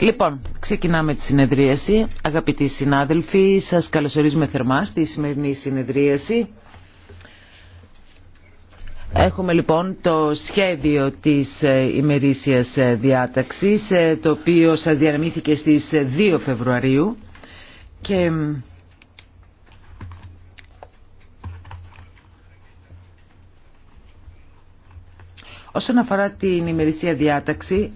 Λοιπόν, ξεκινάμε τη συνεδρίαση. Αγαπητοί συνάδελφοι, σας καλωσορίζουμε θερμά στη σημερινή συνεδρίαση. Έχουμε λοιπόν το σχέδιο της ε, ημερήσιας ε, διάταξης, ε, το οποίο σας διανεμήθηκε στις 2 Φεβρουαρίου και Όσον αφορά την ημερησία διάταξη,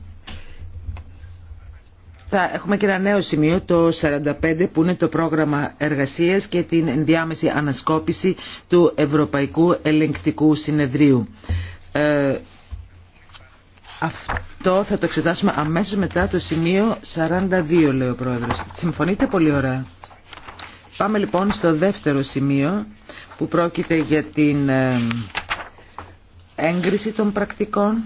θα έχουμε και ένα νέο σημείο, το 45, που είναι το πρόγραμμα εργασίας και την ενδιάμεση ανασκόπηση του Ευρωπαϊκού Ελεγκτικού Συνεδρίου. Ε, αυτό θα το εξετάσουμε αμέσως μετά το σημείο 42, λέει ο Πρόεδρος. Συμφωνείτε πολύ ωραία. Πάμε λοιπόν στο δεύτερο σημείο, που πρόκειται για την... Ε, έγκριση των πρακτικών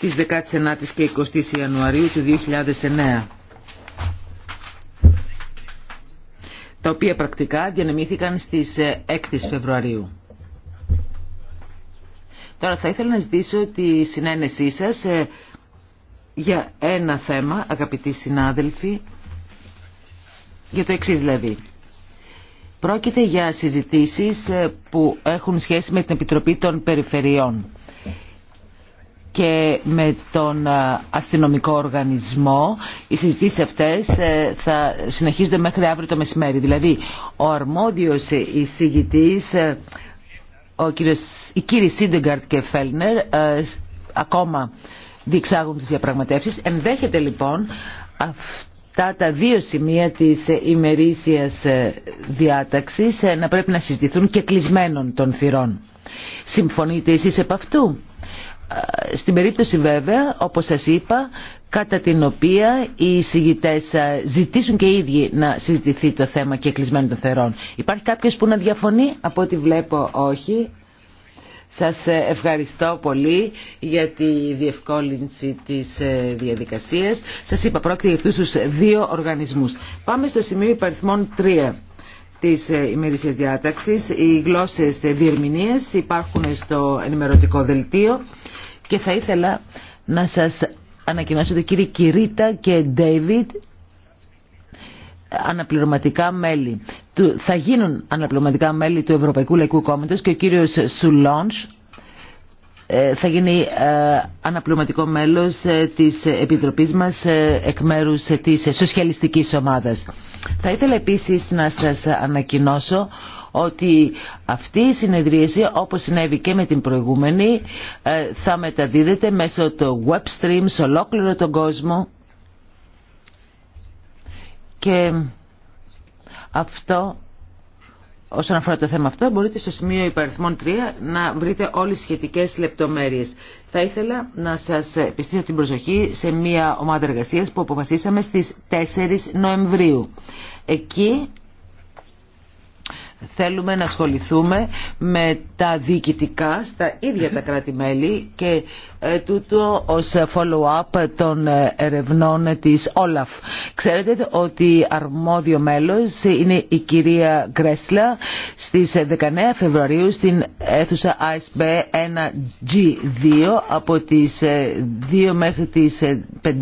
της 19ης και 20 Ιανουαρίου του 2009 τα οποία πρακτικά διανεμήθηκαν στις 6 ε, Φεβρουαρίου. Τώρα θα ήθελα να ζητήσω τη συνένεσή σας ε, για ένα θέμα, αγαπητοί συνάδελφοι, για το εξής δηλαδή. Πρόκειται για συζητήσεις ε, που έχουν σχέση με την Επιτροπή των Περιφερειών και με τον ε, αστυνομικό οργανισμό. Οι συζητήσεις αυτές ε, θα συνεχίζονται μέχρι αύριο το μεσημέρι. Δηλαδή, ο αρμόδιος εισηγητής, ο κύριος, οι κύριοι Σίντεγκαρτ και Φέλνερ, ακόμα διεξάγουν τις διαπραγματεύσεις. Ενδέχεται λοιπόν αυτό τα δύο σημεία της ημερήσιας ε, διάταξης ε, να πρέπει να συζητηθούν και κλεισμένων των θυρών. Συμφωνείτε εσείς επ' αυτού. Ε, στην περίπτωση βέβαια, όπως σας είπα, κατά την οποία οι συγητές ζητήσουν και οι ίδιοι να συζητηθεί το θέμα και κλεισμένων των θερών. Υπάρχει κάποιος που να διαφωνεί, από ό,τι βλέπω όχι. Σας ε, ευχαριστώ πολύ για τη διευκόλυνση της ε, διαδικασίας. Σας είπα πρόκειται για αυτούς τους δύο οργανισμούς. Πάμε στο σημείο υπαριθμών 3 της ε, ημερήσιας διάταξης. Οι γλώσσες διερμηνίες υπάρχουν στο ενημερωτικό δελτίο και θα ήθελα να σας ανακοινώσω το κύριε Κυρίτα και Ντέιβιτ αναπληρωματικά μέλη θα γίνουν αναπληρωματικά μέλη του Ευρωπαϊκού Λαϊκού Κόμματος και ο κύριος Σουλόνς ε, θα γίνει ε, αναπληρωματικό μέλος ε, της Επιτροπής μας εκ μέρους της Σοσιαλιστικής Ομάδας. Θα ήθελα επίσης να σας ανακοινώσω ότι αυτή η συνεδρίαση όπως συνέβη και με την προηγούμενη θα μεταδίδεται μέσω του web stream σε ολόκληρο τον κόσμο αυτό, όσον αφορά το θέμα αυτό, μπορείτε στο σημείο υπαριθμών 3 να βρείτε όλες τις σχετικές λεπτομέρειες. Θα ήθελα να σας επιστήσω την προσοχή σε μια ομάδα εργασίας που αποφασίσαμε στις 4 Νοεμβρίου. Εκεί θέλουμε να ασχοληθούμε με τα διοικητικά στα ίδια τα κράτη-μέλη και ε, τούτο ως follow-up των ε, ερευνών της Όλαφ. Ξέρετε ότι αρμόδιο μέλος είναι η κυρία Γκρέσλα στις 19 Φεβρουαρίου στην αίθουσα ISB 1G2 από τις 2 ε, μέχρι τις 5.30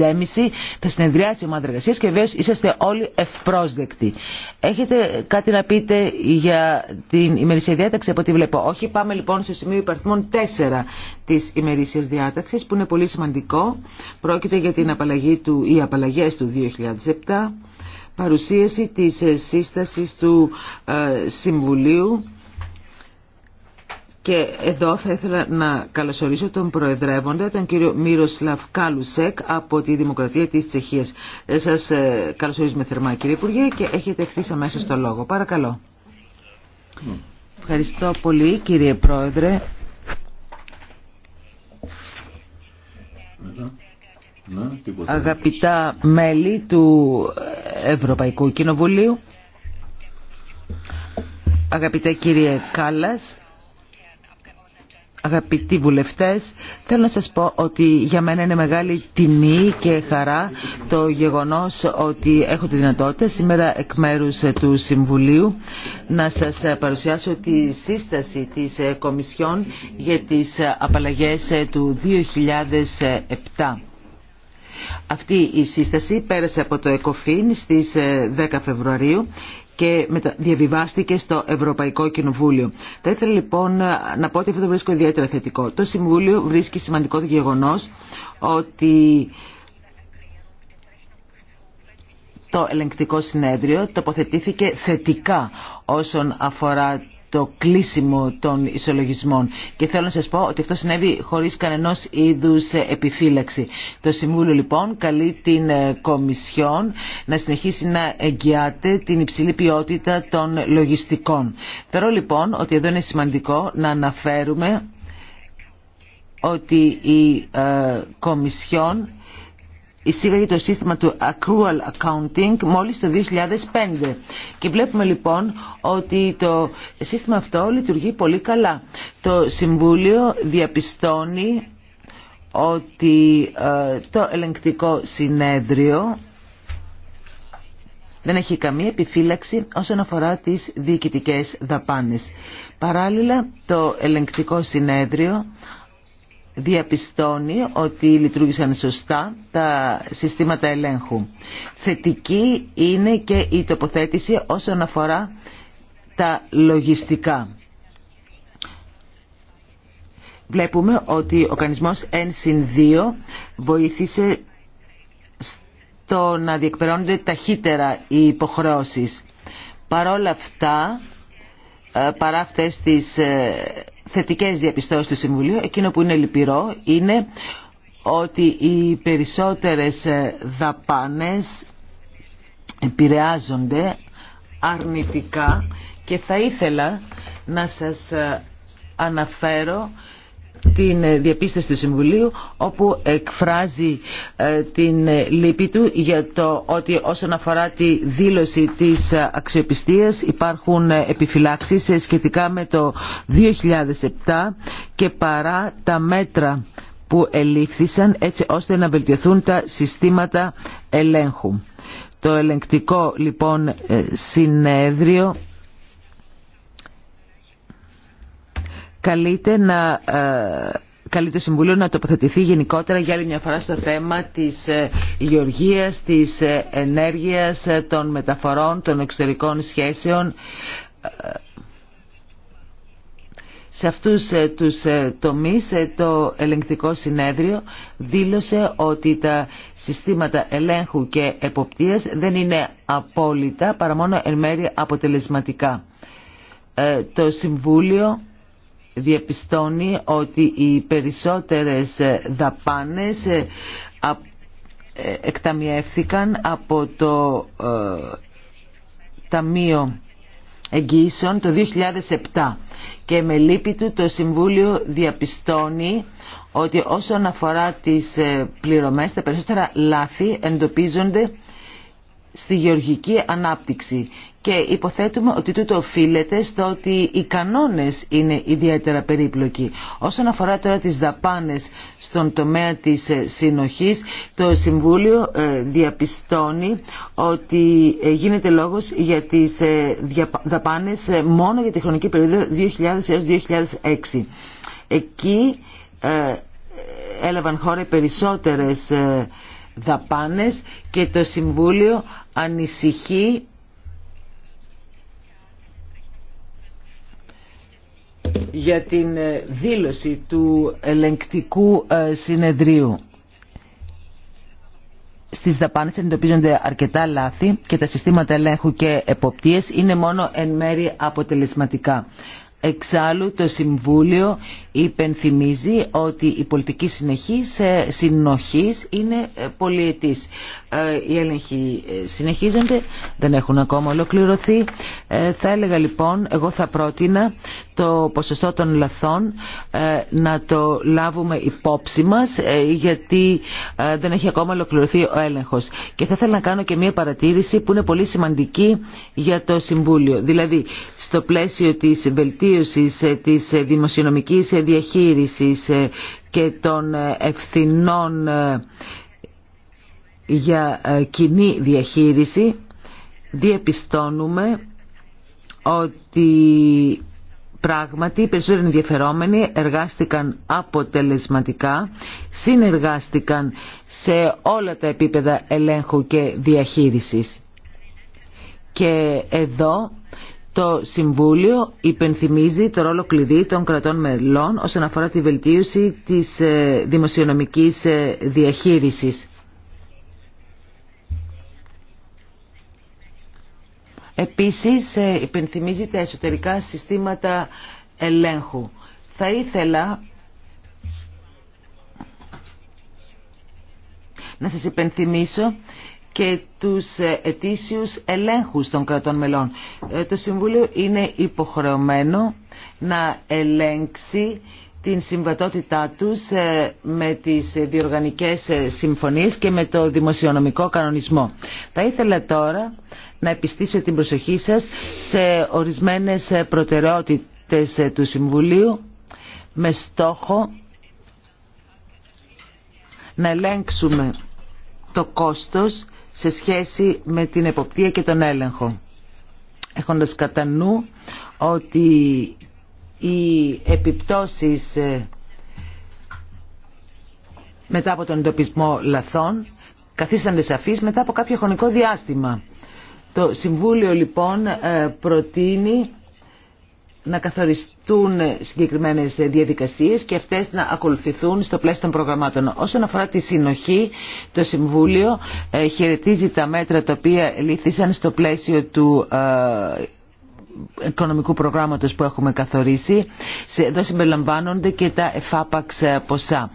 θα συνεδριάσει η ομάδα και βέβαια είσαστε όλοι ευπρόσδεκτοι. Έχετε κάτι να πείτε για την ημερησία διάταξη από ό,τι βλέπω. Όχι, πάμε λοιπόν στο σημείο υπαριθμών 4 της ημερησίας διάταξης που είναι πολύ σημαντικό. Πρόκειται για την απαλλαγή του ή απαλλαγές του 2007, παρουσίαση της ε, σύστασης του ε, Συμβουλίου και εδώ θα ήθελα να καλωσορίσω τον Προεδρεύοντα, τον κύριο Μύροσλαβ Κάλουσεκ από τη Δημοκρατία της Τσεχίας. Ε, σας καλωσορίζουμε θερμά κύριε Υπουργέ και έχετε ευθύς αμέσως το λόγο. Παρακαλώ. Ευχαριστώ πολύ κύριε Πρόεδρε. Ναι, Αγαπητά μέλη του Ευρωπαϊκού Κοινοβουλίου, αγαπητέ κύριε Κάλλας, Αγαπητοί βουλευτές, θέλω να σας πω ότι για μένα είναι μεγάλη τιμή και χαρά το γεγονός ότι έχω τη δυνατότητα σήμερα εκ μέρους του Συμβουλίου να σας παρουσιάσω τη σύσταση της Κομισιόν για τις απαλλαγές του 2007. Αυτή η σύσταση πέρασε από το ΕΚΟΦΗΝ στις 10 Φεβρουαρίου και διαβιβάστηκε στο Ευρωπαϊκό Κοινοβούλιο. Θα ήθελα λοιπόν να πω ότι αυτό το βρίσκω ιδιαίτερα θετικό. Το Συμβούλιο βρίσκει σημαντικό το γεγονός ότι το ελεγκτικό συνέδριο τοποθετήθηκε θετικά όσον αφορά το κλείσιμο των ισολογισμών. Και θέλω να σας πω ότι αυτό συνέβη χωρίς κανενός είδους επιφύλαξη. Το Συμβούλιο λοιπόν καλεί την ε, Κομισιόν να συνεχίσει να εγγυάται την υψηλή ποιότητα των λογιστικών. Θεωρώ λοιπόν ότι εδώ είναι σημαντικό να αναφέρουμε ότι η ε, Κομισιόν εισήγαγε το σύστημα του accrual accounting μόλις το 2005. Και βλέπουμε λοιπόν ότι το σύστημα αυτό λειτουργεί πολύ καλά. Το Συμβούλιο διαπιστώνει ότι ε, το ελεγκτικό συνέδριο δεν έχει καμία επιφύλαξη όσον αφορά τις διοικητικές δαπάνες. Παράλληλα, το ελεγκτικό συνέδριο διαπιστώνει ότι λειτουργήσαν σωστά τα συστήματα ελέγχου. Θετική είναι και η τοποθέτηση όσον αφορά τα λογιστικά. Βλέπουμε ότι ο κανισμός 1-2 βοήθησε στο να διεκπαιρώνονται ταχύτερα οι υποχρεώσεις. Παρόλα αυτά, ε, παρά αυτές τις ε, θετικές διαπιστώσεις του Συμβουλίου. Εκείνο που είναι λυπηρό είναι ότι οι περισσότερες ε, δαπάνες επηρεάζονται αρνητικά και θα ήθελα να σας ε, αναφέρω την ε, διαπίστωση του Συμβουλίου όπου εκφράζει ε, την ε, λύπη του για το ότι όσον αφορά τη δήλωση της αξιοπιστίας υπάρχουν επιφυλάξεις σχετικά με το 2007 και παρά τα μέτρα που ελήφθησαν έτσι ώστε να βελτιωθούν τα συστήματα ελέγχου. Το ελεγκτικό λοιπόν συνέδριο καλείται να ε, το Συμβουλίο να τοποθετηθεί γενικότερα για άλλη μια φορά στο θέμα της ε, γεωργίας, της ε, ενέργειας, των μεταφορών, των εξωτερικών σχέσεων. Σε αυτούς τους τομείς το ελεγκτικό συνέδριο δήλωσε ότι τα συστήματα ελέγχου και εποπτείας δεν είναι απόλυτα παρά μόνο εν μέρει αποτελεσματικά. Το Συμβούλιο διαπιστώνει ότι οι περισσότερες δαπάνες ε, ε, εκταμιεύθηκαν από το ε, Ταμείο Εγγύησεων το 2007 και με λύπη του το Συμβούλιο διαπιστώνει ότι όσον αφορά τις πληρωμές τα περισσότερα λάθη εντοπίζονται στη γεωργική ανάπτυξη και υποθέτουμε ότι τούτο οφείλεται στο ότι οι κανόνες είναι ιδιαίτερα περίπλοκοι. Όσον αφορά τώρα τις δαπάνες στον τομέα της ε, συνοχής, το Συμβούλιο ε, διαπιστώνει ότι ε, γίνεται λόγος για τις δαπάνες μόνο για τη χρονική περίοδο 2000 έως 2006. Εκεί έλαβαν χώρα περισσότερες δαπάνες και το Συμβούλιο ανησυχεί για την ε, δήλωση του ελεγκτικού ε, συνεδρίου. Στις δαπάνες εντοπίζονται αρκετά λάθη και τα συστήματα ελέγχου και εποπτείες είναι μόνο εν μέρη αποτελεσματικά. Εξάλλου το Συμβούλιο υπενθυμίζει ότι η πολιτική συνεχής, συνοχής είναι ε, πολυετής. Ε, οι έλεγχοι ε, συνεχίζονται, δεν έχουν ακόμα ολοκληρωθεί. Θα έλεγα λοιπόν, εγώ θα πρότεινα το ποσοστό των λαθών να το λάβουμε υπόψη μας γιατί δεν έχει ακόμα ολοκληρωθεί ο έλεγχος. Και θα ήθελα να κάνω και μια παρατήρηση που είναι πολύ σημαντική για το Συμβούλιο. Δηλαδή, στο πλαίσιο της βελτίωσης βελτίωσης ε, της ε, δημοσιονομικής ε, διαχείρισης και των ευθυνών για κοινή διαχείριση διαπιστώνουμε ότι πράγματι οι περισσότεροι ενδιαφερόμενοι εργάστηκαν αποτελεσματικά, συνεργάστηκαν σε όλα τα επίπεδα ελέγχου και διαχείρισης. Και εδώ το Συμβούλιο υπενθυμίζει το ρόλο κλειδί των κρατών μελών όσον αφορά τη βελτίωση της ε, δημοσιονομικής ε, διαχείρισης. Επίσης ε, υπενθυμίζει τα εσωτερικά συστήματα ελέγχου. Θα ήθελα να σας υπενθυμίσω και τους ε, ετήσιους ελέγχους των κρατών μελών. Ε, το Συμβούλιο είναι υποχρεωμένο να ελέγξει την συμβατότητά τους ε, με τις διοργανικές συμφωνίες και με το δημοσιονομικό κανονισμό. Θα ήθελα τώρα να επιστήσω την προσοχή σας σε ορισμένες προτεραιότητες του Συμβουλίου με στόχο να ελέγξουμε το κόστος σε σχέση με την εποπτεία και τον έλεγχο. Έχοντας κατά νου ότι οι επιπτώσεις ε, μετά από τον εντοπισμό λαθών καθίσανται σαφείς μετά από κάποιο χρονικό διάστημα. Το Συμβούλιο λοιπόν ε, προτείνει να καθοριστούν συγκεκριμένες διαδικασίες και αυτές να ακολουθηθούν στο πλαίσιο των προγραμμάτων. Όσον αφορά τη συνοχή, το Συμβούλιο ε, χαιρετίζει τα μέτρα τα οποία λήφθησαν στο πλαίσιο του ε, οικονομικού προγράμματος που έχουμε καθορίσει. Εδώ συμπεριλαμβάνονται και τα εφάπαξ ε, ποσά.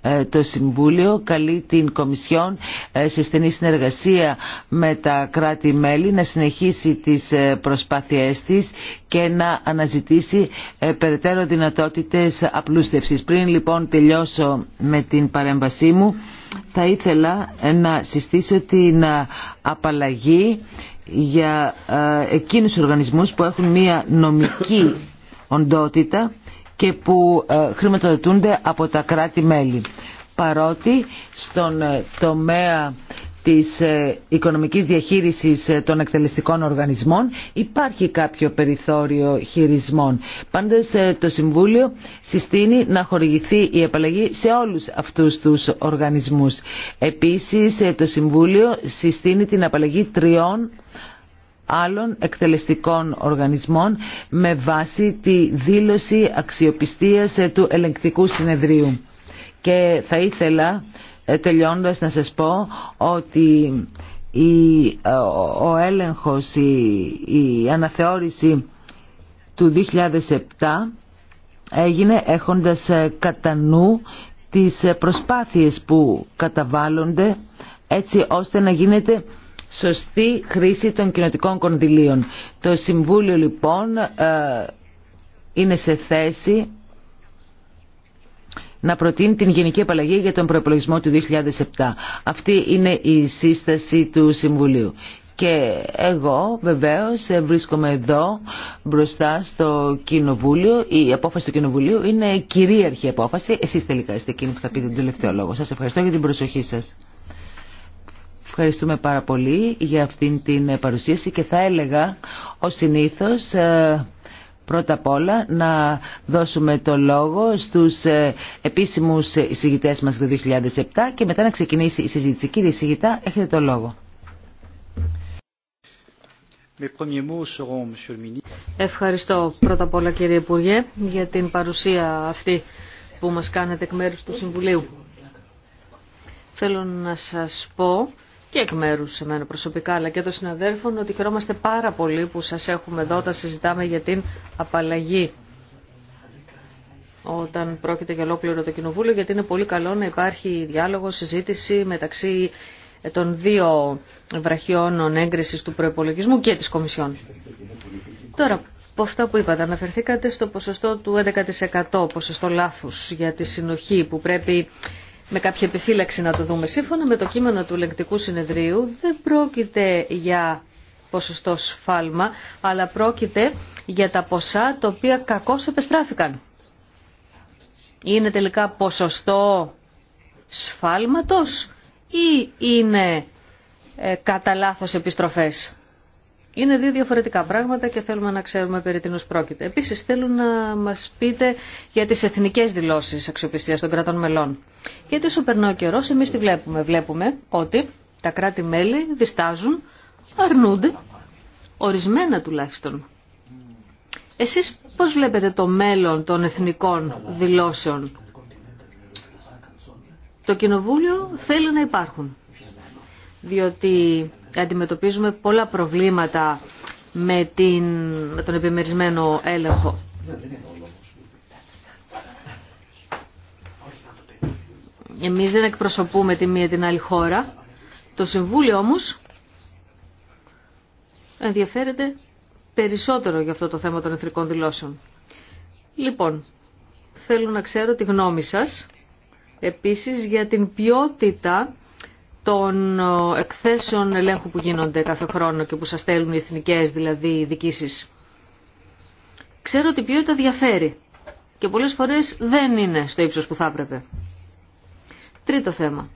Ε, το Συμβούλιο καλεί την Κομισιόν ε, σε στενή συνεργασία με τα κράτη-μέλη να συνεχίσει τις προσπάθειές της και να αναζητήσει περαιτέρω δυνατότητες απλούστευσης. Πριν λοιπόν τελειώσω με την παρέμβασή μου, θα ήθελα να συστήσω την απαλλαγή για ε, εκείνους τους οργανισμούς που έχουν μία νομική οντότητα και που ε, χρηματοδοτούνται από τα κράτη-μέλη. Παρότι στον ε, τομέα της ε, οικονομικής διαχείρισης ε, των εκτελεστικών οργανισμών υπάρχει κάποιο περιθώριο χειρισμών. Πάντως ε, το Συμβούλιο συστήνει να χορηγηθεί η επαλλαγή σε όλους αυτούς τους οργανισμούς. Επίσης το Συμβούλιο συστήνει την απαλλαγή τριών άλλων εκτελεστικών οργανισμών με βάση τη δήλωση αξιοπιστίας του ελεγκτικού συνεδρίου. Και θα ήθελα ε, τελειώνοντας να σας πω ότι η, ε, ο, ο έλεγχος, η, αναθεώρηση του 2007 έγινε έχοντας ε, κατά νου τις προσπάθειες που καταβάλλονται έτσι ώστε να γίνεται σωστή χρήση των κοινοτικών κονδυλίων. Το Συμβούλιο λοιπόν είναι σε θέση να προτείνει την γενική απαλλαγή για τον Προεπλογισμό του 2007. Αυτή είναι η σύσταση του Συμβουλίου. Και εγώ βεβαίως βρίσκομαι εδώ μπροστά στο Κοινοβούλιο. Η απόφαση του Κοινοβουλίου είναι κυρίαρχη απόφαση. Εσείς τελικά είστε εκείνοι που θα πείτε τον τελευταίο λόγο. Σας ευχαριστώ για την προσοχή σας. Ευχαριστούμε πάρα πολύ για αυτήν την παρουσίαση και θα έλεγα ως συνήθως... Ε, Πρώτα απ' όλα να δώσουμε το λόγο στους ε, επίσημους εισηγητές μας το 2007 και μετά να ξεκινήσει η συζήτηση. Κύριε εισηγητά, έχετε το λόγο. Ευχαριστώ πρώτα απ' όλα κύριε Υπουργέ για την παρουσία αυτή που μας κάνετε εκ μέρους του Συμβουλίου. Θέλω να σας πω και εκ μέρου εμένα προσωπικά αλλά και των συναδέλφων ότι χαιρόμαστε πάρα πολύ που σας έχουμε εδώ όταν συζητάμε για την απαλλαγή όταν πρόκειται για ολόκληρο το Κοινοβούλιο γιατί είναι πολύ καλό να υπάρχει διάλογο, συζήτηση μεταξύ των δύο βραχιών έγκριση του προπολογισμού και της Κομισιόν. Τώρα, από αυτά που είπατε, αναφερθήκατε στο ποσοστό του 11%, ποσοστό λάθους για τη συνοχή που πρέπει με κάποια επιφύλαξη να το δούμε. Σύμφωνα με το κείμενο του ελεγκτικού συνεδρίου δεν πρόκειται για ποσοστό σφάλμα, αλλά πρόκειται για τα ποσά τα οποία κακώς επεστράφηκαν. Είναι τελικά ποσοστό σφάλματος ή είναι ε, κατά λάθο επιστροφές. Είναι δύο διαφορετικά πράγματα και θέλουμε να ξέρουμε περί τίνο πρόκειται. Επίσης θέλουν να μας πείτε για τις εθνικές δηλώσεις αξιοπιστία των κρατών μελών. Γιατί όσο περνά ο καιρό, εμείς τι βλέπουμε. Βλέπουμε ότι τα κράτη-μέλη διστάζουν, αρνούνται, ορισμένα τουλάχιστον. Εσείς πώς βλέπετε το μέλλον των εθνικών δηλώσεων. Το Κοινοβούλιο θέλει να υπάρχουν διότι αντιμετωπίζουμε πολλά προβλήματα με, την, τον επιμερισμένο έλεγχο. Εμείς δεν εκπροσωπούμε τη μία την άλλη χώρα. Το Συμβούλιο όμως ενδιαφέρεται περισσότερο για αυτό το θέμα των εθνικών δηλώσεων. Λοιπόν, θέλω να ξέρω τη γνώμη σας επίσης για την ποιότητα των ε, εκθέσεων ελέγχου που γίνονται κάθε χρόνο και που σας στέλνουν οι εθνικές δηλαδή δικήσεις. Ξέρω ότι η ποιότητα διαφέρει και πολλές φορές δεν είναι στο ύψος που θα έπρεπε. Τρίτο θέμα.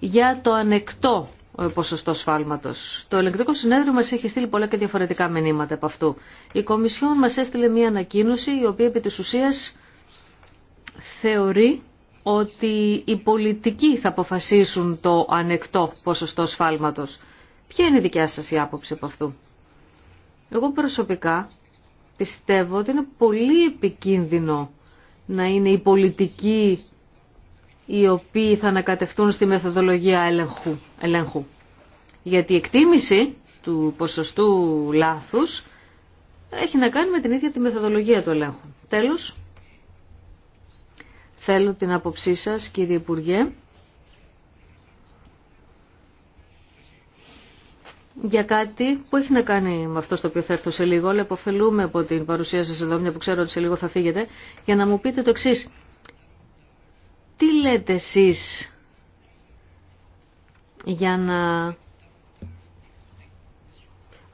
Για το ανεκτό ε, ποσοστό σφάλματος. Το ελεγκτικό συνέδριο μας έχει στείλει πολλά και διαφορετικά μηνύματα από αυτού. Η Κομισιόν μας έστειλε μια ανακοίνωση η οποία επί της ουσίας θεωρεί ότι οι πολιτικοί θα αποφασίσουν το ανεκτό ποσοστό σφάλματος. Ποια είναι η δικιά σας η άποψη από αυτού. Εγώ προσωπικά πιστεύω ότι είναι πολύ επικίνδυνο να είναι οι πολιτικοί οι οποίοι θα ανακατευτούν στη μεθοδολογία ελέγχου. ελέγχου. Γιατί η εκτίμηση του ποσοστού λάθους έχει να κάνει με την ίδια τη μεθοδολογία του ελέγχου. Τέλος, Θέλω την άποψή σας, κύριε Υπουργέ, για κάτι που έχει να κάνει με αυτό στο οποίο θα έρθω σε λίγο, αλλά υποφελούμε από την παρουσία σας εδώ, μια που ξέρω ότι σε λίγο θα φύγετε, για να μου πείτε το εξής. Τι λέτε εσείς για να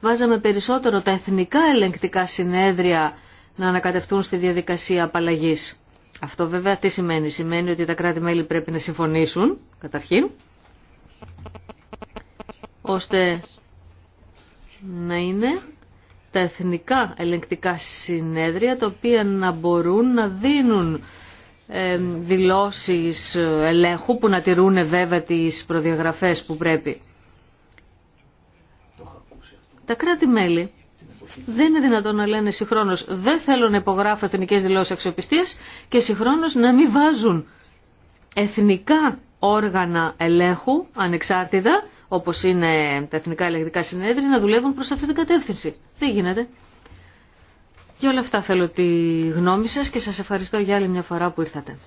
βάζαμε περισσότερο τα εθνικά ελεγκτικά συνέδρια να ανακατευτούν στη διαδικασία απαλλαγής. Αυτό βέβαια τι σημαίνει. Σημαίνει ότι τα κράτη-μέλη πρέπει να συμφωνήσουν, καταρχήν, ώστε να είναι τα εθνικά ελεγκτικά συνέδρια τα οποία να μπορούν να δίνουν ε, δηλώσεις ελέγχου που να τηρούν βέβαια τις προδιαγραφές που πρέπει. Τα κράτη-μέλη δεν είναι δυνατόν να λένε συγχρόνω δεν θέλω να υπογράφω εθνικέ δηλώσει αξιοπιστία και συγχρόνω να μην βάζουν εθνικά όργανα ελέγχου ανεξάρτητα, όπω είναι τα εθνικά ελεγκτικά συνέδρια, να δουλεύουν προ αυτή την κατεύθυνση. Δεν γίνεται. Για όλα αυτά θέλω τη γνώμη σα και σα ευχαριστώ για άλλη μια φορά που ήρθατε.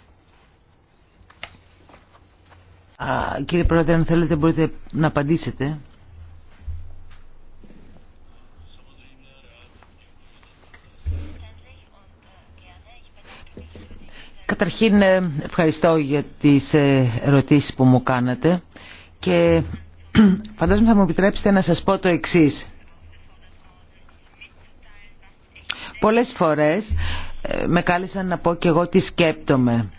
κύριε Πρόεδρε, αν θέλετε μπορείτε να απαντήσετε. Καταρχήν ε, ευχαριστώ για τις ε, ερωτήσεις που μου κάνατε και φαντάζομαι θα μου επιτρέψετε να σας πω το εξής. Πολλές φορές ε, με κάλεσαν να πω και εγώ τι σκέπτομαι.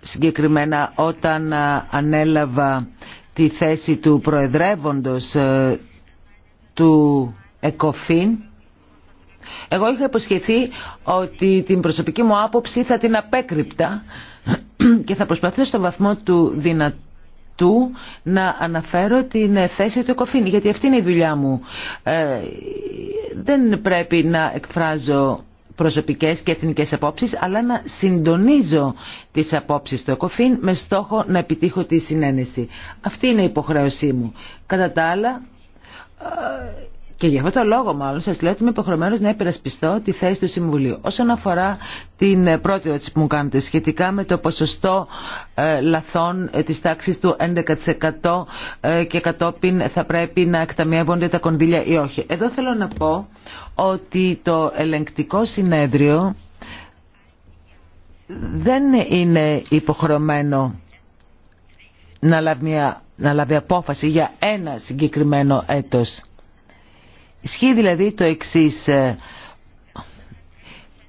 Συγκεκριμένα όταν ανέλαβα τη θέση του προεδρεύοντος του ΕΚΟΦΗΝ εγώ είχα υποσχεθεί ότι την προσωπική μου άποψη θα την απέκρυπτα και θα προσπαθώ στο βαθμό του δυνατού να αναφέρω την θέση του Εκοφήν, γιατί αυτή είναι η δουλειά μου. Ε, δεν πρέπει να εκφράζω προσωπικές και εθνικές απόψεις, αλλά να συντονίζω τις απόψεις του ΕΚΟΦΗΝ με στόχο να επιτύχω τη συνένεση. Αυτή είναι η υποχρέωσή μου. Κατά τα ε, και για αυτό το λόγο μάλλον σας λέω ότι είμαι υποχρεωμένο να υπερασπιστώ τη θέση του Συμβουλίου. Όσον αφορά την ε, πρώτη ερώτηση που μου κάνετε σχετικά με το ποσοστό ε, λαθών ε, της τάξης του 11% και κατόπιν θα πρέπει να εκταμιεύονται τα κονδύλια ή όχι. Εδώ θέλω να πω ότι το ελεγκτικό συνέδριο δεν είναι υποχρεωμένο να λάβει, να λάβει απόφαση για ένα συγκεκριμένο έτος. Ισχύει δηλαδή το εξή ε,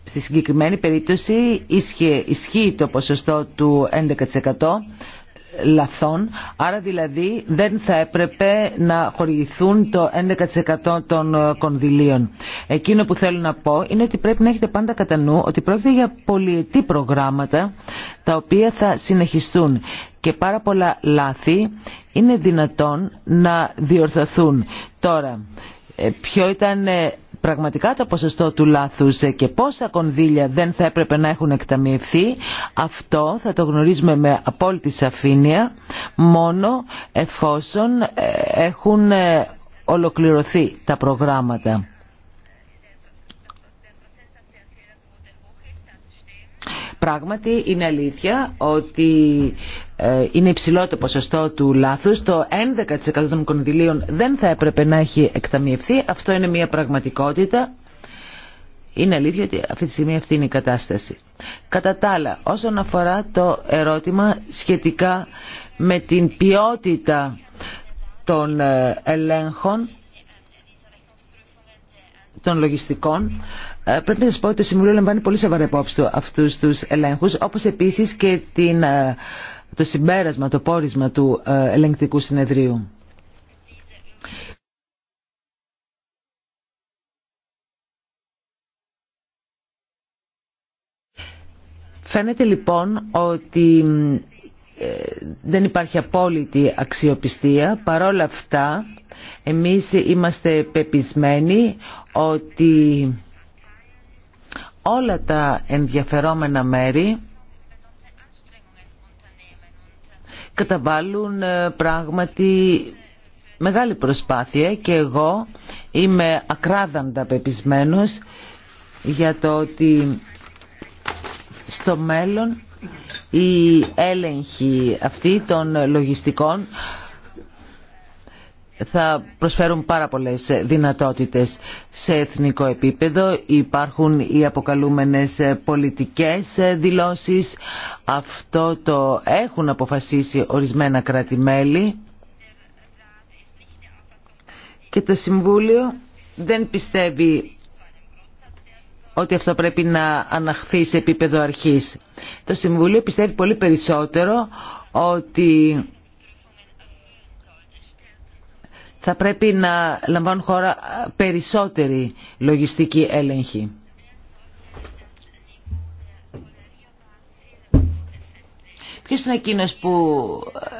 στη συγκεκριμένη περίπτωση ισχύει, ισχύει το ποσοστό του 11% λαθών, άρα δηλαδή δεν θα έπρεπε να χορηγηθούν το 11% των ε, κονδυλίων. Εκείνο που θέλω να πω είναι ότι πρέπει να έχετε πάντα κατά νου ότι πρόκειται για πολιετή προγράμματα τα οποία θα συνεχιστούν και πάρα πολλά λάθη είναι δυνατόν να διορθωθούν. Τώρα, ε, ποιο ήταν ε, πραγματικά το ποσοστό του λάθους ε, και πόσα κονδύλια δεν θα έπρεπε να έχουν εκταμιευθεί, αυτό θα το γνωρίζουμε με απόλυτη σαφήνεια μόνο εφόσον έχουν ολοκληρωθεί τα προγράμματα. Πράγματι είναι αλήθεια ότι ε, είναι υψηλό το ποσοστό του λάθους. Το 11% των κονδυλίων δεν θα έπρεπε να έχει εκταμιευθεί. Αυτό είναι μια πραγματικότητα. Είναι αλήθεια ότι αυτή τη στιγμή αυτή είναι η κατάσταση. Κατά τα άλλα, όσον αφορά το ερώτημα σχετικά με την ποιότητα των ε, ελέγχων των λογιστικών ε, πρέπει να σα πω ότι το Συμβουλίο λαμβάνει πολύ σοβαρά υπόψη του αυτού του ελέγχου, όπω επίση και την, ε, το συμπέρασμα, το πόρισμα του ε, ελεγκτικού συνεδρίου. Φαίνεται λοιπόν ότι δεν υπάρχει απόλυτη αξιοπιστία. Παρόλα αυτά, εμείς είμαστε πεπισμένοι ότι όλα τα ενδιαφερόμενα μέρη καταβάλουν ε, πράγματι μεγάλη προσπάθεια και εγώ είμαι ακράδαντα πεπισμένος για το ότι στο μέλλον η έλεγχη αυτή των λογιστικών θα προσφέρουν πάρα πολλές δυνατότητες σε εθνικό επίπεδο. Υπάρχουν οι αποκαλούμενες πολιτικές δηλώσεις. Αυτό το έχουν αποφασίσει ορισμένα κράτη-μέλη. Και το Συμβούλιο δεν πιστεύει ότι αυτό πρέπει να αναχθεί σε επίπεδο αρχής. Το Συμβούλιο πιστεύει πολύ περισσότερο ότι θα πρέπει να λαμβάνουν χώρα περισσότερη λογιστική έλεγχη. Ποιο είναι εκείνο που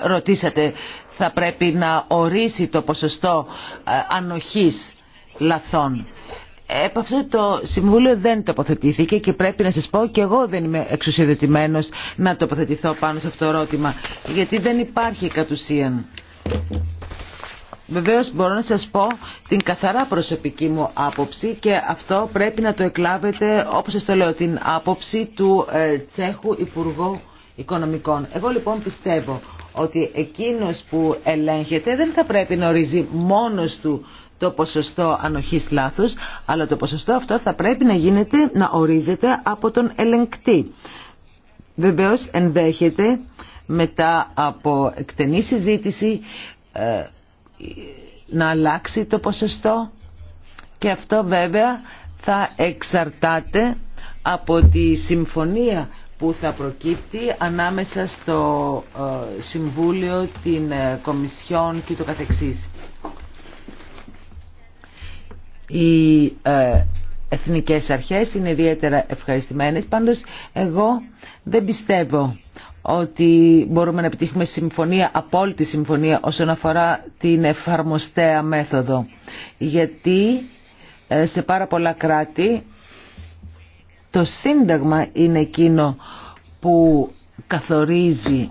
ρωτήσατε θα πρέπει να ορίσει το ποσοστό ε, ανοχής λαθών. Επ' αυτό το Συμβούλιο δεν τοποθετήθηκε και πρέπει να σας πω και εγώ δεν είμαι εξουσιοδοτημένος να τοποθετηθώ πάνω σε αυτό το ερώτημα γιατί δεν υπάρχει κατ' ουσίαν Βεβαίως μπορώ να σας πω την καθαρά προσωπική μου άποψη και αυτό πρέπει να το εκλάβετε όπως σας το λέω την άποψη του ε, Τσέχου Υπουργού Οικονομικών. Εγώ λοιπόν πιστεύω ότι εκείνος που ελέγχεται δεν θα πρέπει να ορίζει μόνος του το ποσοστό ανοχής λάθους, αλλά το ποσοστό αυτό θα πρέπει να γίνεται, να ορίζεται από τον ελεγκτή. Βεβαίως ενδέχεται μετά από εκτενή συζήτηση ε, να αλλάξει το ποσοστό και αυτό βέβαια θα εξαρτάται από τη συμφωνία που θα προκύπτει ανάμεσα στο ε, Συμβούλιο, την ε, Κομισιόν και το καθεξής. Οι ε, εθνικές αρχές είναι ιδιαίτερα ευχαριστημένες, πάντως εγώ δεν πιστεύω ότι μπορούμε να επιτύχουμε συμφωνία, απόλυτη συμφωνία όσον αφορά την εφαρμοστέα μέθοδο. Γιατί ε, σε πάρα πολλά κράτη το Σύνταγμα είναι εκείνο που καθορίζει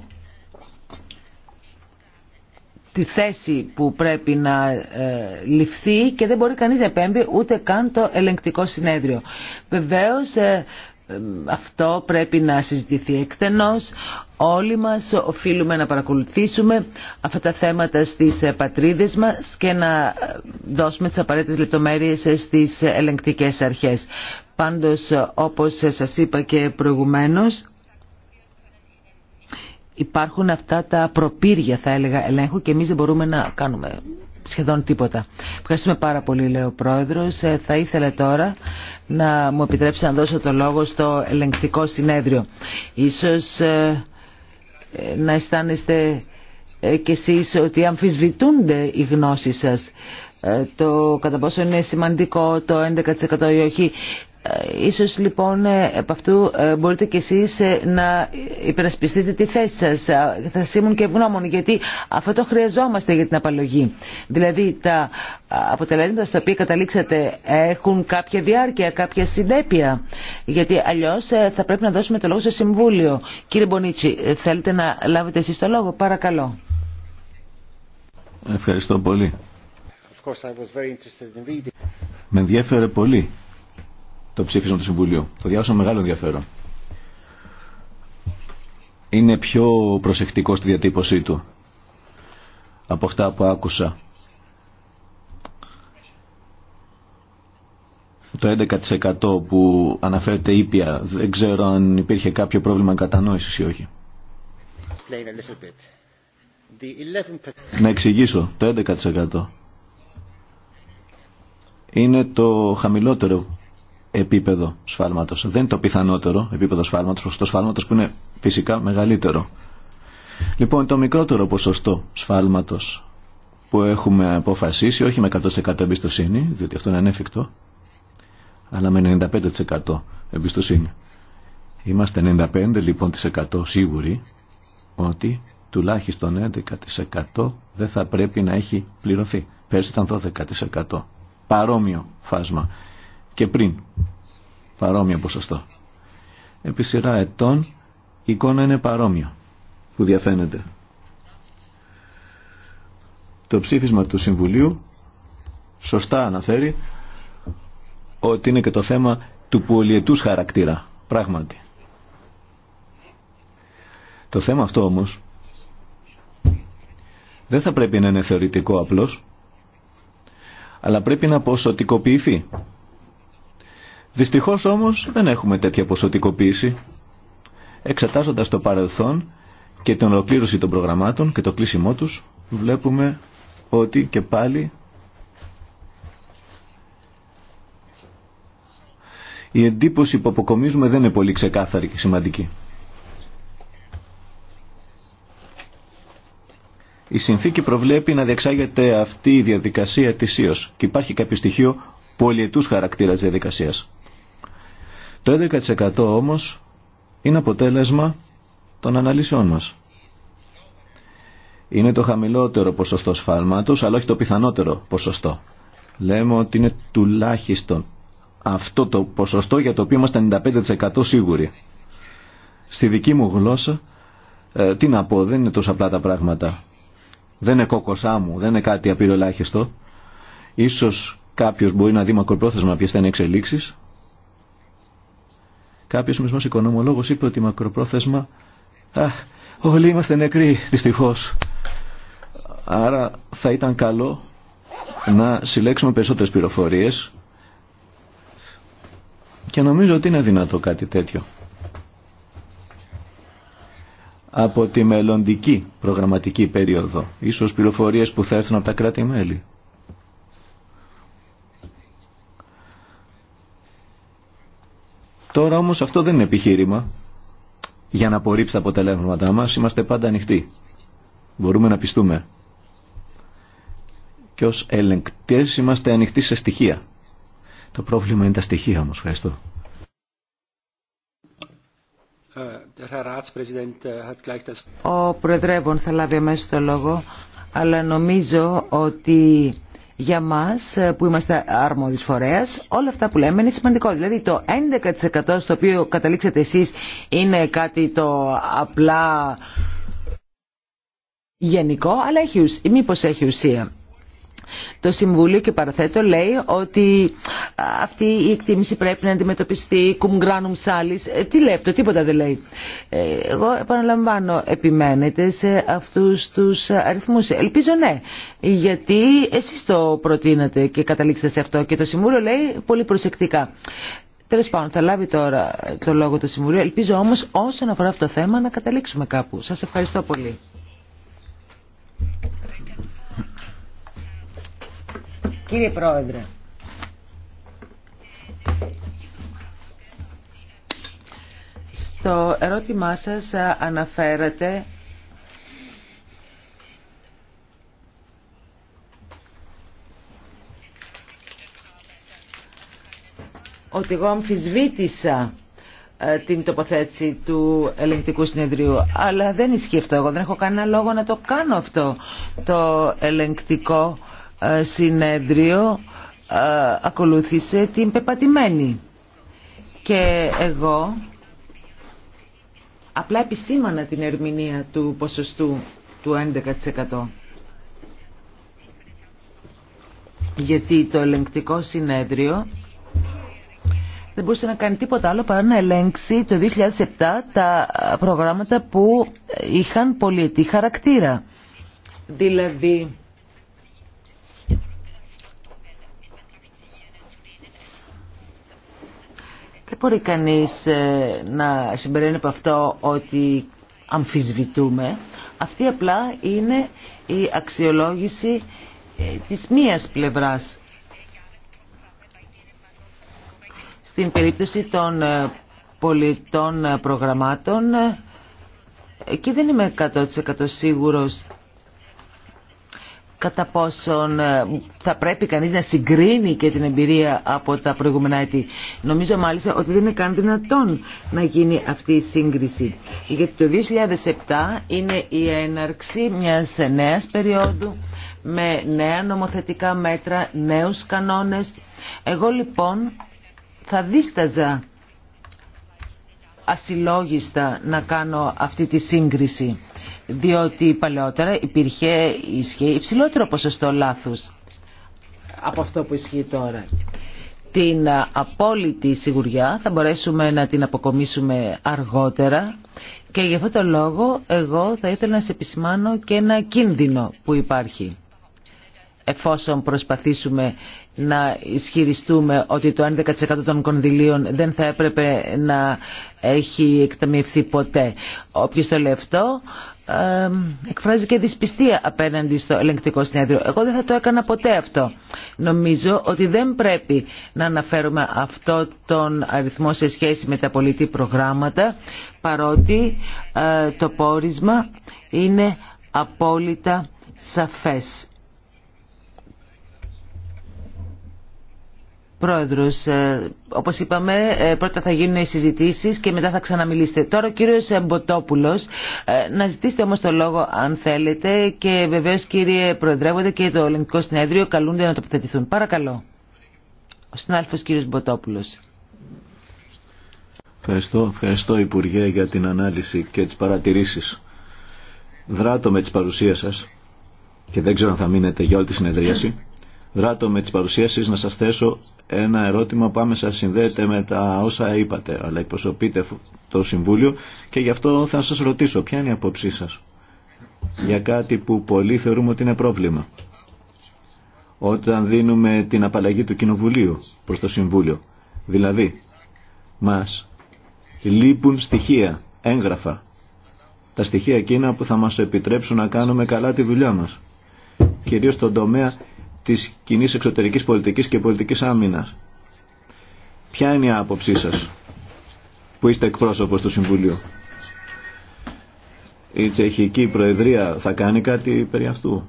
τη θέση που πρέπει να ε, ληφθεί και δεν μπορεί κανείς να επέμβει ούτε καν το ελεγκτικό συνέδριο. Βεβαίως ε, αυτό πρέπει να συζητηθεί εκτενώς. Όλοι μας οφείλουμε να παρακολουθήσουμε αυτά τα θέματα στις ε, πατρίδες μας και να ε, δώσουμε τις απαραίτητες λεπτομέρειες ε, στις ελεγκτικές αρχές. Πάντως, όπως σας είπα και προηγουμένως, υπάρχουν αυτά τα προπύρια, θα έλεγα, ελέγχου και εμείς δεν μπορούμε να κάνουμε σχεδόν τίποτα. Ευχαριστούμε πάρα πολύ, λέει ο Πρόεδρος. Ε, θα ήθελα τώρα να μου επιτρέψει να δώσω το λόγο στο ελεγκτικό συνέδριο. Ίσως ε, ε, να αισθάνεστε κι εσείς ότι αμφισβητούνται οι γνώσεις σας το κατά πόσο είναι σημαντικό το 11% ή όχι ε, ίσως λοιπόν από ε, αυτού ε, μπορείτε κι εσείς να υπερασπιστείτε τη θέση σας. Θα σήμουν και ευγνώμων γιατί αυτό το χρειαζόμαστε για την απαλλογή. Δηλαδή τα αποτελέσματα στα οποία καταλήξατε έχουν κάποια διάρκεια, κάποια συνέπεια. Γιατί αλλιώς θα πρέπει να δώσουμε το λόγο στο Συμβούλιο. Κύριε Μπονίτσι, θέλετε να λάβετε εσείς το λόγο. Παρακαλώ. Ευχαριστώ πολύ. Με ενδιαφέρε πολύ το ψήφισμα του Συμβουλίου. Το διάβασα μεγάλο ενδιαφέρον. Είναι πιο προσεκτικό στη διατύπωσή του από αυτά που άκουσα. Το 11% που αναφέρεται ήπια, δεν ξέρω αν υπήρχε κάποιο πρόβλημα κατανόησης ή όχι. Να εξηγήσω, το 11% είναι το χαμηλότερο επίπεδο σφάλματος. Δεν είναι το πιθανότερο επίπεδο σφάλματος, το σφάλματος που είναι φυσικά μεγαλύτερο. Λοιπόν, το μικρότερο ποσοστό σφάλματος που έχουμε αποφασίσει, όχι με 100% εμπιστοσύνη, διότι αυτό είναι ανέφικτο, αλλά με 95% εμπιστοσύνη. Είμαστε 95% λοιπόν σίγουροι ότι τουλάχιστον 11% δεν θα πρέπει να έχει πληρωθεί. Πέρσι ήταν 12%. Παρόμοιο φάσμα και πριν. Παρόμοιο ποσοστό. Επί σειρά ετών η εικόνα είναι παρόμοια που διαφαίνεται. Το ψήφισμα του Συμβουλίου σωστά αναφέρει ότι είναι και το θέμα του πολιετούς χαρακτήρα. Πράγματι. Το θέμα αυτό όμως δεν θα πρέπει να είναι θεωρητικό απλώς, αλλά πρέπει να ποσοτικοποιηθεί Δυστυχώς όμως δεν έχουμε τέτοια ποσοτικοποίηση. Εξετάζοντας το παρελθόν και την ολοκλήρωση των προγραμμάτων και το κλείσιμό τους, βλέπουμε ότι και πάλι η εντύπωση που αποκομίζουμε δεν είναι πολύ ξεκάθαρη και σημαντική. Η συνθήκη προβλέπει να διεξάγεται αυτή η διαδικασία ΙΟΣ και υπάρχει κάποιο στοιχείο πολιετούς χαρακτήρα της διαδικασίας. Το 11% όμως είναι αποτέλεσμα των αναλύσεών μας. Είναι το χαμηλότερο ποσοστό σφάλματος, αλλά όχι το πιθανότερο ποσοστό. Λέμε ότι είναι τουλάχιστον αυτό το ποσοστό για το οποίο είμαστε 95% σίγουροι. Στη δική μου γλώσσα, ε, τι να πω, δεν είναι τόσο απλά τα πράγματα. Δεν είναι κόκοσά μου, δεν είναι κάτι απειροελάχιστο. Ίσως κάποιος μπορεί να δει μακροπρόθεσμα ποιες θα είναι εξελίξεις, Κάποιος μισμός οικονομολόγος είπε ότι μακροπρόθεσμα όλοι είμαστε νεκροί δυστυχώς. Άρα θα ήταν καλό να συλλέξουμε περισσότερες πληροφορίες και νομίζω ότι είναι δυνατό κάτι τέτοιο. Από τη μελλοντική προγραμματική περίοδο, ίσως πληροφορίες που θα έρθουν από τα κράτη-μέλη. Τώρα όμως αυτό δεν είναι επιχείρημα για να απορρίψει τα αποτελέσματά μας. Είμαστε πάντα ανοιχτοί. Μπορούμε να πιστούμε. Και ως ελεγκτές είμαστε ανοιχτοί σε στοιχεία. Το πρόβλημα είναι τα στοιχεία όμως. Ευχαριστώ. Ο Προεδρεύων θα λάβει αμέσως το λόγο, αλλά νομίζω ότι για μας ε, που είμαστε αρμόδις φορέας όλα αυτά που λέμε είναι σημαντικό. Δηλαδή το 11% στο οποίο καταλήξατε εσείς είναι κάτι το απλά γενικό αλλά έχει, μήπως έχει ουσία. Το Συμβούλιο και παραθέτω λέει ότι αυτή η εκτίμηση πρέπει να αντιμετωπιστεί cum granum salis. Ε, τι λέει αυτό, τίποτα δεν λέει. Ε, εγώ επαναλαμβάνω, επιμένετε σε αυτούς τους αριθμούς. Ελπίζω ναι, γιατί εσείς το προτείνατε και καταλήξετε σε αυτό και το Συμβούλιο λέει πολύ προσεκτικά. Τέλο πάντων, θα λάβει τώρα το λόγο το Συμβουλίο. Ελπίζω όμω όσον αφορά αυτό το θέμα να καταλήξουμε κάπου. Σα ευχαριστώ πολύ. Κύριε Πρόεδρε. Στο ερώτημά σας ε, αναφέρατε ότι εγώ αμφισβήτησα ε, την τοποθέτηση του ελεγκτικού συνεδρίου. Αλλά δεν ισχύει αυτό. Εγώ δεν έχω κανένα λόγο να το κάνω αυτό. Το ελεγκτικό ε, συνέδριο ε, ακολούθησε την πεπατημένη. Και εγώ απλά επισήμανα την ερμηνεία του ποσοστού του 11%. Γιατί το ελεγκτικό συνέδριο δεν μπορούσε να κάνει τίποτα άλλο παρά να ελέγξει το 2007 τα προγράμματα που είχαν πολιετή χαρακτήρα. Δηλαδή, Δεν μπορεί κανείς ε, να συμπεραίνει από αυτό ότι αμφισβητούμε. Αυτή απλά είναι η αξιολόγηση ε, της μίας πλευράς. Στην περίπτωση των ε, πολιτών προγραμμάτων και δεν είμαι 100% σίγουρος κατά πόσον ε, θα πρέπει κανείς να συγκρίνει και την εμπειρία από τα προηγούμενα έτη. Νομίζω μάλιστα ότι δεν είναι καν δυνατόν να γίνει αυτή η σύγκριση. Γιατί το 2007 είναι η έναρξη μιας νέας περίοδου με νέα νομοθετικά μέτρα, νέους κανόνες. Εγώ λοιπόν θα δίσταζα ασυλλόγιστα να κάνω αυτή τη σύγκριση διότι παλαιότερα υπήρχε ισχύει υψηλότερο ποσοστό λάθους από αυτό που ισχύει τώρα. Την απόλυτη σιγουριά θα μπορέσουμε να την αποκομίσουμε αργότερα και γι' αυτό το λόγο εγώ θα ήθελα να σε επισημάνω και ένα κίνδυνο που υπάρχει εφόσον προσπαθήσουμε να ισχυριστούμε ότι το 11% των κονδυλίων δεν θα έπρεπε να έχει εκταμιευθεί ποτέ. Όποιος το λέει αυτό εκφράζει και δυσπιστία απέναντι στο ελεγκτικό συνέδριο. Εγώ δεν θα το έκανα ποτέ αυτό. Νομίζω ότι δεν πρέπει να αναφέρουμε αυτό τον αριθμό σε σχέση με τα πολιτή προγράμματα παρότι ε, το πόρισμα είναι απόλυτα σαφές. Πρόεδρος, ε, όπως είπαμε, ε, πρώτα θα γίνουν οι συζητήσεις και μετά θα ξαναμιλήσετε. Τώρα ο κύριος Μποτόπουλος, ε, να ζητήσετε όμως το λόγο αν θέλετε και βεβαίως κύριε Προεδρεύοντα και το Ελληνικό Συνέδριο καλούνται να τοποθετηθούν. Παρακαλώ. Ο συνάδελφος κύριος Μποτόπουλος. Ευχαριστώ, ευχαριστώ Υπουργέ για την ανάλυση και τις παρατηρήσεις. Δράτω με τις παρουσίες σας και δεν ξέρω αν θα μείνετε για όλη τη συνεδρίαση Δράτω με τις παρουσίασεις να σας θέσω ένα ερώτημα που άμεσα συνδέεται με τα όσα είπατε, αλλά εκπροσωπείτε το Συμβούλιο και γι' αυτό θα σας ρωτήσω ποια είναι η απόψή σας για κάτι που πολλοί θεωρούμε ότι είναι πρόβλημα όταν δίνουμε την απαλλαγή του Κοινοβουλίου προς το Συμβούλιο. Δηλαδή, μας λείπουν στοιχεία, έγγραφα, τα στοιχεία εκείνα που θα μας επιτρέψουν να κάνουμε καλά τη δουλειά μας. Κυρίως στον τομέα της κοινή εξωτερικής πολιτικής και πολιτικής άμυνας. Ποια είναι η άποψή σας που είστε εκπρόσωπος του Συμβουλίου. Η Τσεχική Προεδρία θα κάνει κάτι περί αυτού.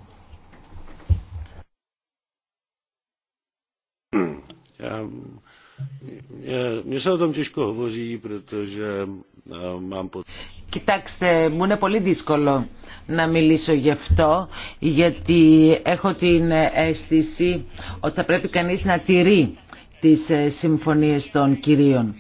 Κοιτάξτε, μου είναι πολύ δύσκολο να μιλήσω γι' αυτό, γιατί έχω την αίσθηση ότι θα πρέπει κανείς να τηρεί τις ε, συμφωνίες των κυρίων.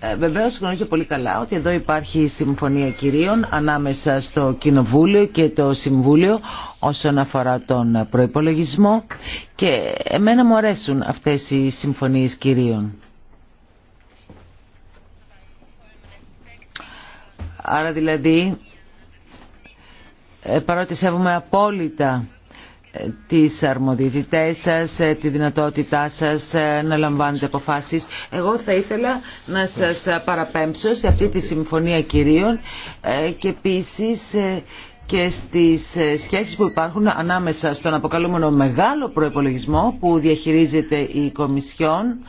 Ε, Βεβαίω γνωρίζω πολύ καλά ότι εδώ υπάρχει συμφωνία κυρίων ανάμεσα στο Κοινοβούλιο και το Συμβούλιο όσον αφορά τον προϋπολογισμό και εμένα μου αρέσουν αυτές οι συμφωνίες κυρίων. Άρα δηλαδή, ε, παρότι σέβομαι απόλυτα ε, τις αρμοδιότητές σας, ε, τη δυνατότητά σας να λαμβάνετε αποφάσεις. Εγώ θα ήθελα να σας παραπέμψω σε αυτή τη συμφωνία κυρίων και επίσης και στις σχέσεις που υπάρχουν ανάμεσα στον αποκαλούμενο μεγάλο προϋπολογισμό που διαχειρίζεται η Κομισιόν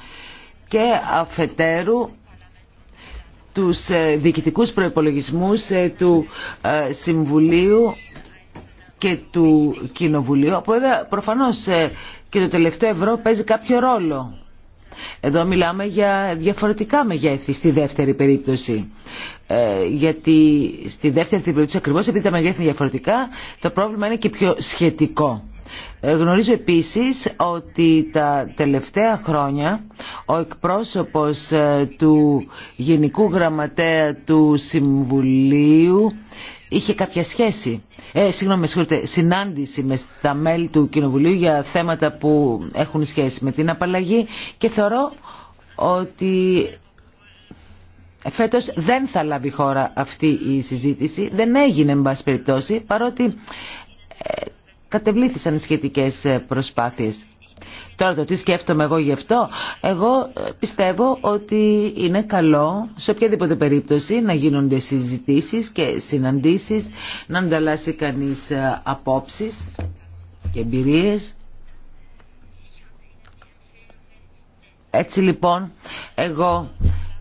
και αφετέρου τους ε, διοικητικούς προϋπολογισμούς ε, του ε, Συμβουλίου και του Κοινοβουλίου. που βέβαια προφανώς και το τελευταίο ευρώ παίζει κάποιο ρόλο. Εδώ μιλάμε για διαφορετικά μεγέθη στη δεύτερη περίπτωση. Ε, γιατί στη δεύτερη περίπτωση ακριβώς επειδή τα μεγέθη είναι διαφορετικά το πρόβλημα είναι και πιο σχετικό. Ε, γνωρίζω επίσης ότι τα τελευταία χρόνια ο εκπρόσωπος ε, του Γενικού Γραμματέα του Συμβουλίου είχε κάποια σχέση, ε, συγγνώμη, συνάντηση με τα μέλη του Κοινοβουλίου για θέματα που έχουν σχέση με την απαλλαγή και θεωρώ ότι ε, φέτος δεν θα λάβει χώρα αυτή η συζήτηση, δεν έγινε με πάση περιπτώσει, παρότι κατεβλήθησαν σχετικές ε, προσπάθειες. Τώρα το τι σκέφτομαι εγώ γι' αυτό, εγώ ε, πιστεύω ότι είναι καλό σε οποιαδήποτε περίπτωση να γίνονται συζητήσεις και συναντήσεις, να ανταλλάσσει κανείς ε, απόψεις και εμπειρίες. Έτσι λοιπόν, εγώ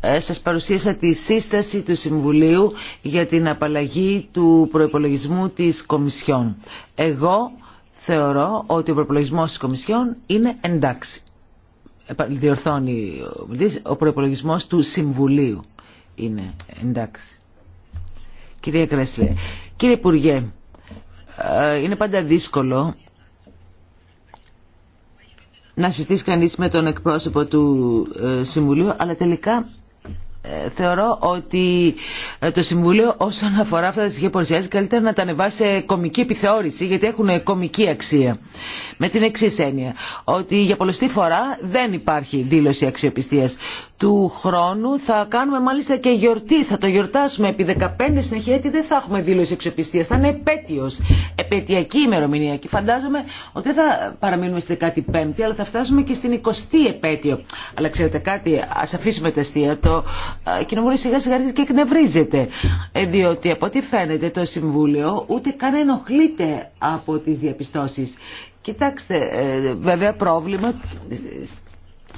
ε, σας παρουσίασα τη σύσταση του Συμβουλίου για την απαλλαγή του προϋπολογισμού της Κομισιόν. Εγώ θεωρώ ότι ο προϋπολογισμός της Κομισιόν είναι εντάξει. Διορθώνει ο προϋπολογισμός του Συμβουλίου είναι εντάξει. Κυρία Κρέσλε, κύριε Υπουργέ, ε, είναι πάντα δύσκολο να συζητήσει κανείς με τον εκπρόσωπο του ε, Συμβουλίου, αλλά τελικά ε, θεωρώ ότι ε, το Συμβούλιο όσον αφορά αυτά τα στοιχεία καλύτερα να τα ανεβάσει σε κομική επιθεώρηση γιατί έχουν κομική αξία. Με την εξή έννοια ότι για πολλωστή φορά δεν υπάρχει δήλωση αξιοπιστίας του χρόνου θα κάνουμε μάλιστα και γιορτή, θα το γιορτάσουμε επί 15 συνεχεία γιατί δεν θα έχουμε δήλωση εξοπιστία. θα είναι επέτειο. επαιτειακή ημερομηνία και φαντάζομαι ότι δεν θα παραμείνουμε στη 15η αλλά θα φτάσουμε και στην 20η επέτειο. Αλλά ξέρετε κάτι, α αφήσουμε τα αστεία, το κοινοβούλιο σιγά σιγά και εκνευρίζεται ε, διότι από ό,τι φαίνεται το Συμβούλιο ούτε καν ενοχλείται από τι διαπιστώσει. Κοιτάξτε, ε, βέβαια πρόβλημα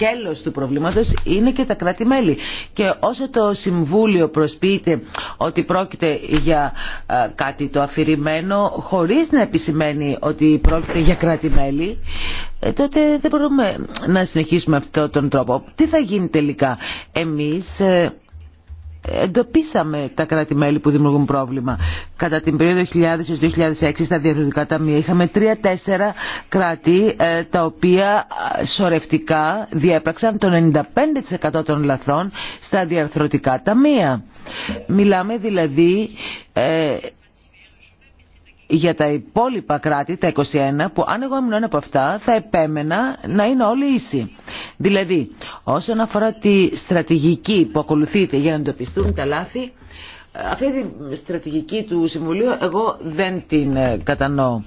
σκέλος του προβλήματος είναι και τα κρατη Και όσο το Συμβούλιο προσποιείται ότι πρόκειται για ε, κάτι το αφηρημένο χωρίς να επισημαίνει ότι πρόκειται για κράτη-μέλη ε, τότε δεν μπορούμε να συνεχίσουμε αυτόν τον τρόπο. Τι θα γίνει τελικά. Εμείς ε, εντοπίσαμε τα κράτη-μέλη που δημιουργούν πρόβλημα. Κατά την περίοδο 2000-2006 στα διαρθρωτικα ταμεια ταμεία είχαμε τρία-τέσσερα κράτη ε, τα οποία ε, σωρευτικά διέπραξαν το 95% των λαθών στα διαρθρωτικά ταμεία. Μιλάμε δηλαδή ε, για τα υπόλοιπα κράτη, τα 21, που αν εγώ ήμουν ένα από αυτά θα επέμενα να είναι όλοι ίσοι. Δηλαδή, όσον αφορά τη στρατηγική που ακολουθείτε για να εντοπιστούν τα λάθη, αυτή τη στρατηγική του Συμβουλίου εγώ δεν την ε, κατανοώ.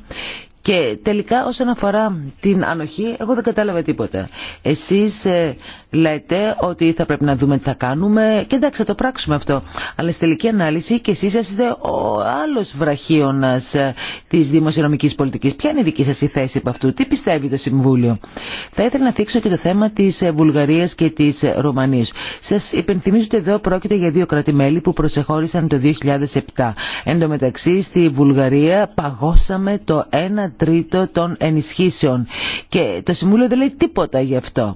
Και τελικά όσον αφορά την ανοχή, εγώ δεν κατάλαβα τίποτα. Εσείς ε, λέτε ότι θα πρέπει να δούμε τι θα κάνουμε και εντάξει θα το πράξουμε αυτό. Αλλά στη τελική ανάλυση και εσείς είστε ο άλλος βραχίωνας ε, της δημοσιονομικής πολιτικής. Ποια είναι η δική σας η θέση από αυτού, τι πιστεύει το Συμβούλιο. Θα ήθελα να θίξω και το θέμα της ε, Βουλγαρίας και της ε, Ρουμανίας. Σας υπενθυμίζω ότι εδώ πρόκειται για δύο κρατημέλη που προσεχώρησαν το 2007. Εν τω μεταξύ στη Βουλγαρία παγώσαμε το 1 τρίτο των ενισχύσεων και το Συμβούλιο δεν λέει τίποτα γι' αυτό.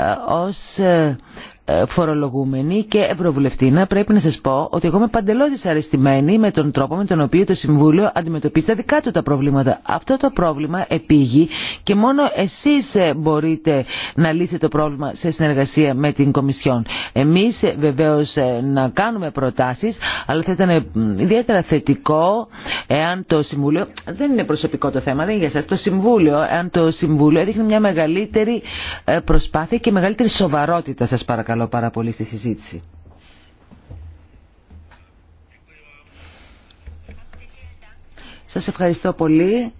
Ε, ως ε, ε, φορολογούμενοι και ευρωβουλευτήνα πρέπει να σας πω ότι εγώ είμαι παντελώς δυσαρεστημένη με τον τρόπο με τον οποίο το Συμβούλιο αντιμετωπίζει τα δικά του τα προβλήματα. Αυτό το πρόβλημα επήγει και μόνο εσείς ε, μπορείτε να λύσετε το πρόβλημα σε συνεργασία με την Κομισιόν. Εμείς ε, βεβαίως να κάνουμε προτάσεις αλλά θα ήταν ιδιαίτερα θετικό εάν το Συμβούλιο, δεν είναι προσωπικό το θέμα, δεν είναι για σας, το Συμβούλιο, εάν το Συμβούλιο έδειχνε μια μεγαλύτερη προσπάθεια και μεγαλύτερη σοβαρότητα σας παρακαλώ παρακαλώ πάρα πολύ στη συζήτηση. Σας ευχαριστώ πολύ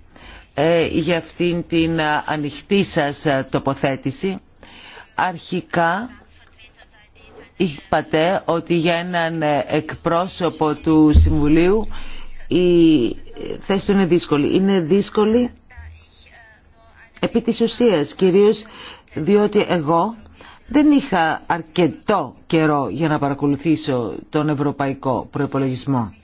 ε, για αυτήν την ε, ανοιχτή σας ε, τοποθέτηση. Αρχικά είπατε ότι για έναν εκπρόσωπο του Συμβουλίου η θέση του είναι δύσκολη. Είναι δύσκολη επί της ουσίας, κυρίως διότι εγώ δεν είχα αρκετό καιρό για να παρακολουθήσω τον ευρωπαϊκό προπολογισμό.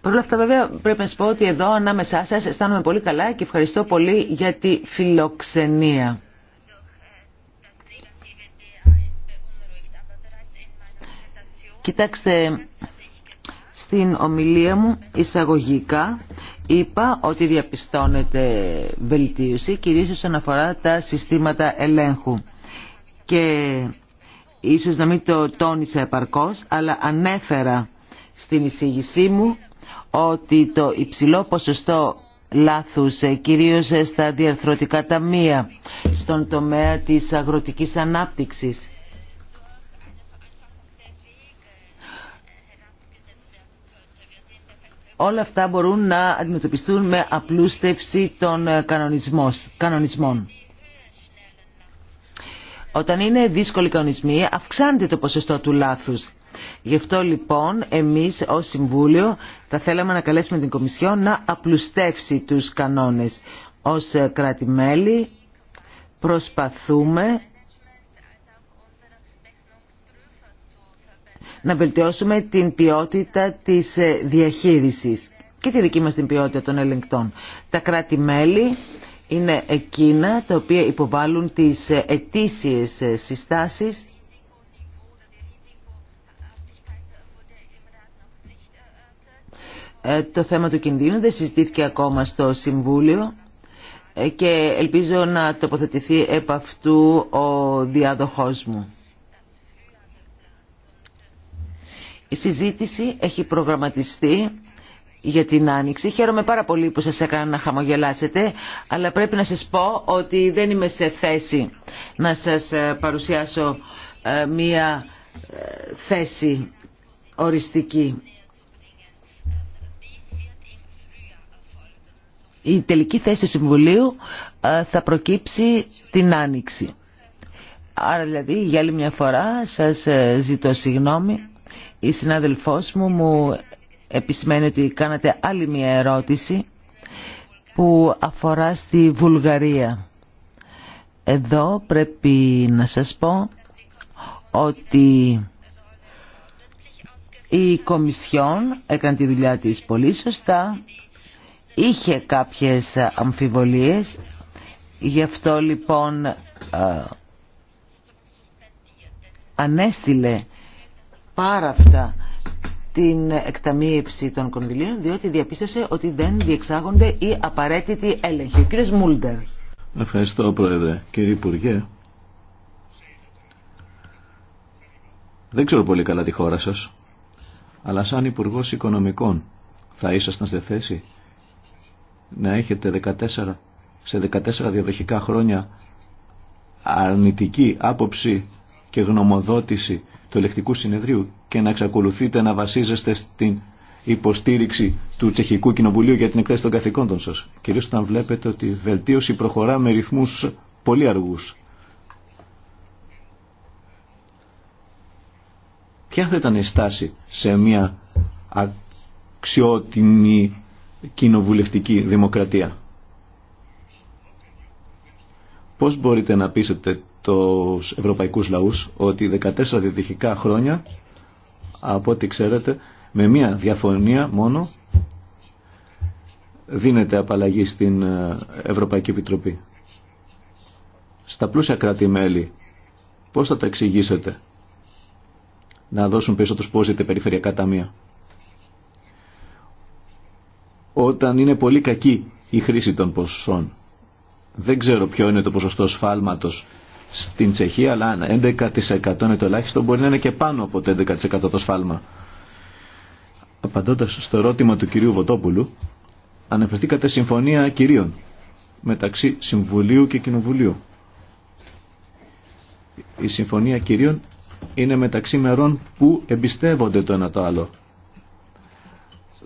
Παρ' όλα αυτά βέβαια πρέπει να σας πω ότι εδώ ανάμεσά σας αισθάνομαι πολύ καλά και ευχαριστώ πολύ για τη φιλοξενία. Κοιτάξτε, στην ομιλία μου εισαγωγικά Είπα ότι διαπιστώνεται βελτίωση κυρίως όσον αφορά τα συστήματα ελέγχου και ίσως να μην το τόνισα επαρκώς αλλά ανέφερα στην εισήγησή μου ότι το υψηλό ποσοστό λάθους ε, κυρίως ε, στα διαρθρωτικά ταμεία στον τομέα της αγροτικής ανάπτυξης όλα αυτά μπορούν να αντιμετωπιστούν με απλούστευση των ε, κανονισμών. Όταν είναι δύσκολοι κανονισμοί αυξάνεται το ποσοστό του λάθους. Γι' αυτό λοιπόν εμείς ως Συμβούλιο θα θέλαμε να καλέσουμε την Κομισιό να απλουστεύσει τους κανόνες. Ως ε, κράτη-μέλη προσπαθούμε να βελτιώσουμε την ποιότητα της ε, διαχείρισης και τη δική μας την ποιότητα των ελεγκτών. Τα κράτη-μέλη είναι εκείνα τα οποία υποβάλλουν τις ετήσιες ε, συστάσεις ε, Το θέμα του κινδύνου δεν συζητήθηκε ακόμα στο Συμβούλιο και ελπίζω να τοποθετηθεί επ' αυτού ο διάδοχός μου. Η συζήτηση έχει προγραμματιστεί για την Άνοιξη. Χαίρομαι πάρα πολύ που σας έκανα να χαμογελάσετε, αλλά πρέπει να σας πω ότι δεν είμαι σε θέση να σας ε, παρουσιάσω ε, μία ε, θέση οριστική. Η τελική θέση του Συμβουλίου θα προκύψει την Άνοιξη. Άρα δηλαδή για άλλη μια φορά σας ζητώ συγγνώμη η συνάδελφός μου μου επισημαίνει ότι κάνατε άλλη μια ερώτηση που αφορά στη Βουλγαρία. Εδώ πρέπει να σας πω ότι η Κομισιόν έκανε τη δουλειά της πολύ σωστά, είχε κάποιες αμφιβολίες, γι' αυτό λοιπόν ε, ανέστηλε απάραυτα την εκταμείευση των κονδυλίων διότι διαπίστωσε ότι δεν διεξάγονται οι απαραίτητοι έλεγχοι. Ο Μούλντερ. Ευχαριστώ Πρόεδρε. Κύριε Υπουργέ, δεν ξέρω πολύ καλά τη χώρα σας, αλλά σαν υπουργό Οικονομικών θα ήσασταν σε θέση να έχετε 14, σε 14 διαδοχικά χρόνια αρνητική άποψη και γνωμοδότηση του ελεκτικού συνεδρίου και να εξακολουθείτε να βασίζεστε στην υποστήριξη του Τσεχικού Κοινοβουλίου για την εκτέλεση των καθηκόντων σας. Κυρίως όταν βλέπετε ότι η βελτίωση προχωρά με ρυθμούς πολύ αργούς. Ποια θα ήταν η στάση σε μια αξιότιμη κοινοβουλευτική δημοκρατία. Πώς μπορείτε να πείσετε τους ευρωπαϊκούς λαούς ότι 14 διδυχικά χρόνια από ό,τι ξέρετε με μία διαφωνία μόνο δίνεται απαλλαγή στην ε, Ευρωπαϊκή Επιτροπή. Στα πλούσια κράτη-μέλη πώς θα τα εξηγήσετε να δώσουν πίσω τους πώς περιφερειακά ταμεία. Όταν είναι πολύ κακή η χρήση των ποσών. Δεν ξέρω ποιο είναι το ποσοστό σφάλματος στην Τσεχία, αλλά 11% είναι το ελάχιστο, μπορεί να είναι και πάνω από το 11% το σφάλμα. Απαντώντας στο ερώτημα του κυρίου Βοτόπουλου, αναφερθήκατε συμφωνία κυρίων μεταξύ Συμβουλίου και Κοινοβουλίου. Η συμφωνία κυρίων είναι μεταξύ μερών που εμπιστεύονται το ένα το άλλο.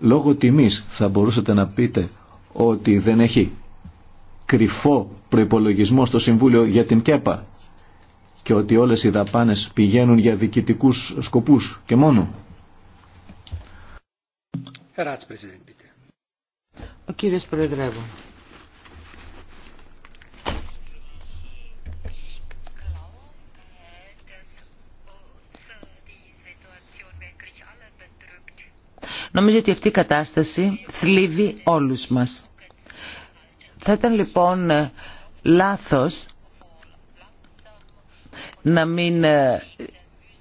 Λόγω τιμής θα μπορούσατε να πείτε ότι δεν έχει κρυφό προϋπολογισμό στο Συμβούλιο για την ΚΕΠΑ και ότι όλες οι δαπάνες πηγαίνουν για διοικητικούς σκοπούς και μόνο. Ο κύριος Νομίζω ότι αυτή η κατάσταση θλίβει όλους μας. Θα ήταν λοιπόν λάθος να μην ε,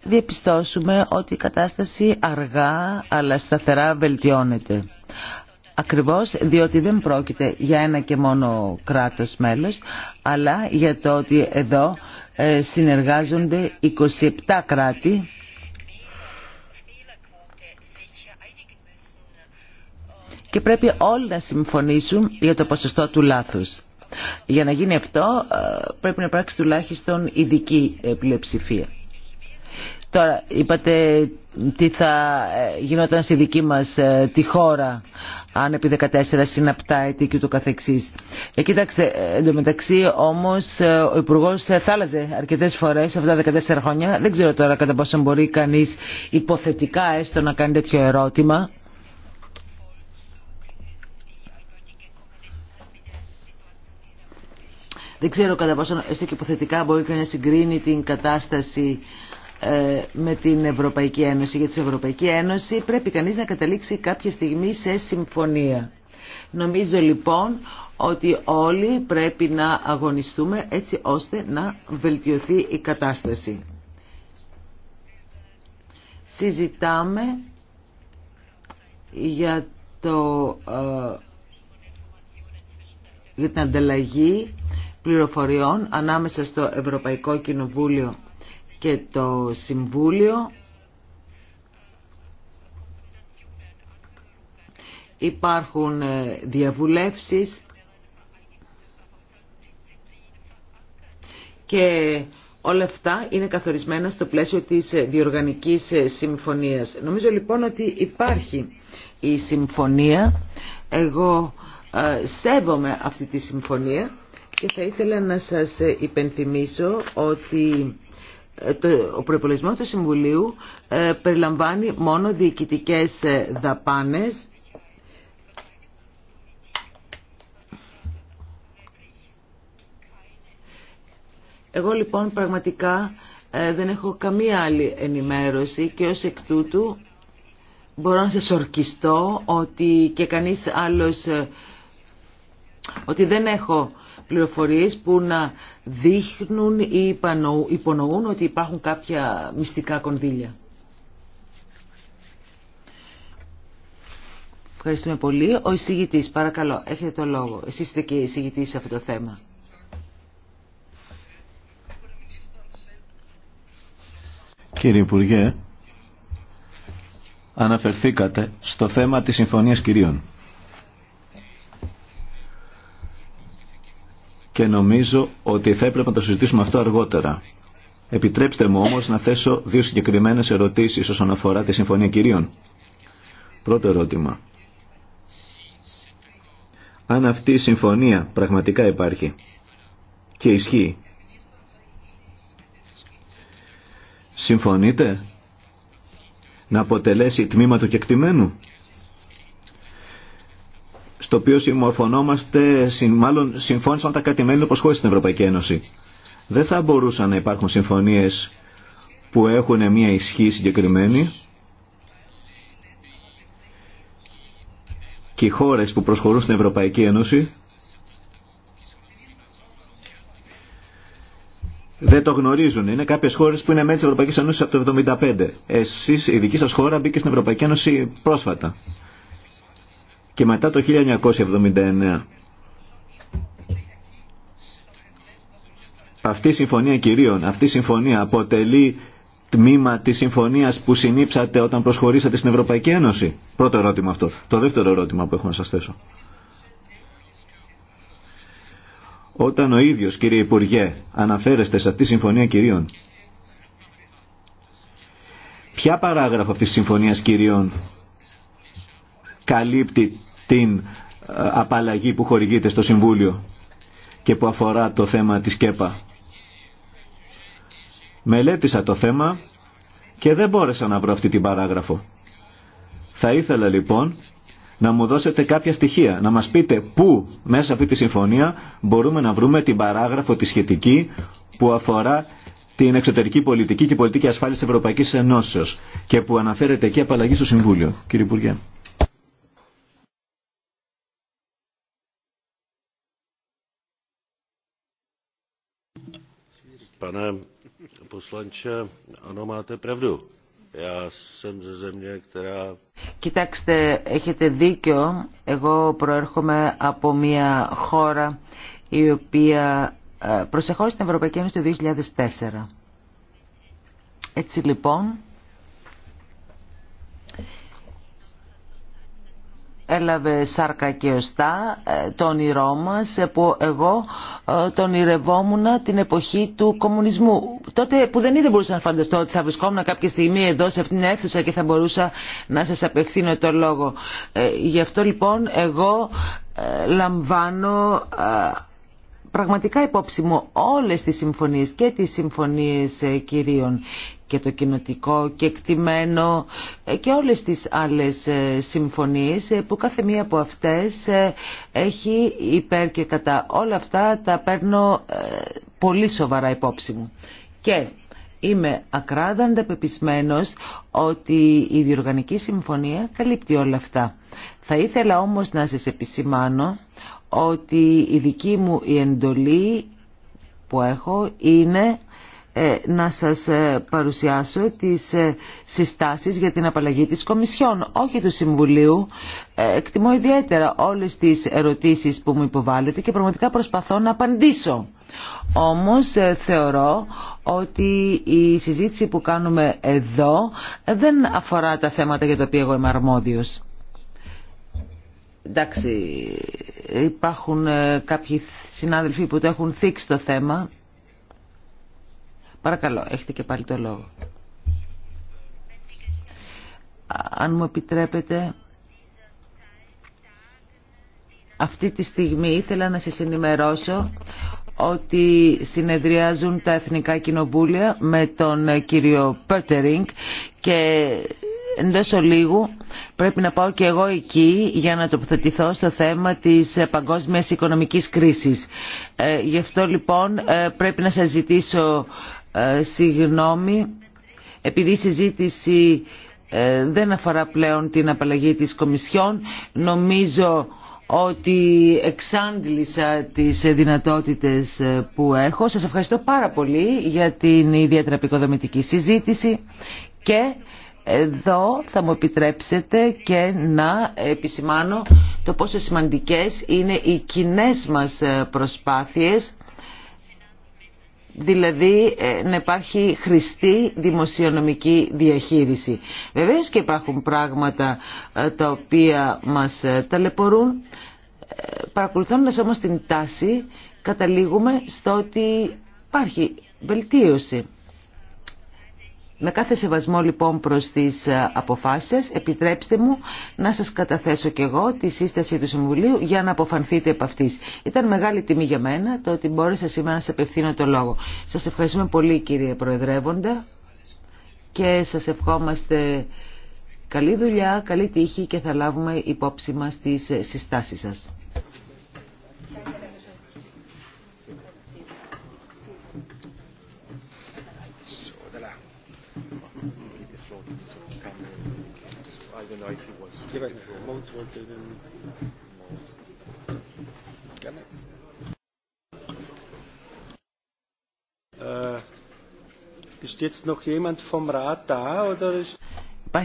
διαπιστώσουμε ότι η κατάσταση αργά αλλά σταθερά βελτιώνεται. Ακριβώς διότι δεν πρόκειται για ένα και μόνο κράτος μέλος, αλλά για το ότι εδώ ε, συνεργάζονται 27 κράτη και πρέπει όλοι να συμφωνήσουν για το ποσοστό του λάθους. Για να γίνει αυτό ε, πρέπει να υπάρξει τουλάχιστον ειδική ε, πλειοψηφία. Τώρα είπατε τι θα ε, γινόταν στη δική μας τη χώρα αν επί 14 συναπτά έτη και ούτω καθεξής. Ε, κοίταξτε, εντωμεταξύ όμως ο υπουργό θάλαζε αρκετές φορές αυτά τα 14 χρόνια. Δεν ξέρω τώρα κατά πόσο μπορεί κανείς υποθετικά έστω να κάνει τέτοιο ερώτημα. Δεν ξέρω κατά πόσο έστω και υποθετικά μπορεί και να συγκρίνει την κατάσταση ε, με την Ευρωπαϊκή Ένωση. Για την Ευρωπαϊκή Ένωση πρέπει κανείς να καταλήξει κάποια στιγμή σε συμφωνία. Νομίζω λοιπόν ότι όλοι πρέπει να αγωνιστούμε έτσι ώστε να βελτιωθεί η κατάσταση. Συζητάμε για, το, ε, για την ανταλλαγή πληροφοριών ανάμεσα στο Ευρωπαϊκό Κοινοβούλιο και το Συμβούλιο. Υπάρχουν ε, διαβουλεύσεις και όλα αυτά είναι καθορισμένα στο πλαίσιο της διοργανικής ε, συμφωνίας. Νομίζω λοιπόν ότι υπάρχει η συμφωνία. Εγώ ε, σέβομαι αυτή τη συμφωνία και θα ήθελα να σας υπενθυμίσω ότι ε, ο προπολογισμό του Συμβουλίου ε, περιλαμβάνει μόνο διοικητικές ε, δαπάνες Εγώ λοιπόν πραγματικά δεν έχω καμία άλλη ενημέρωση και ως εκ τούτου μπορώ να σας ορκιστώ ότι και κανείς άλλος ότι δεν έχω πληροφορίες που να δείχνουν ή υπονοούν ότι υπάρχουν κάποια μυστικά κονδύλια. Ευχαριστούμε πολύ. Ο εισηγητής, παρακαλώ, έχετε το λόγο. Εσείς είστε και εισηγητής σε αυτό το θέμα. Κύριε Υπουργέ, αναφερθήκατε στο θέμα της Συμφωνίας Κυρίων. και νομίζω ότι θα έπρεπε να το συζητήσουμε αυτό αργότερα. Επιτρέψτε μου όμως να θέσω δύο συγκεκριμένες ερωτήσεις όσον αφορά τη Συμφωνία Κυρίων. Πρώτο ερώτημα. Αν αυτή η συμφωνία πραγματικά υπάρχει και ισχύει, συμφωνείτε να αποτελέσει τμήμα του κεκτημένου στο οποίο συμμορφωνόμαστε, μάλλον συμφώνησαν τα κάτι μέλη όπως χώρες στην Ευρωπαϊκή Ένωση. Δεν θα μπορούσαν να υπάρχουν συμφωνίες που έχουν μια ισχύ συγκεκριμένη και οι χώρες που προσχωρούν στην Ευρωπαϊκή Ένωση δεν το γνωρίζουν. Είναι κάποιε χώρε που είναι μέλη τη Ευρωπαϊκή Ένωση από το 1975. Εσεί, η δική σα χώρα μπήκε στην Ευρωπαϊκή Ένωση πρόσφατα και μετά το 1979. Αυτή η συμφωνία κυρίων, αυτή η συμφωνία αποτελεί τμήμα της συμφωνίας που συνήψατε όταν προσχωρήσατε στην Ευρωπαϊκή Ένωση. Πρώτο ερώτημα αυτό. Το δεύτερο ερώτημα που έχω να σας θέσω. Όταν ο ίδιος κύριε Υπουργέ αναφέρεστε σε αυτή τη συμφωνία κυρίων, ποια παράγραφο αυτής της συμφωνίας κυρίων καλύπτει την ε, απαλλαγή που χορηγείται στο Συμβούλιο και που αφορά το θέμα της ΚΕΠΑ. Μελέτησα το θέμα και δεν μπόρεσα να βρω αυτή την παράγραφο. Θα ήθελα λοιπόν να μου δώσετε κάποια στοιχεία, να μας πείτε πού μέσα σε αυτή τη συμφωνία μπορούμε να βρούμε την παράγραφο τη σχετική που μεσα αυτη τη συμφωνια μπορουμε να βρουμε την εξωτερική πολιτική και πολιτική ασφάλεια Ευρωπαϊκής Ενώσεως και που αναφέρεται εκεί απαλλαγή στο Συμβούλιο. Κύριε Υπουργέ. Pane Κοιτάξτε, έχετε δίκιο. Εγώ προέρχομαι από μια χώρα η οποία ε, προσεχώς στην Ευρωπαϊκή Ένωση το 2004. Έτσι λοιπόν, έλαβε σάρκα και οστά ε, το όνειρό μας που εγώ ε, τον ονειρευόμουν την εποχή του κομμουνισμού. Τότε που δεν είδε μπορούσα να φανταστώ ότι θα βρισκόμουν κάποια στιγμή εδώ σε αυτήν την αίθουσα και θα μπορούσα να σας απευθύνω το λόγο. Ε, γι' αυτό λοιπόν εγώ λαμβάνω πραγματικά υπόψη μου όλες τις συμφωνίες και τις συμφωνίες ε, κυρίων και το κοινοτικό και εκτιμένο ε, και όλες τις άλλες ε, συμφωνίες που κάθε μία από αυτές έχει υπέρ και κατά. Όλα αυτά τα παίρνω πολύ σοβαρά υπόψη μου. Και είμαι ακράδαντα πεπισμένος ότι η διοργανική συμφωνία καλύπτει όλα αυτά. Θα ήθελα όμως να σας επισημάνω ότι η δική μου η εντολή που έχω είναι ε, να σας ε, παρουσιάσω τις ε, συστάσεις για την απαλλαγή της Κομισιόν, όχι του Συμβουλίου. Εκτιμώ ιδιαίτερα όλες τις ερωτήσεις που μου υποβάλλετε και πραγματικά προσπαθώ να απαντήσω. Όμως θεωρώ ότι η συζήτηση που κάνουμε εδώ δεν αφορά τα θέματα για τα οποία εγώ είμαι αρμόδιος εντάξει, υπάρχουν ε, κάποιοι συνάδελφοι που το έχουν θίξει το θέμα. Παρακαλώ, έχετε και πάλι το λόγο. Αν μου επιτρέπετε, αυτή τη στιγμή ήθελα να σας ενημερώσω ότι συνεδριάζουν τα Εθνικά Κοινοβούλια με τον κύριο Πέτερινγκ και εντός ολίγου πρέπει να πάω και εγώ εκεί για να τοποθετηθώ στο θέμα της ε, παγκόσμιας οικονομικής κρίσης. Ε, γι' αυτό λοιπόν ε, πρέπει να σας ζητήσω συγγνώμη επειδή η συζήτηση δεν αφορά πλέον την απαλλαγή της Κομισιόν. Νομίζω ότι εξάντλησα τις δυνατότητες που έχω. Σας ευχαριστώ πάρα πολύ για την ιδιαίτερα επικοδομητική συζήτηση και εδώ θα μου επιτρέψετε και να επισημάνω το πόσο σημαντικές είναι οι κοινέ μας ε, προσπάθειες, δηλαδή ε, να υπάρχει χρηστή δημοσιονομική διαχείριση. Βεβαίως και υπάρχουν πράγματα ε, τα οποία μας ταλαιπωρούν, παρακολουθώντας όμως την τάση καταλήγουμε στο ότι υπάρχει βελτίωση. Με κάθε σεβασμό λοιπόν προς τις ε, αποφάσεις επιτρέψτε μου να σας καταθέσω και εγώ τη σύσταση του Συμβουλίου για να αποφανθείτε επ' αυτής. Ήταν μεγάλη τιμή για μένα το ότι μπόρεσα σήμερα να σε απευθύνω το λόγο. Σας ευχαριστούμε πολύ κύριε Προεδρεύοντα και σας ευχόμαστε καλή δουλειά, καλή τύχη και θα λάβουμε υπόψη μας τις ε, συστάσεις σας. Υπάρχει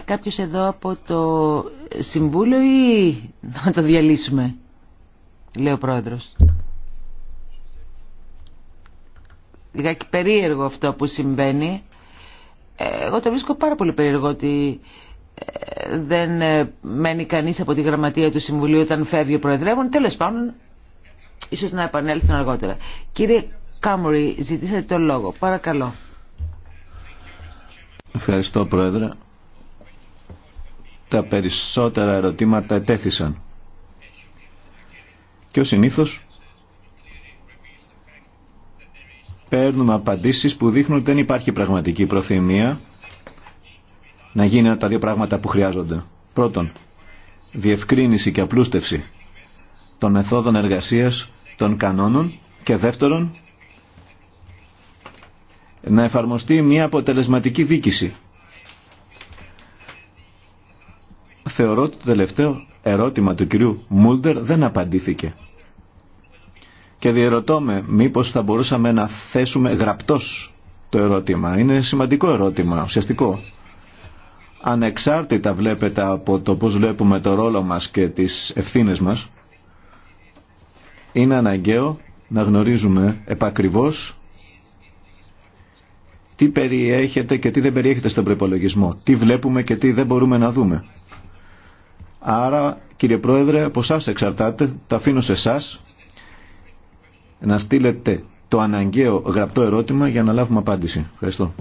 κάποιος εδώ από το Συμβούλιο ή να το διαλύσουμε, λέει ο Πρόεδρος. Λιγάκι περίεργο αυτό που συμβαίνει. Ε, εγώ το βρίσκω πάρα πολύ περίεργο ότι δεν ε, μένει κανείς από τη γραμματεία του Συμβουλίου όταν φεύγει ο Προεδρεύων. Τέλος πάντων, ίσως να επανέλθουν αργότερα. Κύριε Κάμουρη, ζητήσατε το λόγο. Παρακαλώ. Ευχαριστώ, Πρόεδρε. Τα περισσότερα ερωτήματα ετέθησαν. Και ο συνήθως παίρνουμε απαντήσεις που δείχνουν ότι δεν υπάρχει πραγματική προθυμία να γίνουν τα δύο πράγματα που χρειάζονται. Πρώτον, διευκρίνηση και απλούστευση των μεθόδων εργασίας των κανόνων και δεύτερον, να εφαρμοστεί μια αποτελεσματική δίκηση. Θεωρώ ότι το τελευταίο ερώτημα του κυρίου Μούλτερ δεν απαντήθηκε. Και διερωτώ με μήπως θα μπορούσαμε να θέσουμε γραπτός το ερώτημα. Είναι σημαντικό ερώτημα, ουσιαστικό ανεξάρτητα βλέπετε από το πώς βλέπουμε το ρόλο μας και τις ευθύνες μας, είναι αναγκαίο να γνωρίζουμε επακριβώς τι περιέχεται και τι δεν περιέχεται στον προπολογισμό, τι βλέπουμε και τι δεν μπορούμε να δούμε. Άρα, κύριε Πρόεδρε, από εσά εξαρτάται, το αφήνω σε εσά να στείλετε το αναγκαίο γραπτό ερώτημα για να λάβουμε απάντηση. Ευχαριστώ.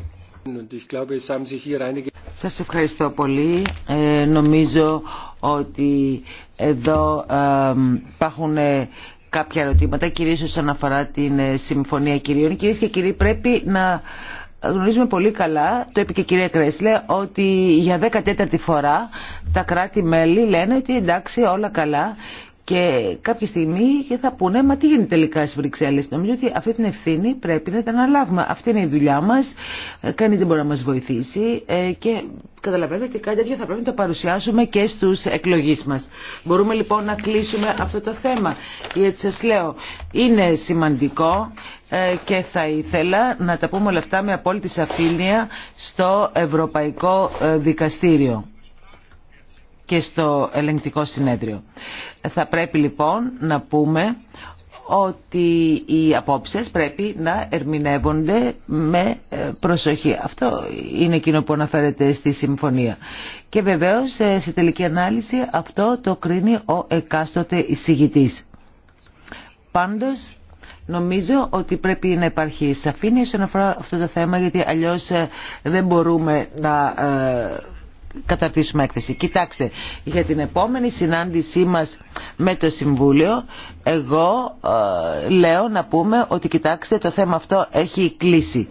Σας ευχαριστώ πολύ. Ε, νομίζω ότι εδώ υπάρχουν ε, κάποια ερωτήματα, κυρίως όσον αφορά την ε, Συμφωνία Κυρίων. Κυρίες και κύριοι, πρέπει να γνωρίζουμε πολύ καλά, το είπε και η κυρία Κρέσλε, ότι για 14η φορά τα κράτη-μέλη λένε ότι εντάξει όλα καλά και κάποια στιγμή θα πούνε, μα τι γίνεται τελικά στι Βρυξέλλε. Νομίζω ότι αυτή την ευθύνη πρέπει να την αναλάβουμε. Αυτή είναι η δουλειά μα. Ε, Κανεί δεν μπορεί να μα βοηθήσει. Ε, και καταλαβαίνετε ότι κάτι τέτοιο θα πρέπει να το παρουσιάσουμε και στου εκλογεί μα. Μπορούμε λοιπόν να κλείσουμε αυτό το θέμα. Γιατί σα λέω, είναι σημαντικό ε, και θα ήθελα να τα πούμε όλα αυτά με απόλυτη σαφήνεια στο Ευρωπαϊκό Δικαστήριο και στο ελεγκτικό συνέδριο. Θα πρέπει λοιπόν να πούμε ότι οι απόψεις πρέπει να ερμηνεύονται με ε, προσοχή. Αυτό είναι εκείνο που αναφέρεται στη συμφωνία. Και βεβαίως ε, σε τελική ανάλυση αυτό το κρίνει ο εκάστοτε εισηγητής. Πάντως Νομίζω ότι πρέπει να υπάρχει σαφήνεια όσον αφορά αυτό το θέμα γιατί αλλιώς ε, δεν μπορούμε να καταρτήσουμε έκθεση. Κοιτάξτε, για την επόμενη συνάντησή μας με το Συμβούλιο, εγώ ε, λέω να πούμε ότι κοιτάξτε το θέμα αυτό έχει κλείσει.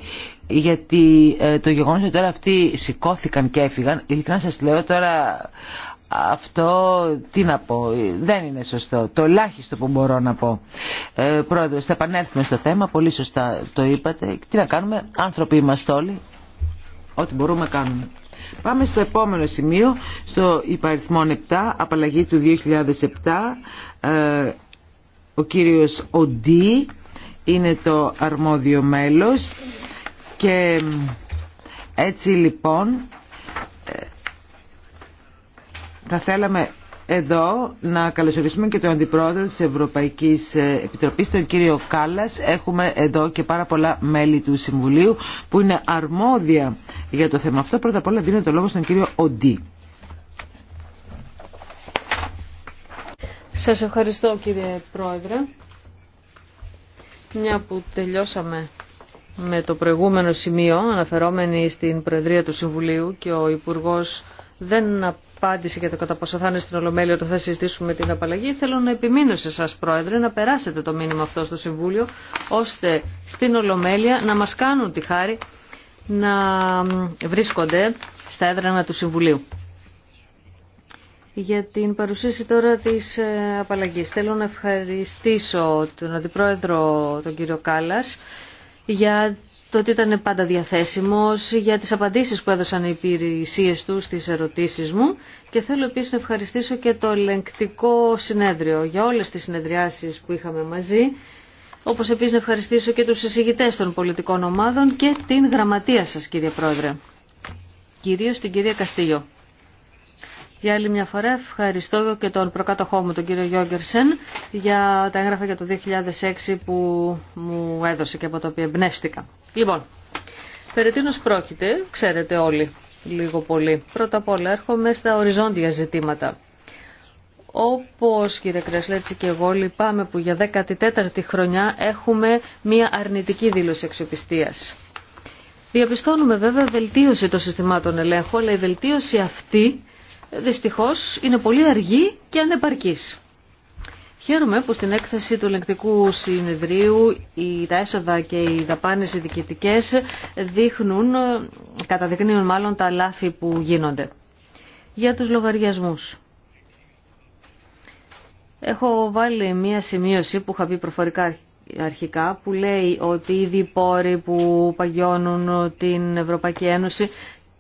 Γιατί ε, το γεγονός ότι τώρα αυτοί σηκώθηκαν και έφυγαν, ειλικρινά σας λέω τώρα αυτό τι να πω, δεν είναι σωστό. Το ελάχιστο που μπορώ να πω. Ε, θα επανέλθουμε στο θέμα, πολύ σωστά το είπατε. Τι να κάνουμε, άνθρωποι είμαστε όλοι, ό,τι μπορούμε κάνουμε. Πάμε στο επόμενο σημείο, στο υπαριθμό 7, απαλλαγή του 2007. Ε, ο κύριος Οντί είναι το αρμόδιο μέλος και ε, έτσι λοιπόν ε, θα θέλαμε εδώ να καλωσορίσουμε και τον Αντιπρόεδρο της Ευρωπαϊκής Επιτροπής, τον κύριο Κάλλας. Έχουμε εδώ και πάρα πολλά μέλη του Συμβουλίου που είναι αρμόδια για το θέμα αυτό. Πρώτα απ' όλα δίνω το λόγο στον κύριο Οντί. Σας ευχαριστώ κύριε Πρόεδρε. Μια που τελειώσαμε με το προηγούμενο σημείο, αναφερόμενοι στην Προεδρία του Συμβουλίου και ο Υπουργός δεν απάντηση για το κατά πόσο θα είναι στην Ολομέλεια όταν θα συζητήσουμε την απαλλαγή. Θέλω να επιμείνω σε εσά, Πρόεδρε, να περάσετε το μήνυμα αυτό στο Συμβούλιο, ώστε στην Ολομέλεια να μα κάνουν τη χάρη να βρίσκονται στα έδρανα του Συμβουλίου. Για την παρουσίαση τώρα της ε, απαλλαγής. Θέλω να ευχαριστήσω τον Αντιπρόεδρο τον κύριο Κάλλας για το ότι ήταν πάντα διαθέσιμος, για τις απαντήσεις που έδωσαν οι υπηρεσίε του στις ερωτήσεις μου και θέλω επίσης να ευχαριστήσω και το ελεγκτικό συνέδριο για όλες τις συνεδριάσεις που είχαμε μαζί, όπως επίσης να ευχαριστήσω και τους εισηγητές των πολιτικών ομάδων και την γραμματεία σας κύριε Πρόεδρε, κυρίως την κυρία Καστίγιο. Για άλλη μια φορά ευχαριστώ και τον προκάτοχό μου, τον κύριο Γιόγκερσεν, για τα έγγραφα για το 2006 που μου έδωσε και από τα οποία εμπνεύστηκα. Λοιπόν, περί πρόκειται, ξέρετε όλοι λίγο πολύ. Πρώτα απ' όλα έρχομαι στα οριζόντια ζητήματα. Όπως κύριε Κρεσλέτση και εγώ λυπάμαι που για 14η χρονιά έχουμε μια αρνητική δήλωση αξιοπιστίας. Διαπιστώνουμε βέβαια βελτίωση των συστημάτων ελέγχου, αλλά η βελτίωση αυτή δυστυχώς είναι πολύ αργή και ανεπαρκής. Χαίρομαι που στην έκθεση του ελεγκτικού συνεδρίου τα έσοδα και οι δαπάνες διοικητικέ δείχνουν, ε, καταδεικνύουν μάλλον τα λάθη που γίνονται. Για τους λογαριασμούς. Έχω βάλει μία σημείωση που είχα πει προφορικά αρχικά που λέει ότι οι διπόροι που παγιώνουν την Ευρωπαϊκή Ένωση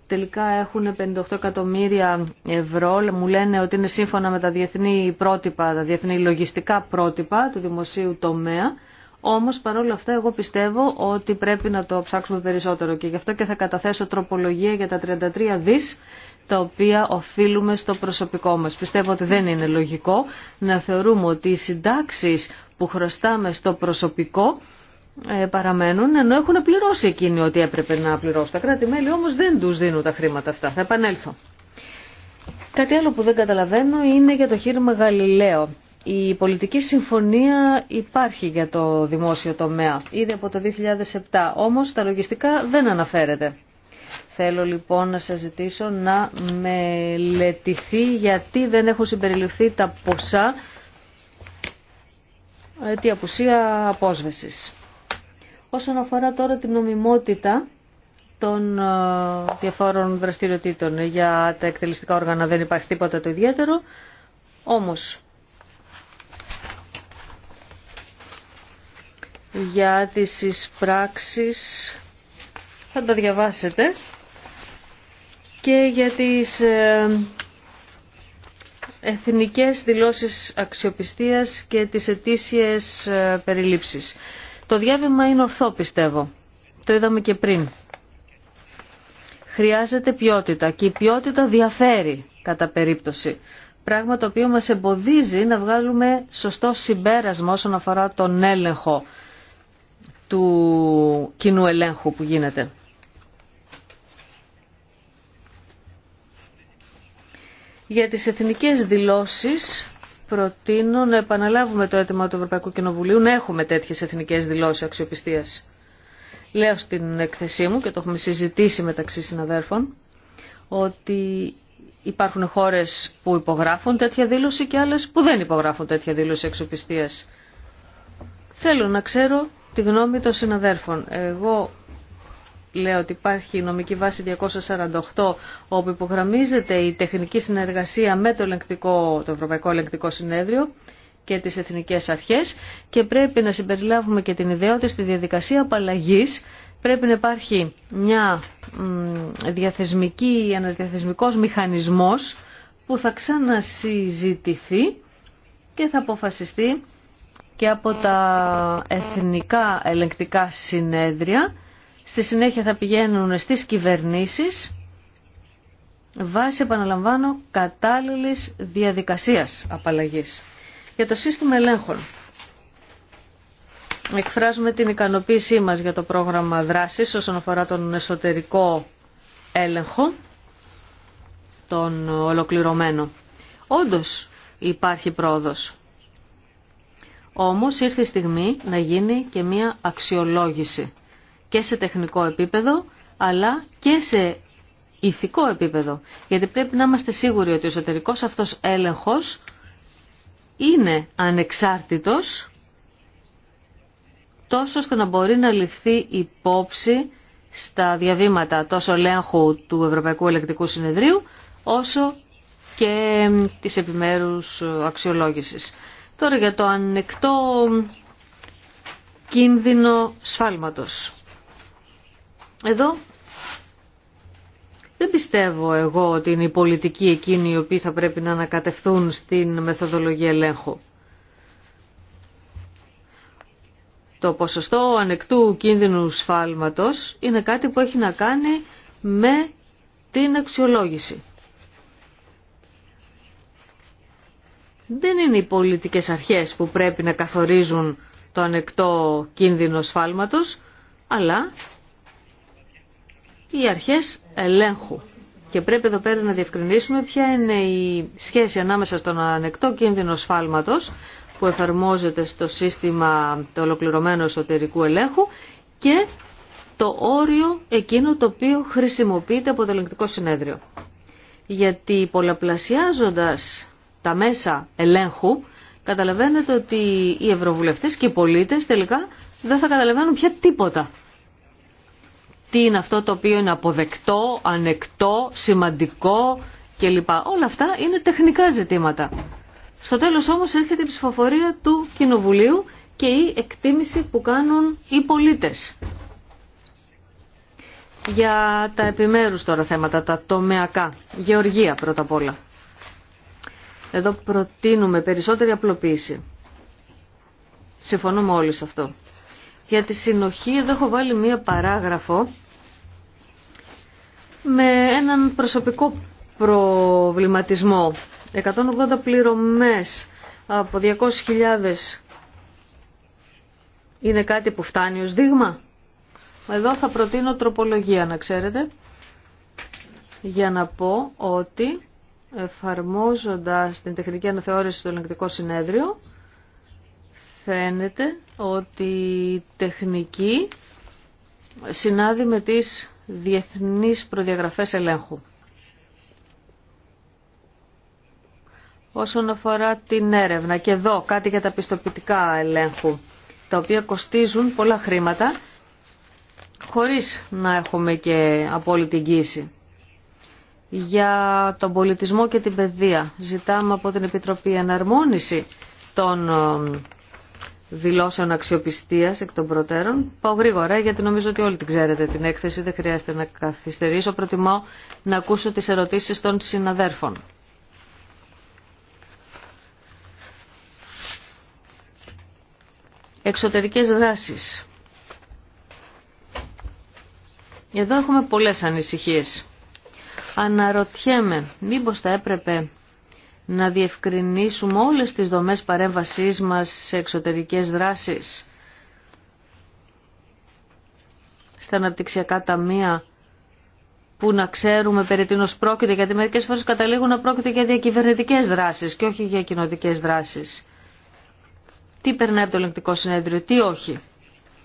τελικά έχουν 58 εκατομμύρια ευρώ. Μου λένε ότι είναι σύμφωνα με τα διεθνή πρότυπα, τα διεθνή λογιστικά πρότυπα του δημοσίου τομέα. Όμως παρόλα αυτά εγώ πιστεύω ότι πρέπει να το ψάξουμε περισσότερο και γι' αυτό και θα καταθέσω τροπολογία για τα 33 δις τα οποία οφείλουμε στο προσωπικό μας. Πιστεύω ότι δεν είναι λογικό να θεωρούμε ότι οι συντάξεις που χρωστάμε στο προσωπικό ε, παραμένουν ενώ έχουν πληρώσει εκείνοι ότι έπρεπε να πληρώσουν. Τα κράτη-μέλη όμως δεν τους δίνουν τα χρήματα αυτά. Θα επανέλθω. Κάτι άλλο που δεν καταλαβαίνω είναι για το χείρμα Γαλιλαίο. Η πολιτική συμφωνία υπάρχει για το δημόσιο τομέα, ήδη από το 2007, όμως τα λογιστικά δεν αναφέρεται. Θέλω λοιπόν να σας ζητήσω να μελετηθεί γιατί δεν έχουν συμπεριληφθεί τα ποσά ε, τη απουσία απόσβεσης. Όσον αφορά τώρα την νομιμότητα των ε, διαφόρων δραστηριοτήτων για τα εκτελεστικά όργανα δεν υπάρχει τίποτα το ιδιαίτερο, όμως για τις εισπράξεις θα τα διαβάσετε και για τις ε, εθνικές δηλώσεις αξιοπιστίας και τις ετήσιες ε, περιλήψεις. Το διάβημα είναι ορθό πιστεύω. Το είδαμε και πριν. Χρειάζεται ποιότητα και η ποιότητα διαφέρει κατά περίπτωση. Πράγμα το οποίο μας εμποδίζει να βγάλουμε σωστό συμπέρασμα όσον αφορά τον έλεγχο του κοινού ελέγχου που γίνεται. Για τις εθνικές δηλώσεις προτείνω να επαναλάβουμε το αίτημα του Ευρωπαϊκού Κοινοβουλίου να έχουμε τέτοιε εθνικέ δηλώσει αξιοπιστία. Λέω στην εκθεσή μου και το έχουμε συζητήσει μεταξύ συναδέρφων ότι υπάρχουν χώρε που υπογράφουν τέτοια δήλωση και άλλε που δεν υπογράφουν τέτοια δήλωση αξιοπιστία. Θέλω να ξέρω τη γνώμη των συναδέρφων. Εγώ λέω ότι υπάρχει η νομική βάση 248 όπου υπογραμμίζεται η τεχνική συνεργασία με το, ελεγκτικό, το Ευρωπαϊκό Ελεγκτικό Συνέδριο και τις εθνικές αρχές και πρέπει να συμπεριλάβουμε και την ιδέα ότι στη διαδικασία απαλλαγή πρέπει να υπάρχει μια διαθεσμική, ένας διαθεσμικός μηχανισμός που θα ξανασυζητηθεί και θα αποφασιστεί και από τα εθνικά ελεγκτικά συνέδρια στη συνέχεια θα πηγαίνουν στις κυβερνήσεις βάσει, επαναλαμβάνω, κατάλληλης διαδικασίας απαλλαγής. Για το σύστημα ελέγχων. Εκφράζουμε την ικανοποίησή μας για το πρόγραμμα δράσης όσον αφορά τον εσωτερικό έλεγχο, τον ολοκληρωμένο. Όντως υπάρχει πρόοδος. Όμως ήρθε η στιγμή να γίνει και μία αξιολόγηση και σε τεχνικό επίπεδο αλλά και σε ηθικό επίπεδο. Γιατί πρέπει να είμαστε σίγουροι ότι ο εσωτερικός αυτός έλεγχος είναι ανεξάρτητος τόσο ώστε να μπορεί να ληφθεί υπόψη στα διαβήματα τόσο ελέγχου του Ευρωπαϊκού Ελεκτικού Συνεδρίου όσο και της επιμέρους ε, αξιολόγησης. Τώρα για το ανεκτό κίνδυνο σφάλματος. Εδώ δεν πιστεύω εγώ ότι είναι οι πολιτικοί εκείνοι οι οποίοι θα πρέπει να ανακατευθούν στην μεθοδολογία ελέγχου. Το ποσοστό ανεκτού κίνδυνου σφάλματος είναι κάτι που έχει να κάνει με την αξιολόγηση. Δεν είναι οι πολιτικές αρχές που πρέπει να καθορίζουν το ανεκτό κίνδυνο σφάλματος, αλλά οι αρχές ελέγχου. Και πρέπει εδώ πέρα να διευκρινίσουμε ποια είναι η σχέση ανάμεσα στον ανεκτό κίνδυνο σφάλματος που εφαρμόζεται στο σύστημα το ολοκληρωμένου εσωτερικού ελέγχου και το όριο εκείνο το οποίο χρησιμοποιείται από το ελεγκτικό συνέδριο. Γιατί πολλαπλασιάζοντας τα μέσα ελέγχου, καταλαβαίνετε ότι οι ευρωβουλευτές και οι πολίτες τελικά δεν θα καταλαβαίνουν πια τίποτα τι είναι αυτό το οποίο είναι αποδεκτό, ανεκτό, σημαντικό κλπ. Όλα αυτά είναι τεχνικά ζητήματα. Στο τέλος όμως έρχεται η ψηφοφορία του Κοινοβουλίου και η εκτίμηση που κάνουν οι πολίτες. Για τα επιμέρους τώρα θέματα, τα τομεακά. Γεωργία πρώτα απ' όλα. Εδώ προτείνουμε περισσότερη απλοποίηση. Συμφωνούμε όλοι σε αυτό. Για τη συνοχή εδώ έχω βάλει μία παράγραφο με έναν προσωπικό προβληματισμό. 180 πληρωμές από 200.000 είναι κάτι που φτάνει ως δείγμα. Εδώ θα προτείνω τροπολογία να ξέρετε για να πω ότι εφαρμόζοντας την τεχνική αναθεώρηση στο ελεγκτικό συνέδριο φαίνεται ότι η τεχνική συνάδει με τις διεθνείς προδιαγραφές ελέγχου. Όσον αφορά την έρευνα και εδώ κάτι για τα πιστοποιητικά ελέγχου, τα οποία κοστίζουν πολλά χρήματα, χωρίς να έχουμε και απόλυτη εγγύηση. Για τον πολιτισμό και την παιδεία ζητάμε από την Επιτροπή Εναρμόνιση των δηλώσεων αξιοπιστίας εκ των προτέρων. Πάω γρήγορα γιατί νομίζω ότι όλοι την ξέρετε την έκθεση, δεν χρειάζεται να καθυστερήσω. Προτιμώ να ακούσω τις ερωτήσεις των συναδέρφων. Εξωτερικές δράσεις. Εδώ έχουμε πολλές ανησυχίες. Αναρωτιέμαι μήπως θα έπρεπε να διευκρινίσουμε όλες τις δομές παρέμβασής μας σε εξωτερικές δράσεις. Στα αναπτυξιακά ταμεία που να ξέρουμε περί τίνος πρόκειται, γιατί μερικές φορές καταλήγουν να πρόκειται για διακυβερνητικές δράσεις και όχι για κοινοτικέ δράσεις. Τι περνάει από το ελεγκτικό συνέδριο, τι όχι.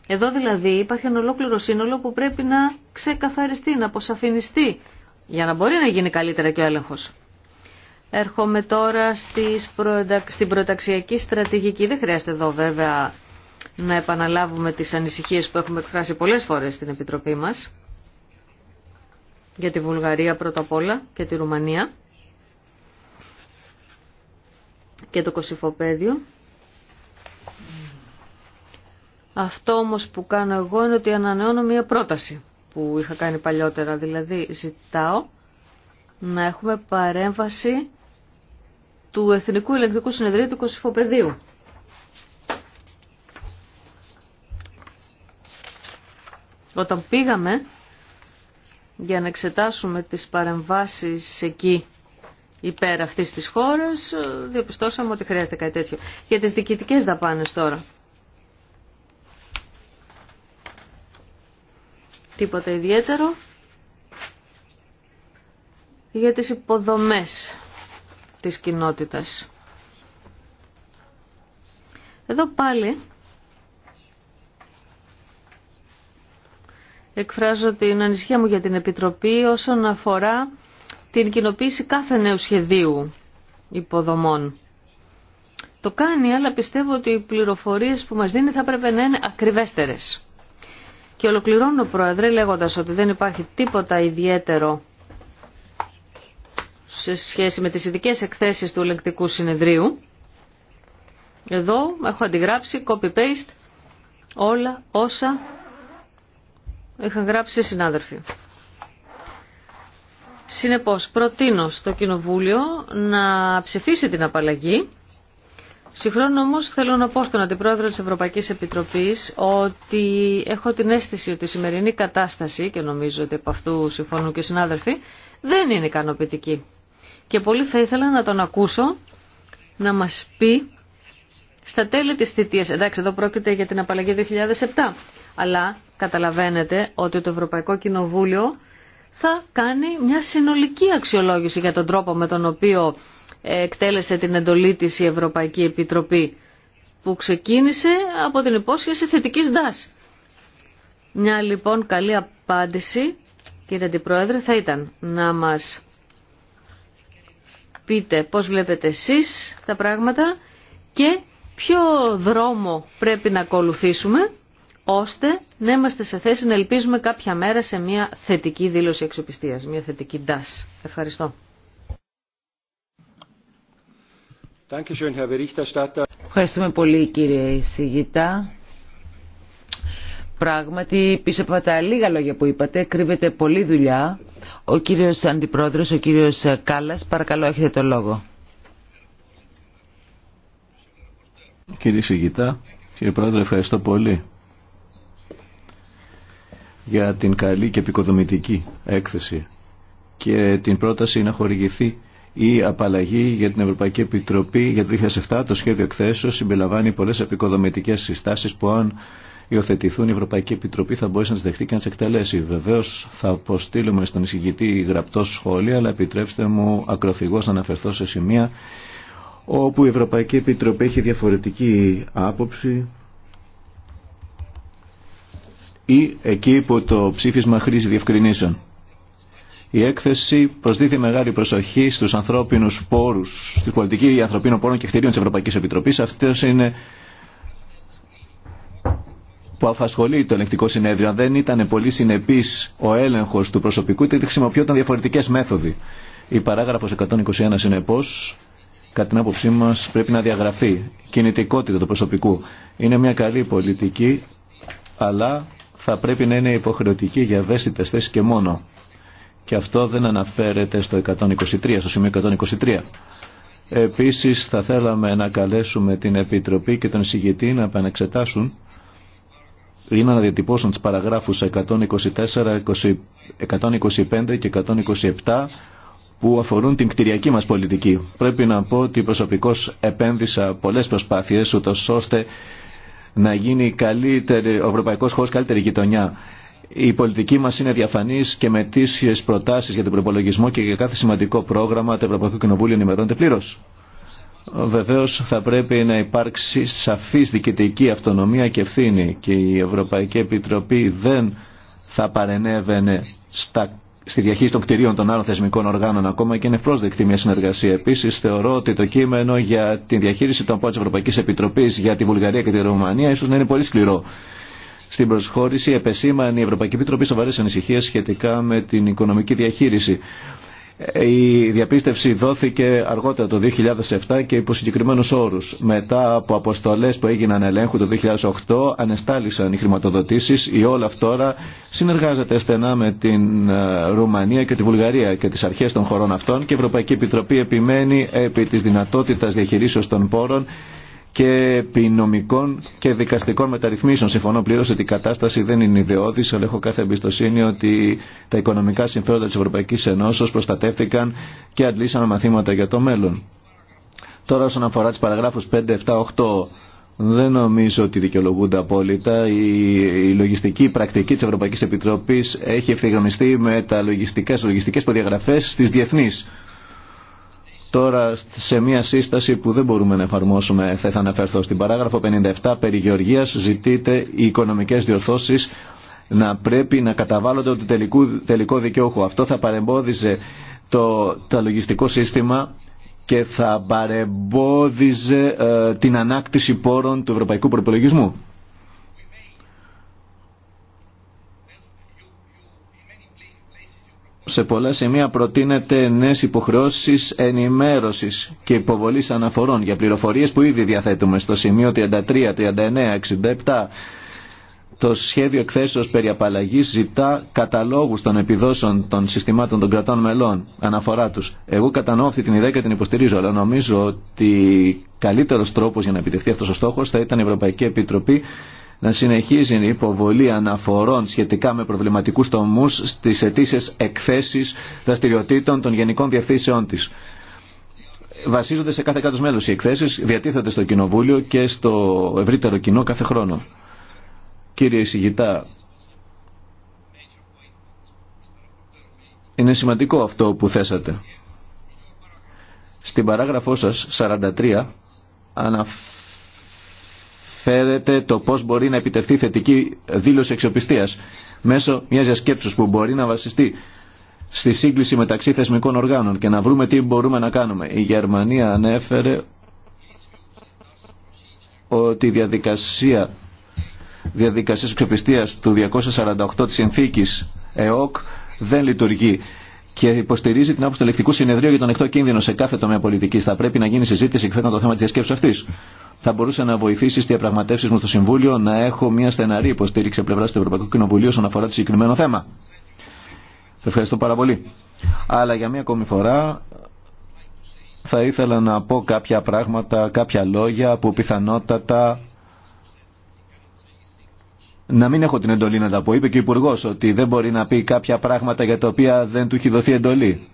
Εδώ δηλαδή υπάρχει ένα ολόκληρο σύνολο που πρέπει να ξεκαθαριστεί, να αποσαφινιστεί, για να μπορεί να γίνει καλύτερα και ο έλεγχος. Έρχομαι τώρα στις στην προταξιακή στρατηγική. Δεν χρειάζεται εδώ βέβαια να επαναλάβουμε τις ανησυχίες που έχουμε εκφράσει πολλές φορές στην Επιτροπή μας για τη Βουλγαρία πρώτα απ' όλα και τη Ρουμανία και το Κωσυφοπαίδιο. Αυτό όμως που κάνω εγώ είναι ότι ανανεώνω μία πρόταση που είχα κάνει παλιότερα, δηλαδή ζητάω να έχουμε παρέμβαση του Εθνικού Ελεγκτικού Συνεδρίου του Κωσυφοπεδίου. Όταν πήγαμε για να εξετάσουμε τις παρεμβάσεις εκεί υπέρ αυτής της χώρας, ε, διαπιστώσαμε ότι χρειάζεται κάτι τέτοιο. Για τις διοικητικές δαπάνες τώρα. Τίποτα ιδιαίτερο. Για τις υποδομές της κοινότητας. Εδώ πάλι εκφράζω την ανησυχία μου για την Επιτροπή όσον αφορά την κοινοποίηση κάθε νέου σχεδίου υποδομών. Το κάνει, αλλά πιστεύω ότι οι πληροφορίες που μας δίνει θα πρέπει να είναι ακριβέστερες. Και ολοκληρώνω, Πρόεδρε, λέγοντας ότι δεν υπάρχει τίποτα ιδιαίτερο σε σχέση με τις ειδικές εκθέσεις του ελεγκτικού συνεδρίου. Εδώ έχω αντιγράψει copy-paste όλα όσα είχαν γράψει οι συνάδελφοι. Συνεπώς, προτείνω στο Κοινοβούλιο να ψηφίσει την απαλλαγή. Συγχρόνω όμως θέλω να πω στον Αντιπρόεδρο της Ευρωπαϊκής Επιτροπής ότι έχω την αίσθηση ότι η σημερινή κατάσταση, και νομίζω ότι από αυτού συμφωνούν και οι συνάδελφοι, δεν είναι ικανοποιητική και πολύ θα ήθελα να τον ακούσω να μας πει στα τέλη της θητείας, εντάξει εδώ πρόκειται για την απαλλαγή 2007, αλλά καταλαβαίνετε ότι το Ευρωπαϊκό Κοινοβούλιο θα κάνει μια συνολική αξιολόγηση για τον τρόπο με τον οποίο ε, εκτέλεσε την εντολή της η Ευρωπαϊκή Επιτροπή που ξεκίνησε από την υπόσχεση θετικής δάση. Μια λοιπόν καλή απάντηση, κύριε Αντιπρόεδρε, θα ήταν να μας πείτε πώς βλέπετε εσείς τα πράγματα και ποιο δρόμο πρέπει να ακολουθήσουμε ώστε να είμαστε σε θέση να ελπίζουμε κάποια μέρα σε μια θετική δήλωση αξιοπιστίας, μια θετική τάση. Ευχαριστώ. Ευχαριστούμε πολύ κύριε Σιγητά. Πράγματι, πίσω από τα λίγα λόγια που είπατε, κρύβεται πολλή δουλειά. Ο κύριος Αντιπρόεδρος, ο κύριος Κάλλας, παρακαλώ έχετε το λόγο. Κύριε Σιγητά, κύριε Πρόεδρε, ευχαριστώ πολύ για την καλή και επικοδομητική έκθεση και την πρόταση να χορηγηθεί η απαλλαγή για την Ευρωπαϊκή Επιτροπή για το 2007. Το σχέδιο εκθέσεως συμπεριλαμβάνει πολλές επικοδομητικές συστάσεις που αν υιοθετηθούν, η Ευρωπαϊκή Επιτροπή θα μπορέσει να τι δεχτεί και να τι εκτελέσει. Βεβαίω θα αποστείλουμε στον εισηγητή γραπτό σχόλια, αλλά επιτρέψτε μου ακροθυγώ να αναφερθώ σε σημεία όπου η Ευρωπαϊκή Επιτροπή έχει διαφορετική άποψη ή εκεί που το ψήφισμα χρήζει διευκρινήσεων. Η έκθεση προσδίδει μεγάλη προσοχή στου ανθρώπινου πόρου, στην πολιτική ανθρωπίνων πόρων και κτηρίων τη Ευρωπαϊκή Επιτροπή. Αυτό είναι που αφασχολεί το ελεγκτικό συνέδριο. Αν δεν ήταν πολύ συνεπή ο έλεγχο του προσωπικού, είτε χρησιμοποιούνταν διαφορετικέ μέθοδοι. Η παράγραφο 121 συνεπώ, κατά την άποψή μα, πρέπει να διαγραφεί. Κινητικότητα του προσωπικού. Είναι μια καλή πολιτική, αλλά θα πρέπει να είναι υποχρεωτική για ευαίσθητε θέσει και μόνο. Και αυτό δεν αναφέρεται στο 123, στο σημείο 123. Επίσης θα θέλαμε να καλέσουμε την Επιτροπή και τον εισηγητή να επανεξετάσουν είναι να διατυπώσουν τις παραγράφους 124, 125 και 127 που αφορούν την κτηριακή μας πολιτική. Πρέπει να πω ότι προσωπικώς επένδυσα πολλές προσπάθειες ούτως ώστε να γίνει καλύτερη, ο ευρωπαϊκός χώρος καλύτερη γειτονιά. Η πολιτική μας είναι διαφανής και με τις προτάσεις για τον προπολογισμό και για κάθε σημαντικό πρόγραμμα το Ευρωπαϊκό Κοινοβούλιο ενημερώνεται πλήρως. Βεβαίω θα πρέπει να υπάρξει σαφή διοικητική αυτονομία και ευθύνη και η Ευρωπαϊκή Επιτροπή δεν θα παρενέβαινε στα στη διαχείριση των κτηρίων των άλλων θεσμικών οργάνων ακόμα και είναι πρόσδεκτη μια συνεργασία. Επίση, θεωρώ ότι το κείμενο για τη διαχείριση των πόρων τη Ευρωπαϊκή Επιτροπή για τη Βουλγαρία και τη Ρουμανία ίσω να είναι πολύ σκληρό. Στην προσχώρηση επεσήμανε η Ευρωπαϊκή Επιτροπή σοβαρέ ανησυχίε σχετικά με την οικονομική διαχείριση. Η διαπίστευση δόθηκε αργότερα το 2007 και υπό συγκεκριμένου όρου. Μετά από αποστολέ που έγιναν ελέγχου το 2008, ανεστάλησαν οι χρηματοδοτήσει. Η Όλαφ τώρα συνεργάζεται στενά με την ε, Ρουμανία και τη Βουλγαρία και τι αρχέ των χωρών αυτών και η Ευρωπαϊκή Επιτροπή επιμένει επί τη δυνατότητα διαχειρίσεω των πόρων και επινομικών και δικαστικών μεταρρυθμίσεων. Συμφωνώ πλήρω ότι η κατάσταση δεν είναι ιδεώδη, αλλά έχω κάθε εμπιστοσύνη ότι τα οικονομικά συμφέροντα τη Ευρωπαϊκή Ενώσεω προστατεύτηκαν και αντλήσαμε μαθήματα για το μέλλον. Τώρα, όσον αφορά τι παραγράφου 5, 7, 8, δεν νομίζω ότι δικαιολογούνται απόλυτα. Η, η λογιστική πρακτική τη Ευρωπαϊκή Επιτροπή έχει ευθυγραμμιστεί με τα λογιστικέ προδιαγραφέ τη διεθνή Τώρα σε μια σύσταση που δεν μπορούμε να εφαρμόσουμε θα, να αναφερθώ στην παράγραφο 57 περί Γεωργίας ζητείται οι οικονομικές διορθώσεις να πρέπει να καταβάλλονται το τελικό, τελικό Αυτό θα παρεμπόδιζε το, το λογιστικό σύστημα και θα παρεμπόδιζε ε, την ανάκτηση πόρων του ευρωπαϊκού προπολογισμού. σε πολλά σημεία προτείνεται νέες υποχρεώσεις ενημέρωσης και υποβολής αναφορών για πληροφορίες που ήδη διαθέτουμε στο σημείο 33, 39, 67. Το σχέδιο εκθέσεως περί απαλλαγής ζητά καταλόγους των επιδόσεων των συστημάτων των κρατών μελών, αναφορά τους. Εγώ κατανοώ αυτή την ιδέα και την υποστηρίζω, αλλά νομίζω ότι καλύτερος τρόπος για να επιτευχθεί αυτός ο στόχος θα ήταν η Ευρωπαϊκή Επιτροπή να συνεχίζει η υποβολή αναφορών σχετικά με προβληματικούς τομούς στις αιτήσεις εκθέσεις δραστηριοτήτων των γενικών διευθύνσεών της. Βασίζονται σε κάθε κάτω μέλος οι εκθέσεις, διατίθεται στο Κοινοβούλιο και στο ευρύτερο κοινό κάθε χρόνο. Κύριε Ισηγητά, είναι σημαντικό αυτό που θέσατε. Στην παράγραφό σας 43 αναφέρεται Φέρεται το πώ μπορεί να επιτευχθεί θετική δήλωση εξοπιστίας μέσω μια διασκέψης που μπορεί να βασιστεί στη σύγκληση μεταξύ θεσμικών οργάνων και να βρούμε τι μπορούμε να κάνουμε. Η Γερμανία ανέφερε ότι η διαδικασία διαδικασίας εξοπιστίας του 248 της συνθήκης ΕΟΚ δεν λειτουργεί και υποστηρίζει την άποψη του ελεκτικού συνεδρίου για τον εκτό κίνδυνο σε κάθε τομέα πολιτική. Θα πρέπει να γίνει συζήτηση εκθέτω το θέμα τη διασκέψη αυτή θα μπορούσε να βοηθήσει στι διαπραγματεύσει μου στο Συμβούλιο να έχω μια στεναρή υποστήριξη πλευρά του Ευρωπαϊκού Κοινοβουλίου όσον αφορά το συγκεκριμένο θέμα. Ευχαριστώ πάρα πολύ. Αλλά για μία ακόμη φορά θα ήθελα να πω κάποια πράγματα, κάποια λόγια που πιθανότατα να μην έχω την εντολή να τα πω. Είπε και ο Υπουργό ότι δεν μπορεί να πει κάποια πράγματα για τα οποία δεν του έχει δοθεί εντολή.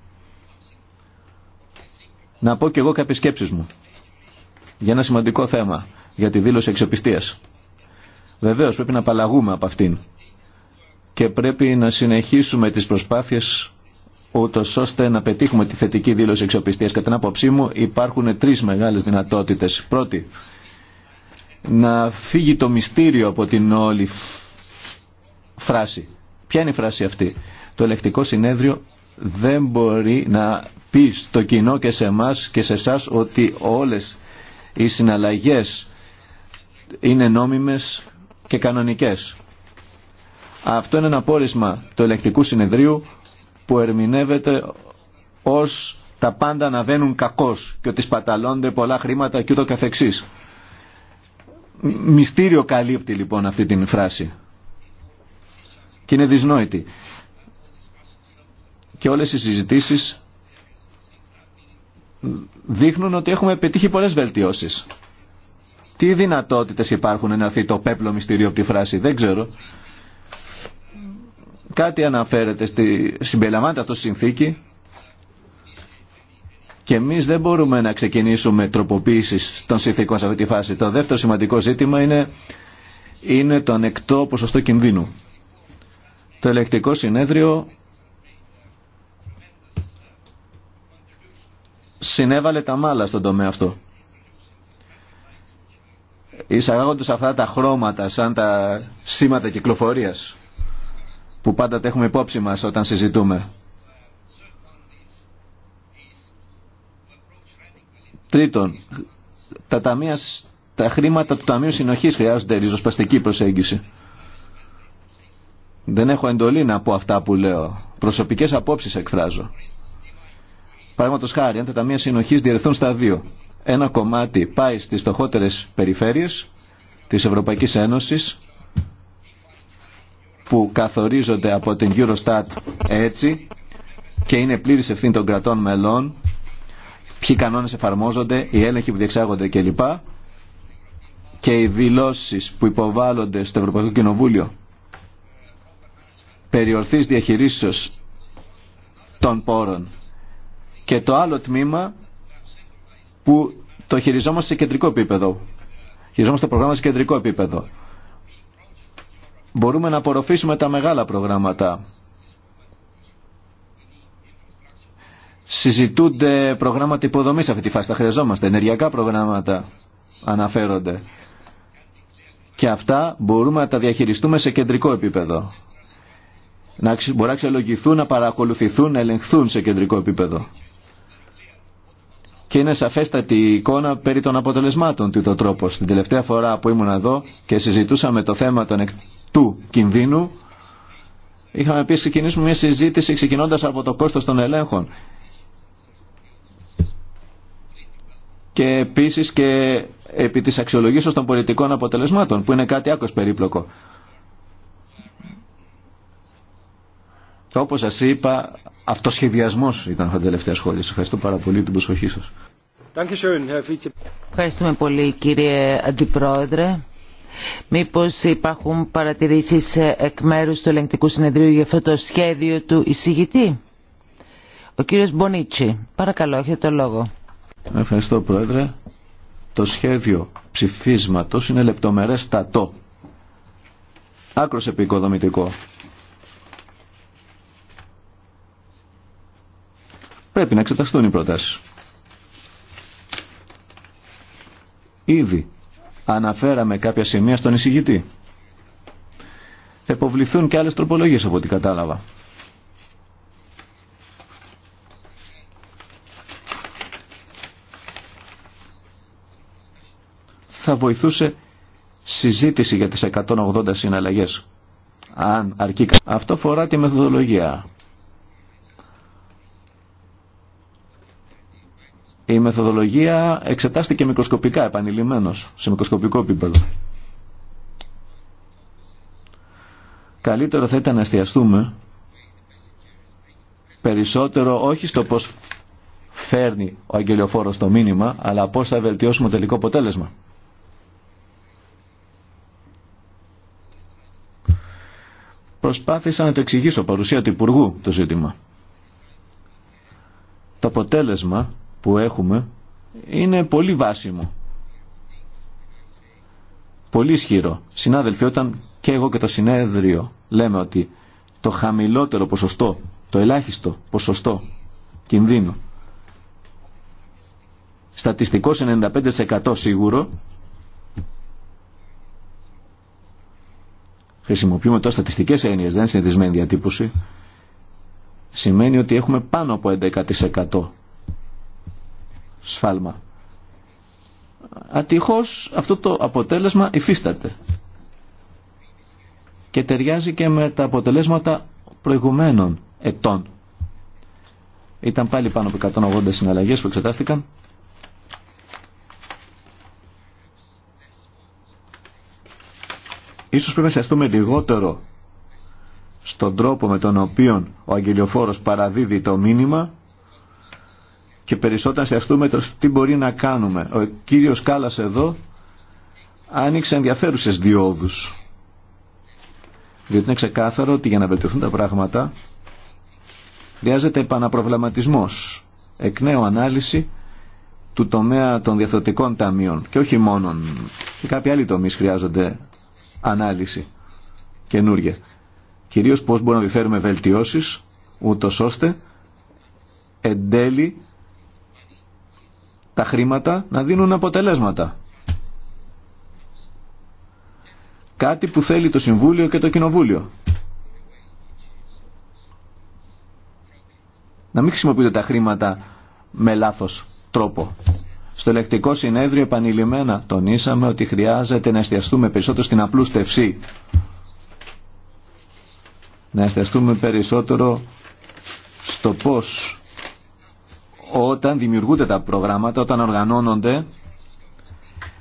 Να πω κι εγώ κάποιες σκέψεις μου για ένα σημαντικό θέμα, για τη δήλωση εξοπιστίας. Βεβαίως πρέπει να απαλλαγούμε από αυτήν και πρέπει να συνεχίσουμε τις προσπάθειες ούτω ώστε να πετύχουμε τη θετική δήλωση εξοπιστίας. Κατά την άποψή μου υπάρχουν τρεις μεγάλες δυνατότητες. Πρώτη, να φύγει το μυστήριο από την όλη φράση. Ποια είναι η φράση αυτή. Το ελεκτικό συνέδριο δεν μπορεί να πει στο κοινό και σε εμά και σε εσά ότι όλες οι συναλλαγές είναι νόμιμες και κανονικές. Αυτό είναι ένα πόρισμα του ελεκτικού συνεδρίου που ερμηνεύεται ως τα πάντα να βαίνουν κακός και ότι σπαταλώνται πολλά χρήματα και ούτω καθεξής. Μυστήριο καλύπτει λοιπόν αυτή την φράση. Και είναι δυσνόητη. Και όλες οι συζητήσεις δείχνουν ότι έχουμε πετύχει πολλές βελτιώσεις. Τι δυνατότητες υπάρχουν να έρθει το πέπλο μυστηρίο από τη φράση, δεν ξέρω. Κάτι αναφέρεται, στη, συμπεριλαμβάνεται αυτό συνθήκη και εμείς δεν μπορούμε να ξεκινήσουμε τροποποίησης των συνθήκων σε αυτή τη φάση. Το δεύτερο σημαντικό ζήτημα είναι, είναι το ανεκτό ποσοστό κινδύνου. Το ελεκτικό συνέδριο συνέβαλε τα μάλα στον τομέα αυτό. τους αυτά τα χρώματα σαν τα σήματα κυκλοφορίας που πάντα τα έχουμε υπόψη μας όταν συζητούμε. Τρίτον, τα, ταμεία, τα χρήματα του Ταμείου Συνοχής χρειάζονται ριζοσπαστική προσέγγιση. Δεν έχω εντολή να πω αυτά που λέω. Προσωπικές απόψεις εκφράζω. Παραδείγματο χάρη, αν τα ταμεία συνοχή διερθούν στα δύο, ένα κομμάτι πάει στι στοχότερε περιφέρειε τη Ευρωπαϊκή Ένωση που καθορίζονται από την Eurostat έτσι και είναι πλήρη ευθύνη των κρατών μελών, ποιοι κανόνε εφαρμόζονται, οι έλεγχοι που διεξάγονται κλπ. και οι δηλώσει που υποβάλλονται στο Ευρωπαϊκό Κοινοβούλιο περιορθής διαχειρίσεως των πόρων και το άλλο τμήμα που το χειριζόμαστε σε κεντρικό επίπεδο. Χειριζόμαστε το πρόγραμμα σε κεντρικό επίπεδο. Μπορούμε να απορροφήσουμε τα μεγάλα προγράμματα. Συζητούνται προγράμματα υποδομής σε αυτή τη φάση. Τα χρειαζόμαστε. Ενεργειακά προγράμματα αναφέρονται. Και αυτά μπορούμε να τα διαχειριστούμε σε κεντρικό επίπεδο. Να μπορεί να αξιολογηθούν, να παρακολουθηθούν, να ελεγχθούν σε κεντρικό επίπεδο και είναι σαφέστατη εικόνα περί των αποτελεσμάτων του το τρόπο. Την τελευταία φορά που ήμουν εδώ και συζητούσαμε το θέμα των εκ... του κινδύνου, είχαμε πει ξεκινήσουμε μια συζήτηση ξεκινώντα από το κόστο των ελέγχων. Και επίσης και επί της αξιολογήσεως των πολιτικών αποτελεσμάτων, που είναι κάτι άκος περίπλοκο. Όπως σας είπα, αυτοσχεδιασμός ήταν τα τελευταία σχόλια. Σας ευχαριστώ πάρα πολύ την προσοχή σας. Ευχαριστούμε πολύ κύριε Αντιπρόεδρε. Μήπως υπάρχουν παρατηρήσεις εκ μέρους του ελεγκτικού συνεδρίου για αυτό το σχέδιο του εισηγητή. Ο κύριος Μπονίτσι, παρακαλώ, έχετε το λόγο. Ευχαριστώ Πρόεδρε. Το σχέδιο ψηφίσματος είναι λεπτομερές τατό. Άκρος επικοδομητικό. Πρέπει να εξεταστούν οι προτάσεις. Ήδη αναφέραμε κάποια σημεία στον εισηγητή. Θα υποβληθούν και άλλες τροπολογίες από ό,τι κατάλαβα. Θα βοηθούσε συζήτηση για τις 180 συναλλαγές. Αν αρκεί. Αυτό φορά τη μεθοδολογία. Η μεθοδολογία εξετάστηκε μικροσκοπικά, επανειλημμένως, σε μικροσκοπικό επίπεδο. Καλύτερο θα ήταν να εστιαστούμε περισσότερο όχι στο πώς φέρνει ο αγγελιοφόρος το μήνυμα, αλλά πώς θα βελτιώσουμε το τελικό αποτέλεσμα. Προσπάθησα να το εξηγήσω παρουσία του Υπουργού το ζήτημα. Το αποτέλεσμα που έχουμε είναι πολύ βάσιμο. Πολύ ισχυρό. Συνάδελφοι, όταν και εγώ και το συνέδριο λέμε ότι το χαμηλότερο ποσοστό, το ελάχιστο ποσοστό κινδύνου στατιστικό 95% σίγουρο χρησιμοποιούμε τώρα στατιστικές έννοιες δεν είναι συνηθισμένη διατύπωση σημαίνει ότι έχουμε πάνω από 11% σφάλμα. Ατυχώς αυτό το αποτέλεσμα υφίσταται και ταιριάζει και με τα αποτελέσματα προηγουμένων ετών. Ήταν πάλι πάνω από 180 συναλλαγές που εξετάστηκαν. Ίσως πρέπει να σιαστούμε λιγότερο στον τρόπο με τον οποίο ο αγγελιοφόρος παραδίδει το μήνυμα και περισσότερο να με το τι μπορεί να κάνουμε. Ο κύριος Κάλλας εδώ άνοιξε ενδιαφέρουσες διόδους. Διότι είναι ξεκάθαρο ότι για να βελτιωθούν τα πράγματα χρειάζεται επαναπροβληματισμός, εκ νέου ανάλυση του τομέα των διαθετικών ταμείων και όχι μόνον. Και κάποιοι άλλοι τομείς χρειάζονται ανάλυση καινούργια. Κυρίως πώς μπορούμε να επιφέρουμε βελτιώσεις ούτως ώστε εν τέλει τα χρήματα να δίνουν αποτελέσματα. Κάτι που θέλει το Συμβούλιο και το Κοινοβούλιο. Να μην χρησιμοποιείτε τα χρήματα με λάθος τρόπο. Στο ελεκτικό συνέδριο επανειλημμένα τονίσαμε ότι χρειάζεται να εστιαστούμε περισσότερο στην απλούστευση. Να εστιαστούμε περισσότερο στο πώς όταν δημιουργούνται τα προγράμματα, όταν οργανώνονται,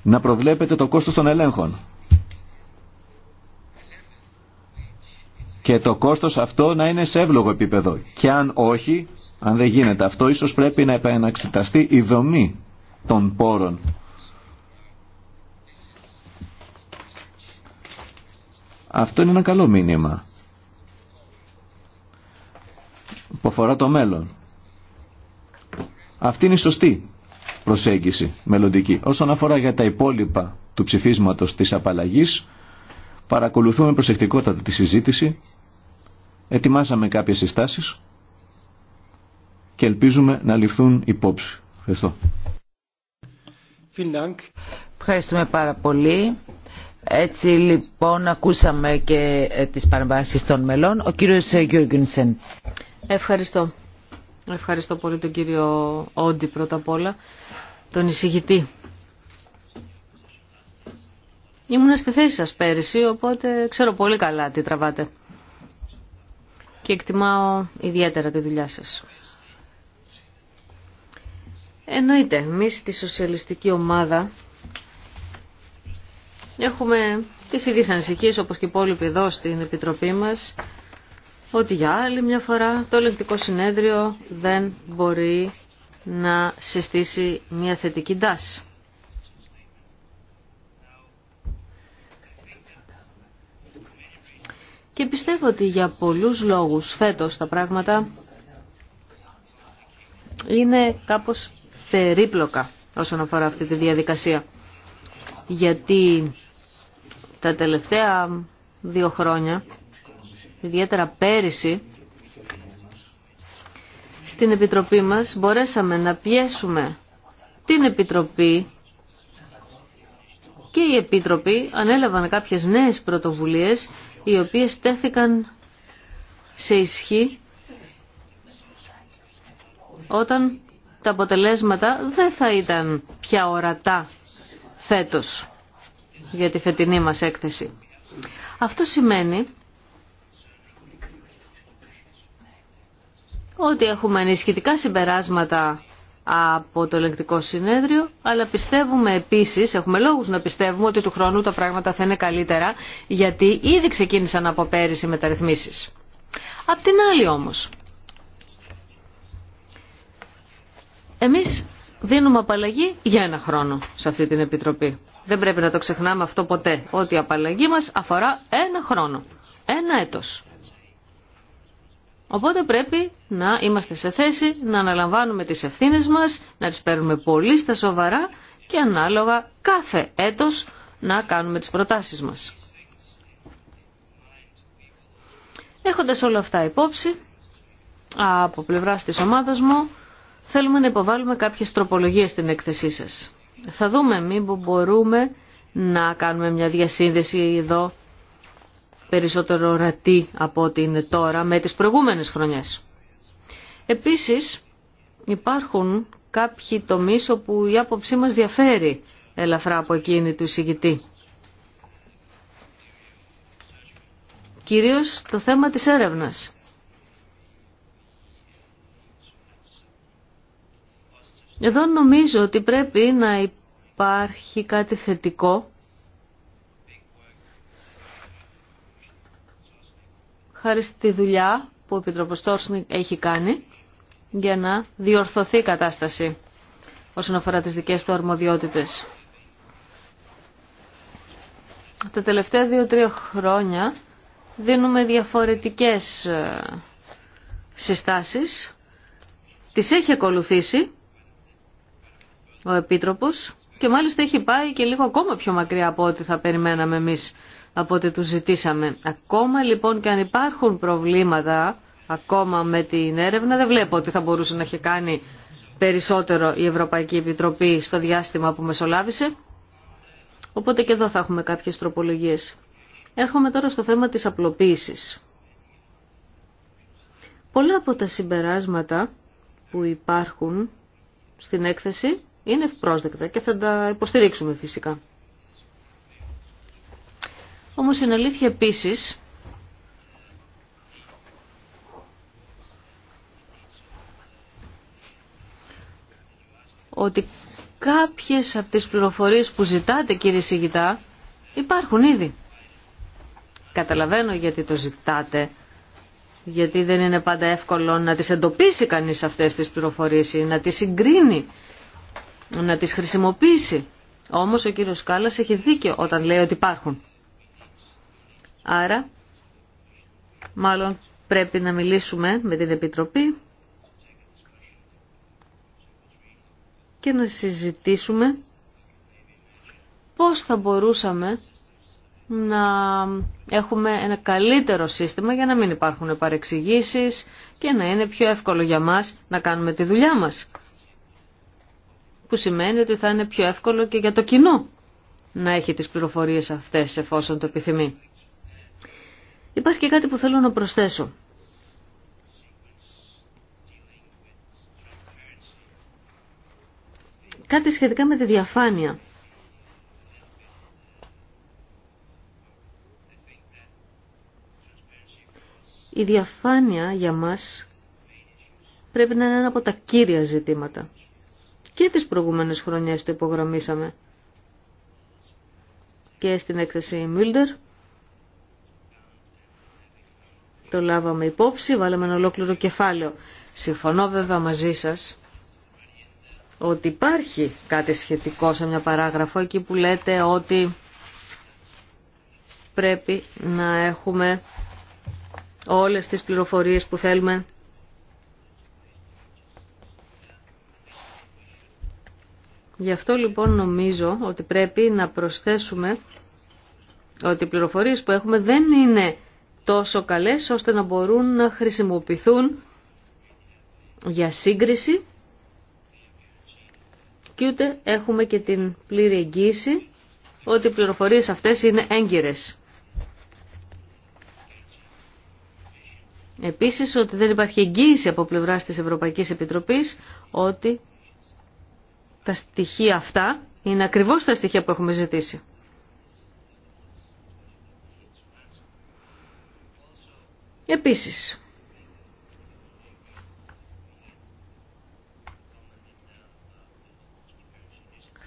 να προβλέπετε το κόστος των ελέγχων. Και το κόστος αυτό να είναι σε εύλογο επίπεδο. Και αν όχι, αν δεν γίνεται αυτό, ίσως πρέπει να επαναξεταστεί η δομή των πόρων. Αυτό είναι ένα καλό μήνυμα που το μέλλον. Αυτή είναι η σωστή προσέγγιση μελλοντική. Όσον αφορά για τα υπόλοιπα του ψηφίσματος της απαλλαγής, παρακολουθούμε προσεκτικότατα τη συζήτηση, ετοιμάσαμε κάποιες συστάσεις και ελπίζουμε να ληφθούν υπόψη. Ευχαριστώ. Ευχαριστούμε πάρα πολύ. Έτσι λοιπόν ακούσαμε και ε, τις παρεμβάσεις των μελών. Ο κύριος ε, Γιούργινσεν. Ευχαριστώ. Ευχαριστώ πολύ τον κύριο Όντι πρώτα απ' όλα, τον εισηγητή. Ήμουν στη θέση σας πέρυσι, οπότε ξέρω πολύ καλά τι τραβάτε. Και εκτιμάω ιδιαίτερα τη δουλειά σας. Εννοείται, εμεί στη σοσιαλιστική ομάδα έχουμε τις ίδιες ανησυχίες όπως και οι υπόλοιποι εδώ στην Επιτροπή μας ότι για άλλη μια φορά το ελεγκτικό συνέδριο δεν μπορεί να συστήσει μια θετική τάση. Και πιστεύω ότι για πολλούς λόγους φέτος τα πράγματα είναι κάπως περίπλοκα όσον αφορά αυτή τη διαδικασία. Γιατί τα τελευταία δύο χρόνια ιδιαίτερα πέρυσι, στην Επιτροπή μας μπορέσαμε να πιέσουμε την Επιτροπή και οι Επίτροποι ανέλαβαν κάποιες νέες πρωτοβουλίες οι οποίες τέθηκαν σε ισχύ όταν τα αποτελέσματα δεν θα ήταν πια ορατά φέτος για τη φετινή μας έκθεση. Αυτό σημαίνει ότι έχουμε ενισχυτικά συμπεράσματα από το ελεγκτικό συνέδριο, αλλά πιστεύουμε επίσης, έχουμε λόγους να πιστεύουμε ότι του χρόνου τα πράγματα θα είναι καλύτερα, γιατί ήδη ξεκίνησαν από πέρυσι μεταρρυθμίσεις. Απ' την άλλη όμως, εμείς δίνουμε απαλλαγή για ένα χρόνο σε αυτή την Επιτροπή. Δεν πρέπει να το ξεχνάμε αυτό ποτέ, ότι η απαλλαγή μας αφορά ένα χρόνο, ένα έτος. Οπότε πρέπει να είμαστε σε θέση να αναλαμβάνουμε τις ευθύνες μας, να τις παίρνουμε πολύ στα σοβαρά και ανάλογα κάθε έτος να κάνουμε τις προτάσεις μας. Έχοντας όλα αυτά υπόψη, από πλευρά της ομάδας μου, θέλουμε να υποβάλουμε κάποιες τροπολογίες στην έκθεσή σας. Θα δούμε μήπως μπορούμε να κάνουμε μια διασύνδεση εδώ περισσότερο ορατή από ό,τι είναι τώρα με τις προηγούμενες χρονιές. Επίσης υπάρχουν κάποιοι τομείς όπου η άποψή μας διαφέρει ελαφρά από εκείνη του εισηγητή. Κυρίως το θέμα της έρευνας. Εδώ νομίζω ότι πρέπει να υπάρχει κάτι θετικό χάρη στη δουλειά που ο Επιτροπός έχει κάνει για να διορθωθεί η κατάσταση όσον αφορά τις δικές του αρμοδιότητες. Τα τελευταία δύο-τρία χρόνια δίνουμε διαφορετικές ε, συστάσεις. Τις έχει ακολουθήσει ο Επίτροπος και μάλιστα έχει πάει και λίγο ακόμα πιο μακριά από ό,τι θα περιμέναμε εμείς, από ό,τι του ζητήσαμε. Ακόμα λοιπόν και αν υπάρχουν προβλήματα ακόμα με την έρευνα, δεν βλέπω ότι θα μπορούσε να έχει κάνει περισσότερο η Ευρωπαϊκή Επιτροπή στο διάστημα που μεσολάβησε. Οπότε και εδώ θα έχουμε κάποιες τροπολογίες. Έρχομαι τώρα στο θέμα της απλοποίησης. Πολλά από τα συμπεράσματα που υπάρχουν στην έκθεση είναι ευπρόσδεκτα και θα τα υποστηρίξουμε φυσικά. Όμως είναι αλήθεια επίσης ότι κάποιες από τις πληροφορίες που ζητάτε κύριε Σιγητά υπάρχουν ήδη. Καταλαβαίνω γιατί το ζητάτε, γιατί δεν είναι πάντα εύκολο να τις εντοπίσει κανείς αυτές τις πληροφορίες ή να τις συγκρίνει να τις χρησιμοποιήσει. Όμως ο κύριος Κάλλας έχει δίκιο όταν λέει ότι υπάρχουν. Άρα, μάλλον πρέπει να μιλήσουμε με την Επιτροπή και να συζητήσουμε πώς θα μπορούσαμε να έχουμε ένα καλύτερο σύστημα για να μην υπάρχουν παρεξηγήσεις και να είναι πιο εύκολο για μας να κάνουμε τη δουλειά μας που σημαίνει ότι θα είναι πιο εύκολο και για το κοινό να έχει τις πληροφορίες αυτές εφόσον το επιθυμεί. Υπάρχει και κάτι που θέλω να προσθέσω. Κάτι σχετικά με τη διαφάνεια. Η διαφάνεια για μας πρέπει να είναι ένα από τα κύρια ζητήματα. Και τις προηγούμενες χρονιές το υπογραμμίσαμε. Και στην έκθεση Μιλντερ το λάβαμε υπόψη, βάλαμε ένα ολόκληρο κεφάλαιο. Συμφωνώ βέβαια μαζί σας ότι υπάρχει κάτι σχετικό σε μια παράγραφο εκεί που λέτε ότι πρέπει να έχουμε όλες τις πληροφορίες που θέλουμε Γι' αυτό λοιπόν νομίζω ότι πρέπει να προσθέσουμε ότι οι πληροφορίες που έχουμε δεν είναι τόσο καλές ώστε να μπορούν να χρησιμοποιηθούν για σύγκριση και ούτε έχουμε και την πλήρη εγγύηση ότι οι πληροφορίες αυτές είναι έγκυρες. Επίσης ότι δεν υπάρχει εγγύηση από πλευράς της Ευρωπαϊκής Επιτροπής ότι τα στοιχεία αυτά είναι ακριβώς τα στοιχεία που έχουμε ζητήσει. Επίσης,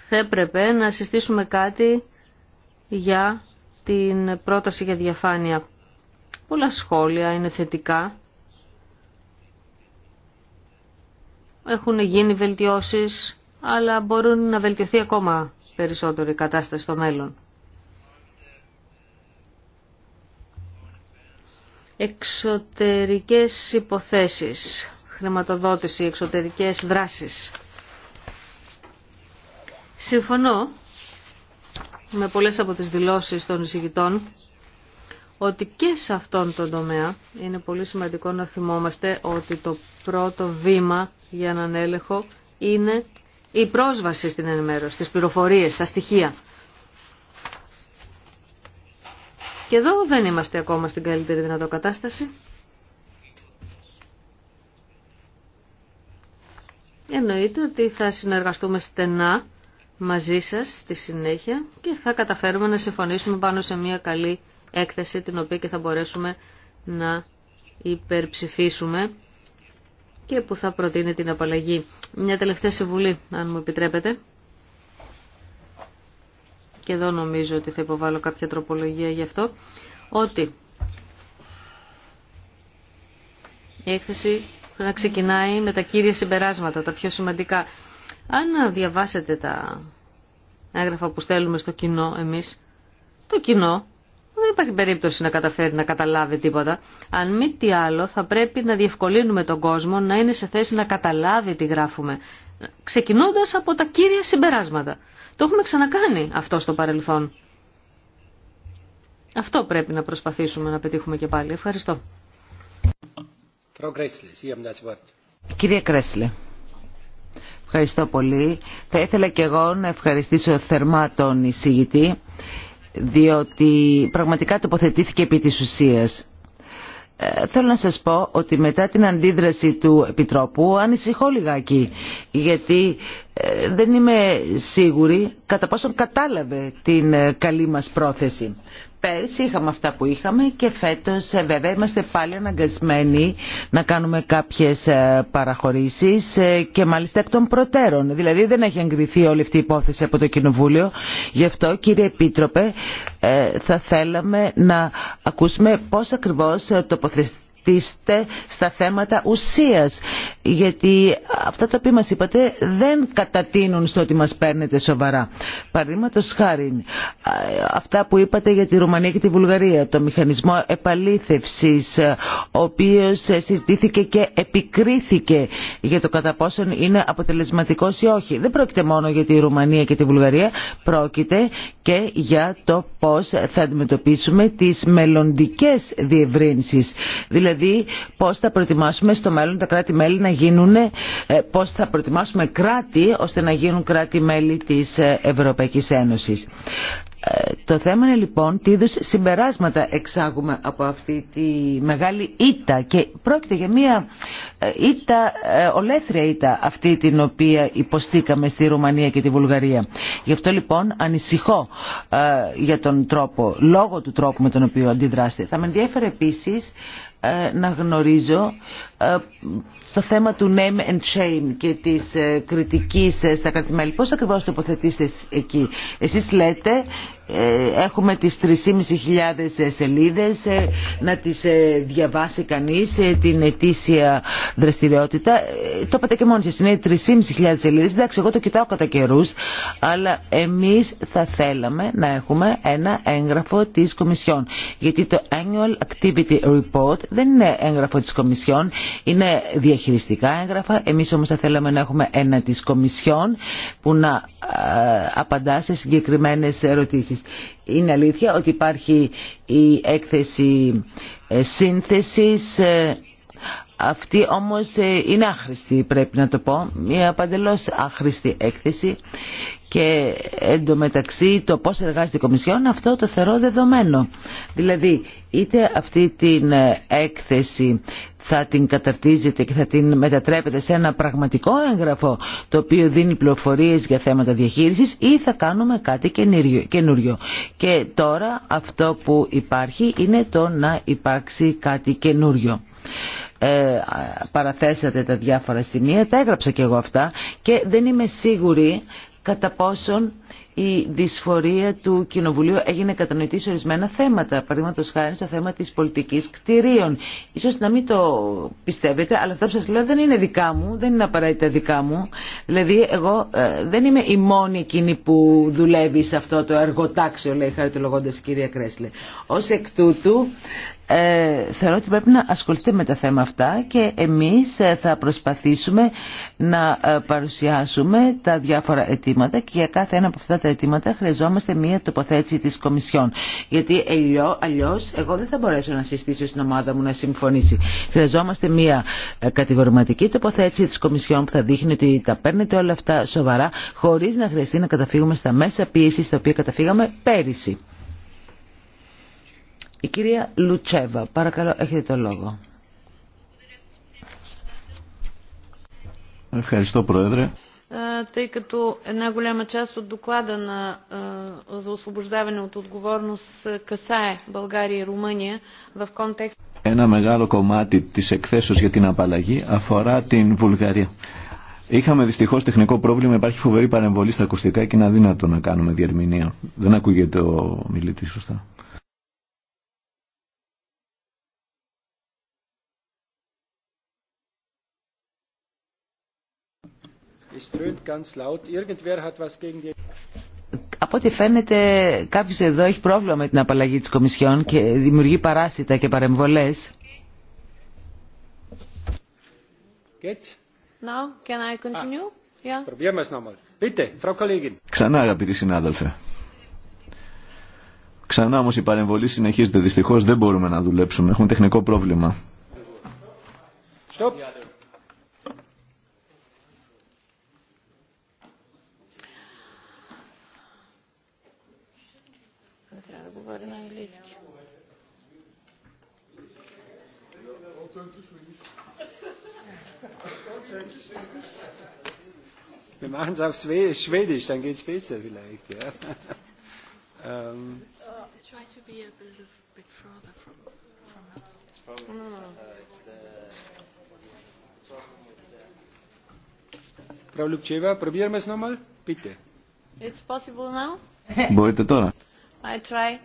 θα έπρεπε να συστήσουμε κάτι για την πρόταση για διαφάνεια. Πολλά σχόλια είναι θετικά. Έχουν γίνει βελτιώσεις αλλά μπορούν να βελτιωθεί ακόμα περισσότερο η κατάσταση στο μέλλον. Εξωτερικές υποθέσεις, χρηματοδότηση, εξωτερικές δράσεις. Συμφωνώ με πολλές από τις δηλώσεις των εισηγητών ότι και σε αυτόν τον τομέα είναι πολύ σημαντικό να θυμόμαστε ότι το πρώτο βήμα για έναν έλεγχο είναι η πρόσβαση στην ενημέρωση, στις πληροφορίες, στα στοιχεία. Και εδώ δεν είμαστε ακόμα στην καλύτερη δυνατό κατάσταση. Εννοείται ότι θα συνεργαστούμε στενά μαζί σας στη συνέχεια και θα καταφέρουμε να συμφωνήσουμε πάνω σε μια καλή έκθεση την οποία και θα μπορέσουμε να υπερψηφίσουμε και που θα προτείνει την απαλλαγή. Μια τελευταία συμβουλή, αν μου επιτρέπετε. Και εδώ νομίζω ότι θα υποβάλω κάποια τροπολογία γι' αυτό. Ότι η έκθεση να ξεκινάει με τα κύρια συμπεράσματα, τα πιο σημαντικά. Αν διαβάσετε τα έγγραφα που στέλνουμε στο κοινό εμείς, το κοινό δεν υπάρχει περίπτωση να καταφέρει να καταλάβει τίποτα. Αν μη τι άλλο θα πρέπει να διευκολύνουμε τον κόσμο να είναι σε θέση να καταλάβει τι γράφουμε. Ξεκινώντας από τα κύρια συμπεράσματα. Το έχουμε ξανακάνει αυτό στο παρελθόν. Αυτό πρέπει να προσπαθήσουμε να πετύχουμε και πάλι. Ευχαριστώ. Κυρία Κρέσλε. Ευχαριστώ πολύ. Θα ήθελα και εγώ να ευχαριστήσω θερμά τον εισηγητή διότι πραγματικά τοποθετήθηκε επί της ουσίας. Ε, θέλω να σας πω ότι μετά την αντίδραση του Επιτρόπου ανησυχώ λιγάκι γιατί ε, δεν είμαι σίγουρη κατά πόσον κατάλαβε την ε, καλή μας πρόθεση. Πέρσι είχαμε αυτά που είχαμε και φέτος ε, βέβαια είμαστε πάλι αναγκασμένοι να κάνουμε κάποιες ε, παραχωρήσεις ε, και μάλιστα εκ των προτέρων. Δηλαδή δεν έχει εγκριθεί όλη αυτή η υπόθεση από το Κοινοβούλιο. Γι' αυτό κύριε Επίτροπε θα θέλαμε να ακούσουμε πώς ακριβώς τοποθετήσουμε στα θέματα ουσίας γιατί αυτά τα οποία μας είπατε δεν κατατείνουν στο ότι μας παίρνετε σοβαρά. Παραδείγματο χάρη αυτά που είπατε για τη Ρουμανία και τη Βουλγαρία, το μηχανισμό επαλήθευσης ο οποίος συζητήθηκε και επικρίθηκε για το κατά πόσον είναι αποτελεσματικός ή όχι. Δεν πρόκειται μόνο για τη Ρουμανία και τη Βουλγαρία, πρόκειται και για το πώς θα αντιμετωπίσουμε τις μελλοντικέ διευρύνσεις. Δηλαδή, δηλαδή πώς θα προετοιμάσουμε στο μέλλον τα κράτη-μέλη να γίνουν, ε, πώς θα προετοιμάσουμε κράτη ώστε να γίνουν κράτη-μέλη της ε, Ευρωπαϊκής Ένωσης. Ε, το θέμα είναι λοιπόν τι είδου συμπεράσματα εξάγουμε από αυτή τη μεγάλη ήττα και πρόκειται για μια ήττα, ολέθρια ήττα αυτή την οποία υποστήκαμε στη Ρουμανία και τη Βουλγαρία. Γι' αυτό λοιπόν ανησυχώ για τον τρόπο, λόγω του τρόπου με τον οποίο αντιδράστε. Θα με ενδιαφέρει επίσης ε, να γνωρίζω ε, το θέμα του name and shame και της ε, κριτικής ε, στα κρατημέλη. Πώς ακριβώς τοποθετήσετε εκεί. Εσείς λέτε έχουμε τις 3.500 σελίδες να τις διαβάσει κανείς την ετήσια δραστηριότητα. Το είπατε και μόνοι σας, είναι 3.500 σελίδες. Εντάξει, εγώ το κοιτάω κατά καιρού, αλλά εμείς θα θέλαμε να έχουμε ένα έγγραφο της Κομισιόν. Γιατί το Annual Activity Report δεν είναι έγγραφο της Κομισιόν, είναι διαχειριστικά έγγραφα. Εμείς όμως θα θέλαμε να έχουμε ένα της Κομισιόν που να ε, απαντά σε συγκεκριμένες ερωτήσεις. Είναι αλήθεια ότι υπάρχει η έκθεση ε, σύνθεσης ε, αυτή όμως είναι άχρηστη πρέπει να το πω, μια παντελώς άχρηστη έκθεση και εντωμεταξύ το πώς εργάζεται η Κομισιόν αυτό το θεωρώ δεδομένο. Δηλαδή είτε αυτή την έκθεση θα την καταρτίζετε και θα την μετατρέπετε σε ένα πραγματικό έγγραφο το οποίο δίνει πληροφορίες για θέματα διαχείρισης ή θα κάνουμε κάτι καινούριο. Και τώρα αυτό που υπάρχει είναι το να υπάρξει κάτι καινούριο. Ε, παραθέσατε τα διάφορα σημεία, τα έγραψα και εγώ αυτά και δεν είμαι σίγουρη κατά πόσον η δυσφορία του Κοινοβουλίου έγινε κατανοητή σε ορισμένα θέματα. Παραδείγματο χάρη στο θέμα τη πολιτική κτηρίων. Ίσως να μην το πιστεύετε, αλλά αυτά που σα λέω δεν είναι δικά μου, δεν είναι απαραίτητα δικά μου. Δηλαδή, εγώ ε, δεν είμαι η μόνη εκείνη που δουλεύει σε αυτό το εργοτάξιο, λέει χαριτολογώντα η κυρία Κρέσλε. Ω εκ τούτου, ε, θεωρώ ότι πρέπει να ασχοληθείτε με τα θέματα αυτά και εμείς ε, θα προσπαθήσουμε να ε, παρουσιάσουμε τα διάφορα αιτήματα και για κάθε ένα από αυτά τα αιτήματα χρειαζόμαστε μία τοποθέτηση της Κομισιόν. Γιατί αλλιώς εγώ δεν θα μπορέσω να συστήσω στην ομάδα μου να συμφωνήσει. Χρειαζόμαστε μία ε, κατηγορηματική τοποθέτηση της Κομισιόν που θα δείχνει ότι τα παίρνετε όλα αυτά σοβαρά χωρίς να χρειαστεί να καταφύγουμε στα μέσα πίεση στα οποία καταφύγαμε πέρυσι. Η κυρία Λουτσέβα, παρακαλώ, έχετε το λόγο. Ευχαριστώ, Πρόεδρε. Ε, тъй като една голяма част от доклада на, Ένα μεγάλο κομμάτι της εκθέσεως για την απαλλαγή αφορά την Βουλγαρία. Είχαμε δυστυχώ τεχνικό πρόβλημα, υπάρχει φοβερή παρεμβολή στα ακουστικά και είναι αδύνατο να κάνουμε διερμηνία. Δεν ακούγεται ο μιλητή σωστά. Από ό,τι φαίνεται κάποιος εδώ έχει πρόβλημα με την απαλλαγή της Κομισιόν και δημιουργεί παράσιτα και παρεμβολές. Ah. Ξανά αγαπητοί συνάδελφε. Ξανά όμως η παρεμβολή συνεχίζεται. Δυστυχώς δεν μπορούμε να δουλέψουμε. Έχουμε τεχνικό πρόβλημα. govorimo Wir machen es auf Schwedisch, dann geht es besser vielleicht. Ja. Frau probieren wir es nochmal? Bitte. It's possible now? I try.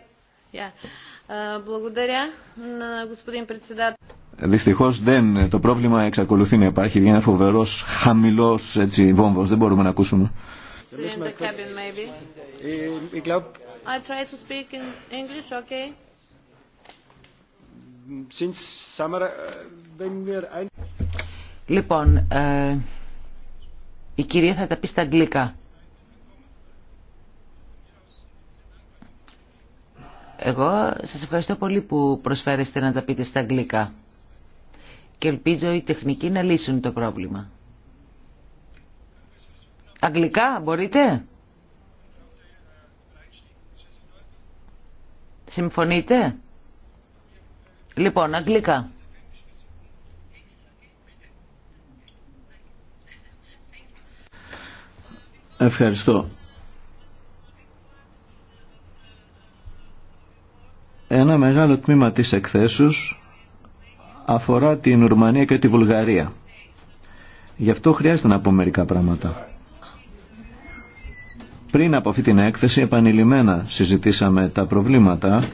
Ε, Δυστυχώ δεν, ε, το πρόβλημα εξακολουθεί να υπάρχει. Είναι ένα φοβερό χαμηλό βόμβο Δεν μπορούμε να ακούσουμε. Λοιπόν, ε, η κυρία θα τα πει στα αγγλικά. Εγώ σας ευχαριστώ πολύ που προσφέρεστε να τα πείτε στα αγγλικά και ελπίζω οι τεχνικοί να λύσουν το πρόβλημα. Αγγλικά μπορείτε? Συμφωνείτε? Λοιπόν, αγγλικά. Ευχαριστώ. Ένα μεγάλο τμήμα της εκθέσεως αφορά την Ουρμανία και τη Βουλγαρία. Γι' αυτό χρειάζεται να πω μερικά πράγματα. Πριν από αυτή την έκθεση επανειλημμένα συζητήσαμε τα προβλήματα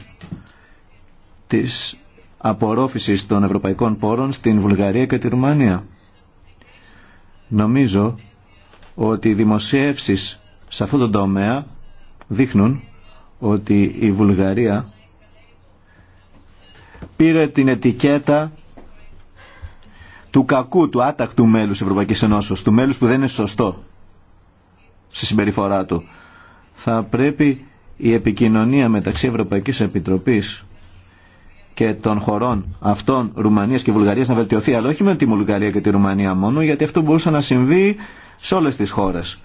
της απορρόφησης των ευρωπαϊκών πόρων στην Βουλγαρία και τη Ρουμανία. Νομίζω ότι οι δημοσιεύσεις σε αυτό τον τομέα δείχνουν ότι η Βουλγαρία πήρε την ετικέτα του κακού, του άτακτου μέλους Ευρωπαϊκής Ενώσεως, του μέλους που δεν είναι σωστό στη συμπεριφορά του. Θα πρέπει η επικοινωνία μεταξύ Ευρωπαϊκής Επιτροπής και των χωρών αυτών Ρουμανίας και Βουλγαρίας να βελτιωθεί, αλλά όχι με τη Βουλγαρία και τη Ρουμανία μόνο, γιατί αυτό μπορούσε να συμβεί σε όλες τις χώρες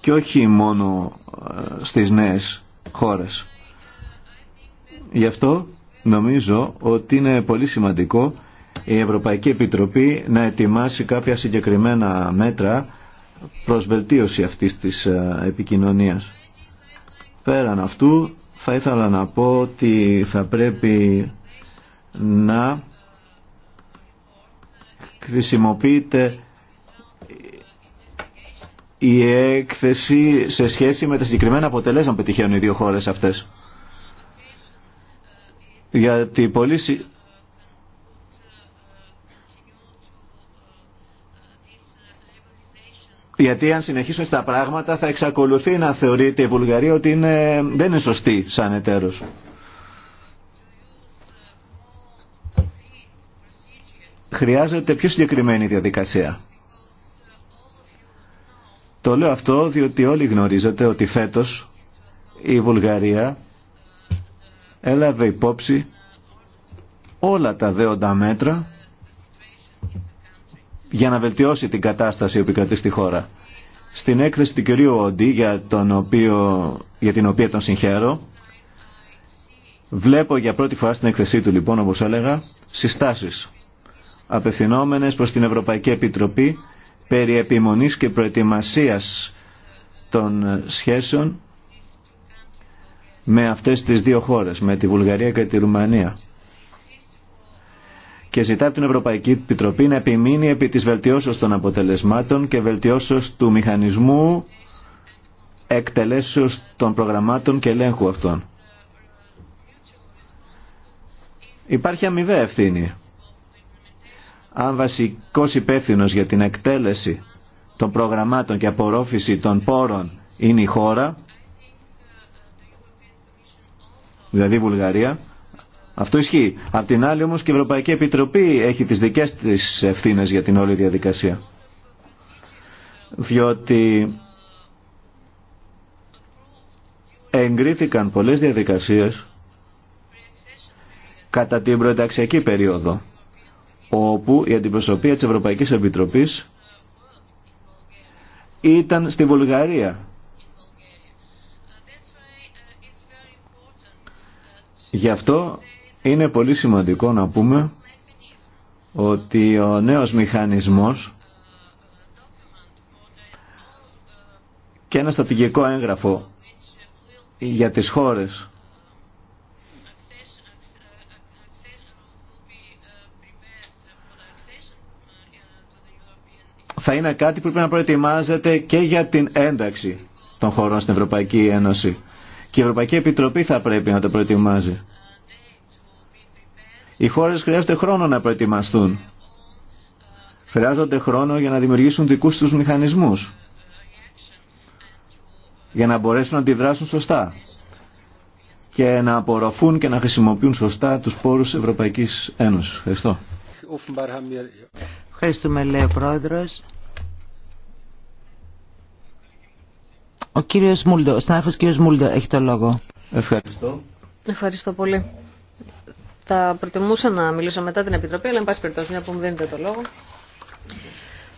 και όχι μόνο ε, στις νέες χώρες. Γι' αυτό Νομίζω ότι είναι πολύ σημαντικό η Ευρωπαϊκή Επιτροπή να ετοιμάσει κάποια συγκεκριμένα μέτρα προς βελτίωση αυτής της ε, επικοινωνίας. Πέραν αυτού θα ήθελα να πω ότι θα πρέπει να χρησιμοποιείται η έκθεση σε σχέση με τα συγκεκριμένα αποτελέσματα που πετυχαίνουν οι δύο χώρες αυτές γιατί πολύ Γιατί αν συνεχίσουν στα πράγματα θα εξακολουθεί να θεωρείται η Βουλγαρία ότι δεν είναι σωστή σαν εταίρος. Χρειάζεται πιο συγκεκριμένη διαδικασία. Το λέω αυτό διότι όλοι γνωρίζετε ότι φέτος η Βουλγαρία έλαβε υπόψη όλα τα δέοντα μέτρα για να βελτιώσει την κατάσταση που επικρατεί στη χώρα. Στην έκθεση του κυρίου Οντί, για, τον οποίο, για την οποία τον συγχαίρω, βλέπω για πρώτη φορά στην έκθεσή του λοιπόν, όπως έλεγα, συστάσεις απευθυνόμενες προς την Ευρωπαϊκή Επιτροπή περί επιμονής και προετοιμασίας των σχέσεων με αυτές τις δύο χώρες, με τη Βουλγαρία και τη Ρουμανία. Και ζητά από την Ευρωπαϊκή Επιτροπή να επιμείνει επί της βελτιώσεως των αποτελεσμάτων και βελτιώσεως του μηχανισμού εκτελέσεως των προγραμμάτων και ελέγχου αυτών. Υπάρχει αμοιβαία ευθύνη. Αν βασικός υπεύθυνος για την εκτέλεση των προγραμμάτων και απορρόφηση των πόρων είναι η χώρα, δηλαδή η Βουλγαρία. Αυτό ισχύει. Απ' την άλλη όμως και η Ευρωπαϊκή Επιτροπή έχει τις δικές της ευθύνες για την όλη διαδικασία. Διότι εγκρίθηκαν πολλές διαδικασίες κατά την προεταξιακή περίοδο όπου η αντιπροσωπεία της Ευρωπαϊκής Επιτροπής ήταν στη Βουλγαρία Γι' αυτό είναι πολύ σημαντικό να πούμε ότι ο νέος μηχανισμός και ένα στρατηγικό έγγραφο για τις χώρες θα είναι κάτι που πρέπει να προετοιμάζεται και για την ένταξη των χωρών στην Ευρωπαϊκή Ένωση. Και η Ευρωπαϊκή Επιτροπή θα πρέπει να το προετοιμάζει. Οι χώρες χρειάζονται χρόνο να προετοιμαστούν. Χρειάζονται χρόνο για να δημιουργήσουν δικούς τους μηχανισμούς. Για να μπορέσουν να αντιδράσουν σωστά. Και να απορροφούν και να χρησιμοποιούν σωστά τους πόρους Ευρωπαϊκής Ένωσης. Ευχαριστώ. Ευχαριστούμε λέει Ο κύριος Μούλντο, ο συνάδελφος κύριος Μούλντο έχει το λόγο. Ευχαριστώ. Ευχαριστώ πολύ. Θα προτιμούσα να μιλήσω μετά την Επιτροπή, αλλά εν πάση περιπτώσει, μια που μου δίνετε το λόγο.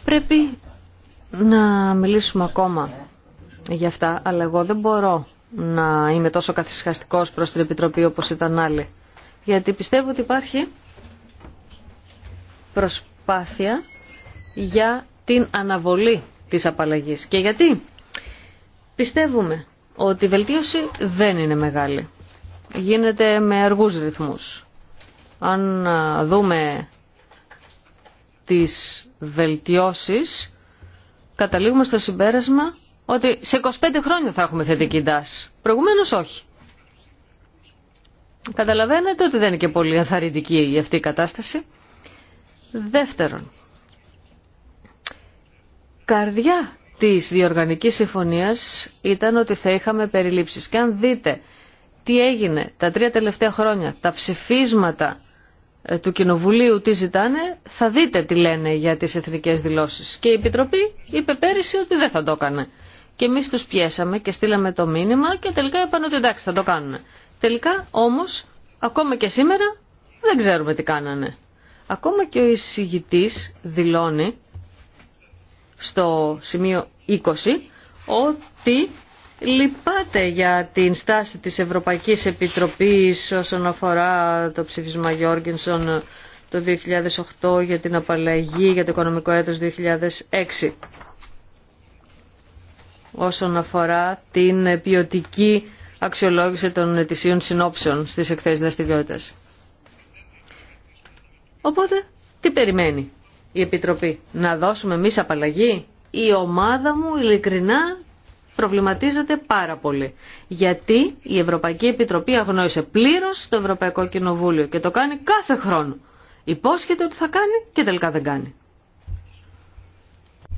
Πρέπει να μιλήσουμε ακόμα για αυτά, αλλά εγώ δεν μπορώ να είμαι τόσο καθυσχαστικός προς την Επιτροπή όπως ήταν άλλοι. Γιατί πιστεύω ότι υπάρχει προσπάθεια για την αναβολή της απαλλαγής. Και γιατί? Πιστεύουμε ότι η βελτίωση δεν είναι μεγάλη. Γίνεται με αργούς ρυθμούς. Αν δούμε τις βελτιώσεις, καταλήγουμε στο συμπέρασμα ότι σε 25 χρόνια θα έχουμε θετική τάση. Προηγουμένως όχι. Καταλαβαίνετε ότι δεν είναι και πολύ ενθαρρυντική αυτή η κατάσταση. Δεύτερον, καρδιά της διοργανικής συμφωνίας ήταν ότι θα είχαμε περιλήψεις. Και αν δείτε τι έγινε τα τρία τελευταία χρόνια, τα ψηφίσματα ε, του Κοινοβουλίου τι ζητάνε, θα δείτε τι λένε για τις εθνικές δηλώσεις. Και η Επιτροπή είπε πέρυσι ότι δεν θα το έκανε. Και εμείς τους πιέσαμε και στείλαμε το μήνυμα και τελικά είπαν ότι εντάξει θα το κάνουν. Τελικά όμως, ακόμα και σήμερα, δεν ξέρουμε τι κάνανε. Ακόμα και ο εισηγητής δηλώνει στο σημείο 20 ότι λυπάται για την στάση της Ευρωπαϊκής Επιτροπής όσον αφορά το ψήφισμα Γιώργενσον το 2008 για την απαλλαγή για το οικονομικό έτος 2006 όσον αφορά την ποιοτική αξιολόγηση των ετησίων συνόψεων στις εκθέσεις δραστηριότητα. Οπότε, τι περιμένει η Επιτροπή. Να δώσουμε εμεί απαλλαγή. Η ομάδα μου ειλικρινά προβληματίζεται πάρα πολύ. Γιατί η Ευρωπαϊκή Επιτροπή αγνώρισε πλήρω το Ευρωπαϊκό Κοινοβούλιο και το κάνει κάθε χρόνο. Υπόσχεται ότι θα κάνει και τελικά δεν κάνει.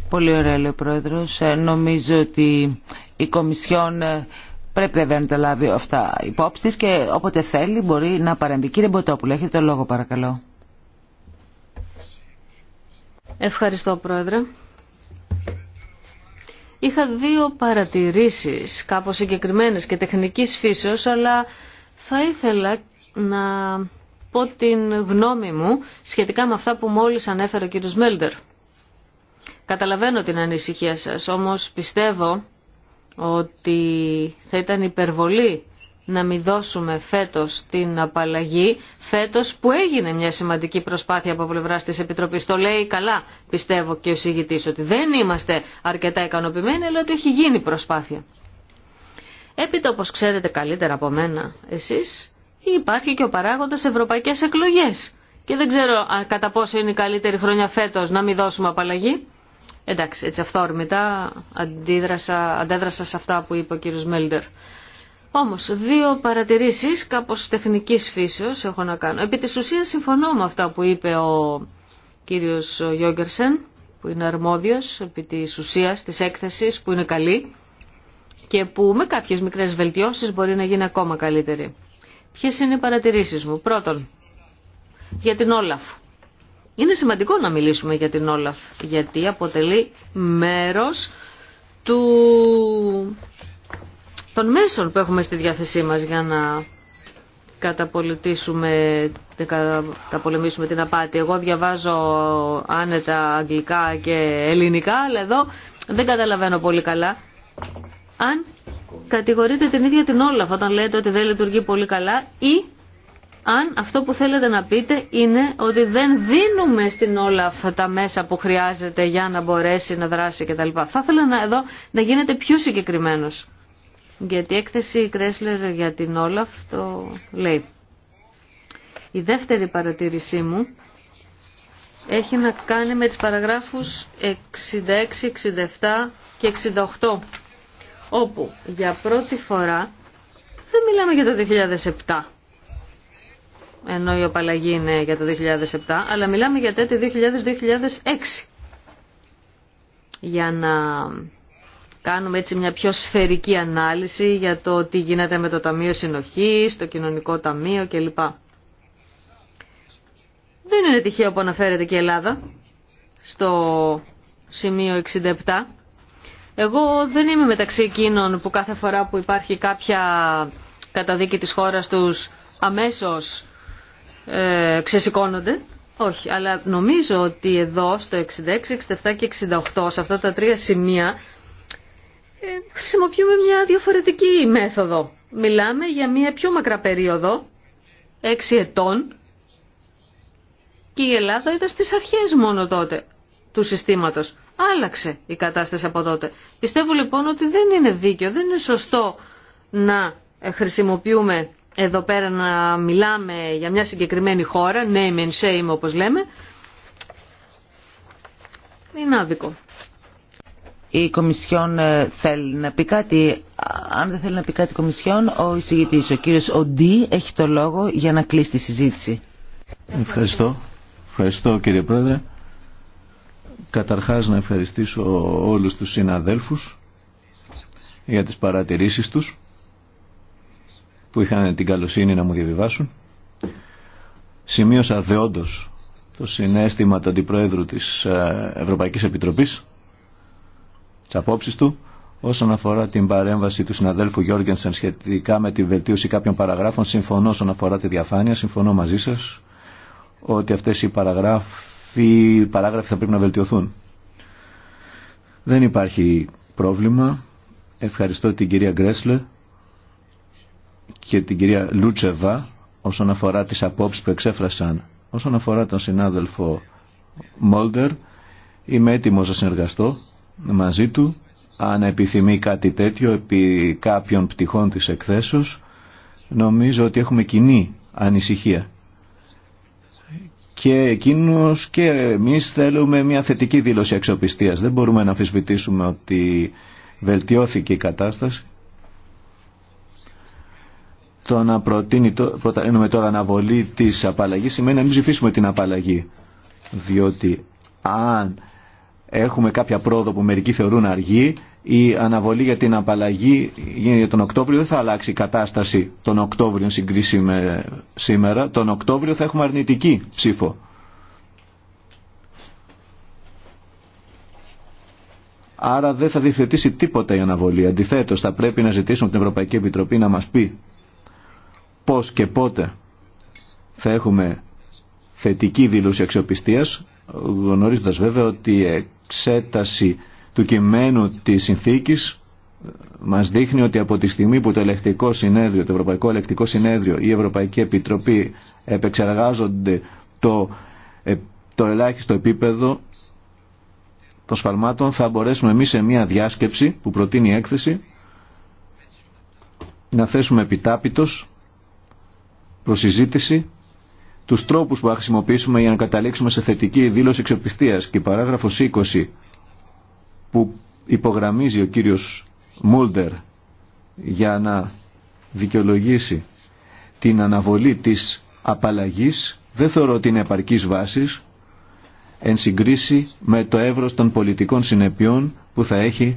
Πολύ ωραία λέει ο Πρόεδρος. Ε, νομίζω ότι η Κομισιόν ε, πρέπει να τα λάβει αυτά υπόψη και όποτε θέλει μπορεί να παρεμβεί. Κύριε Μποτόπουλο, έχετε το λόγο παρακαλώ. Ευχαριστώ, Πρόεδρε. Είχα δύο παρατηρήσεις, κάπως συγκεκριμένες και τεχνικής φύσεως, αλλά θα ήθελα να πω την γνώμη μου σχετικά με αυτά που μόλις ανέφερε ο κύριος Μέλντερ. Καταλαβαίνω την ανησυχία σας, όμως πιστεύω ότι θα ήταν υπερβολή να μην δώσουμε φέτος την απαλλαγή, φέτος που έγινε μια σημαντική προσπάθεια από πλευρά τη Επιτροπής. Το λέει καλά, πιστεύω και ο συγητής, ότι δεν είμαστε αρκετά ικανοποιημένοι, αλλά ότι έχει γίνει προσπάθεια. Έπειτα, όπως ξέρετε καλύτερα από μένα εσείς, υπάρχει και ο παράγοντας ευρωπαϊκές εκλογές. Και δεν ξέρω κατά πόσο είναι η καλύτερη χρονιά φέτος να μην δώσουμε απαλλαγή. Εντάξει, έτσι αυθόρμητα αντίδρασα, αντέδρασα σε αυτά που είπε ο κύριος Μέλντερ. Όμως, δύο παρατηρήσεις κάπως τεχνικής φύσεως έχω να κάνω. Επί της ουσίας συμφωνώ με αυτά που είπε ο κύριος Γιόγκερσεν, που είναι αρμόδιος επί της ουσίας της έκθεσης, που είναι καλή και που με κάποιες μικρές βελτιώσεις μπορεί να γίνει ακόμα καλύτερη. Ποιες είναι οι παρατηρήσεις μου. Πρώτον, για την Όλαφ. Είναι σημαντικό να μιλήσουμε για την Όλαφ, γιατί αποτελεί μέρος του των μέσων που έχουμε στη διάθεσή μας για να καταπολεμήσουμε, καταπολεμήσουμε την απάτη. Εγώ διαβάζω άνετα αγγλικά και ελληνικά, αλλά εδώ δεν καταλαβαίνω πολύ καλά. Αν κατηγορείτε την ίδια την όλα όταν λέτε ότι δεν λειτουργεί πολύ καλά ή αν αυτό που θέλετε να πείτε είναι ότι δεν δίνουμε στην αυτά τα μέσα που χρειάζεται για να μπορέσει να δράσει κτλ. Θα ήθελα να, εδώ να γίνετε πιο συγκεκριμένος γιατί η έκθεση Κρέσλερ για την Όλαφ το λέει. Η δεύτερη παρατήρησή μου έχει να κάνει με τις παραγράφους 66, 67 και 68 όπου για πρώτη φορά δεν μιλάμε για το 2007 ενώ η απαλλαγή είναι για το 2007 αλλά μιλάμε για τέτοια 2000-2006 για να κάνουμε έτσι μια πιο σφαιρική ανάλυση για το τι γίνεται με το Ταμείο Συνοχής, το Κοινωνικό Ταμείο κλπ. Δεν είναι τυχαίο που αναφέρεται και η Ελλάδα στο σημείο 67. Εγώ δεν είμαι μεταξύ εκείνων που κάθε φορά που υπάρχει κάποια καταδίκη της χώρας τους αμέσως ε, ξεσηκώνονται. Όχι, αλλά νομίζω ότι εδώ στο 66, 67 και 68, σε αυτά τα τρία σημεία, ε, χρησιμοποιούμε μια διαφορετική μέθοδο. Μιλάμε για μια πιο μακρά περίοδο, έξι ετών, και η Ελλάδα ήταν στις αρχές μόνο τότε του συστήματος. Άλλαξε η κατάσταση από τότε. Πιστεύω λοιπόν ότι δεν είναι δίκαιο, δεν είναι σωστό να ε, χρησιμοποιούμε εδώ πέρα να μιλάμε για μια συγκεκριμένη χώρα, name and shame όπως λέμε. Είναι άδικο η Κομισιόν ε, θέλει να πει κάτι. Αν δεν θέλει να πει κάτι η Κομισιόν, ο εισηγητής, ο κύριος Οντί, έχει το λόγο για να κλείσει τη συζήτηση. Ευχαριστώ. Ευχαριστώ κύριε Πρόεδρε. Καταρχάς να ευχαριστήσω όλους τους συναδέλφους για τις παρατηρήσεις τους που είχαν την καλοσύνη να μου διαβιβάσουν. Σημείωσα δεόντως το συνέστημα του Αντιπρόεδρου της ε, Ευρωπαϊκής Επιτροπής τι απόψει του όσον αφορά την παρέμβαση του συναδέλφου Γιώργενσεν σχετικά με τη βελτίωση κάποιων παραγράφων. Συμφωνώ όσον αφορά τη διαφάνεια, συμφωνώ μαζί σα ότι αυτέ οι παραγράφοι, παράγραφοι θα πρέπει να βελτιωθούν. Δεν υπάρχει πρόβλημα. Ευχαριστώ την κυρία Γκρέσλε και την κυρία Λούτσεβα όσον αφορά τις απόψεις που εξέφρασαν. Όσον αφορά τον συνάδελφο Μόλτερ, είμαι έτοιμος να συνεργαστώ μαζί του αν επιθυμεί κάτι τέτοιο επί κάποιων πτυχών της εκθέσεως νομίζω ότι έχουμε κοινή ανησυχία και εκείνος και εμείς θέλουμε μια θετική δήλωση αξιοπιστίας δεν μπορούμε να αμφισβητήσουμε ότι βελτιώθηκε η κατάσταση το να προτείνει, προτείνουμε τώρα αναβολή της απαλλαγής σημαίνει να μην ψηφίσουμε την απαλλαγή διότι αν Έχουμε κάποια πρόοδο που μερικοί θεωρούν αργή. Η αναβολή για την απαλλαγή γίνεται τον Οκτώβριο. Δεν θα αλλάξει η κατάσταση τον Οκτώβριο συγκρίση με σήμερα. Τον Οκτώβριο θα έχουμε αρνητική ψήφο. Άρα δεν θα διθετήσει τίποτα η αναβολή. Αντιθέτω, θα πρέπει να ζητήσουμε την Ευρωπαϊκή Επιτροπή να μα πει πώ και πότε θα έχουμε θετική δήλωση αξιοπιστία, γνωρίζοντα βέβαια ότι Ξέταση του κειμένου της συνθήκης ε, μας δείχνει ότι από τη στιγμή που το ελεκτικό συνέδριο, το Ευρωπαϊκό Ελεκτικό Συνέδριο ή η Ευρωπαϊκή Επιτροπή επεξεργάζονται το, ε, το ελάχιστο επίπεδο των σφαλμάτων θα μπορέσουμε εμείς σε μια διάσκεψη που προτείνει η έκθεση να θέσουμε επιτάπητος προσυζήτηση τους τρόπους που θα χρησιμοποιήσουμε για να καταλήξουμε σε θετική δήλωση εξοπιστίας και παράγραφος 20 που υπογραμμίζει ο κύριος Μούλτερ για να δικαιολογήσει την αναβολή της απαλλαγής δεν θεωρώ ότι είναι επαρκής βάσης εν συγκρίση με το έβρος των πολιτικών συνεπειών που θα έχει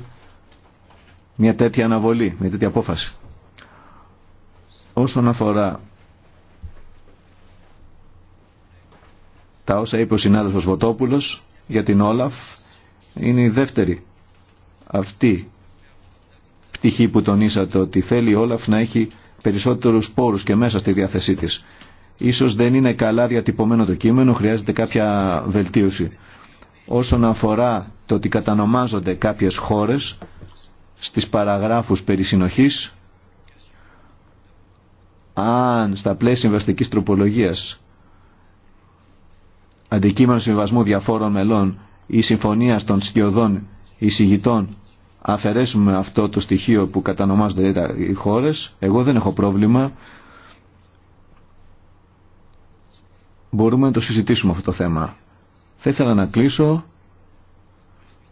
μια τέτοια αναβολή, μια τέτοια απόφαση. Όσον αφορά τα όσα είπε ο συνάδελφος Βοτόπουλος για την Όλαφ είναι η δεύτερη αυτή πτυχή που τονίσατε ότι θέλει η Όλαφ να έχει περισσότερους πόρους και μέσα στη διάθεσή της. Ίσως δεν είναι καλά διατυπωμένο το κείμενο, χρειάζεται κάποια βελτίωση. Όσον αφορά το ότι κατανομάζονται κάποιες χώρες στις παραγράφους περί συνοχής, αν στα πλαίσια συμβαστικής τροπολογίας αντικείμενο συμβασμού διαφόρων μελών ή συμφωνία των σκιωδών εισηγητών αφαιρέσουμε αυτό το στοιχείο που κατανομάζονται οι χώρες, εγώ δεν έχω πρόβλημα. Μπορούμε να το συζητήσουμε αυτό το θέμα. Θα ήθελα να κλείσω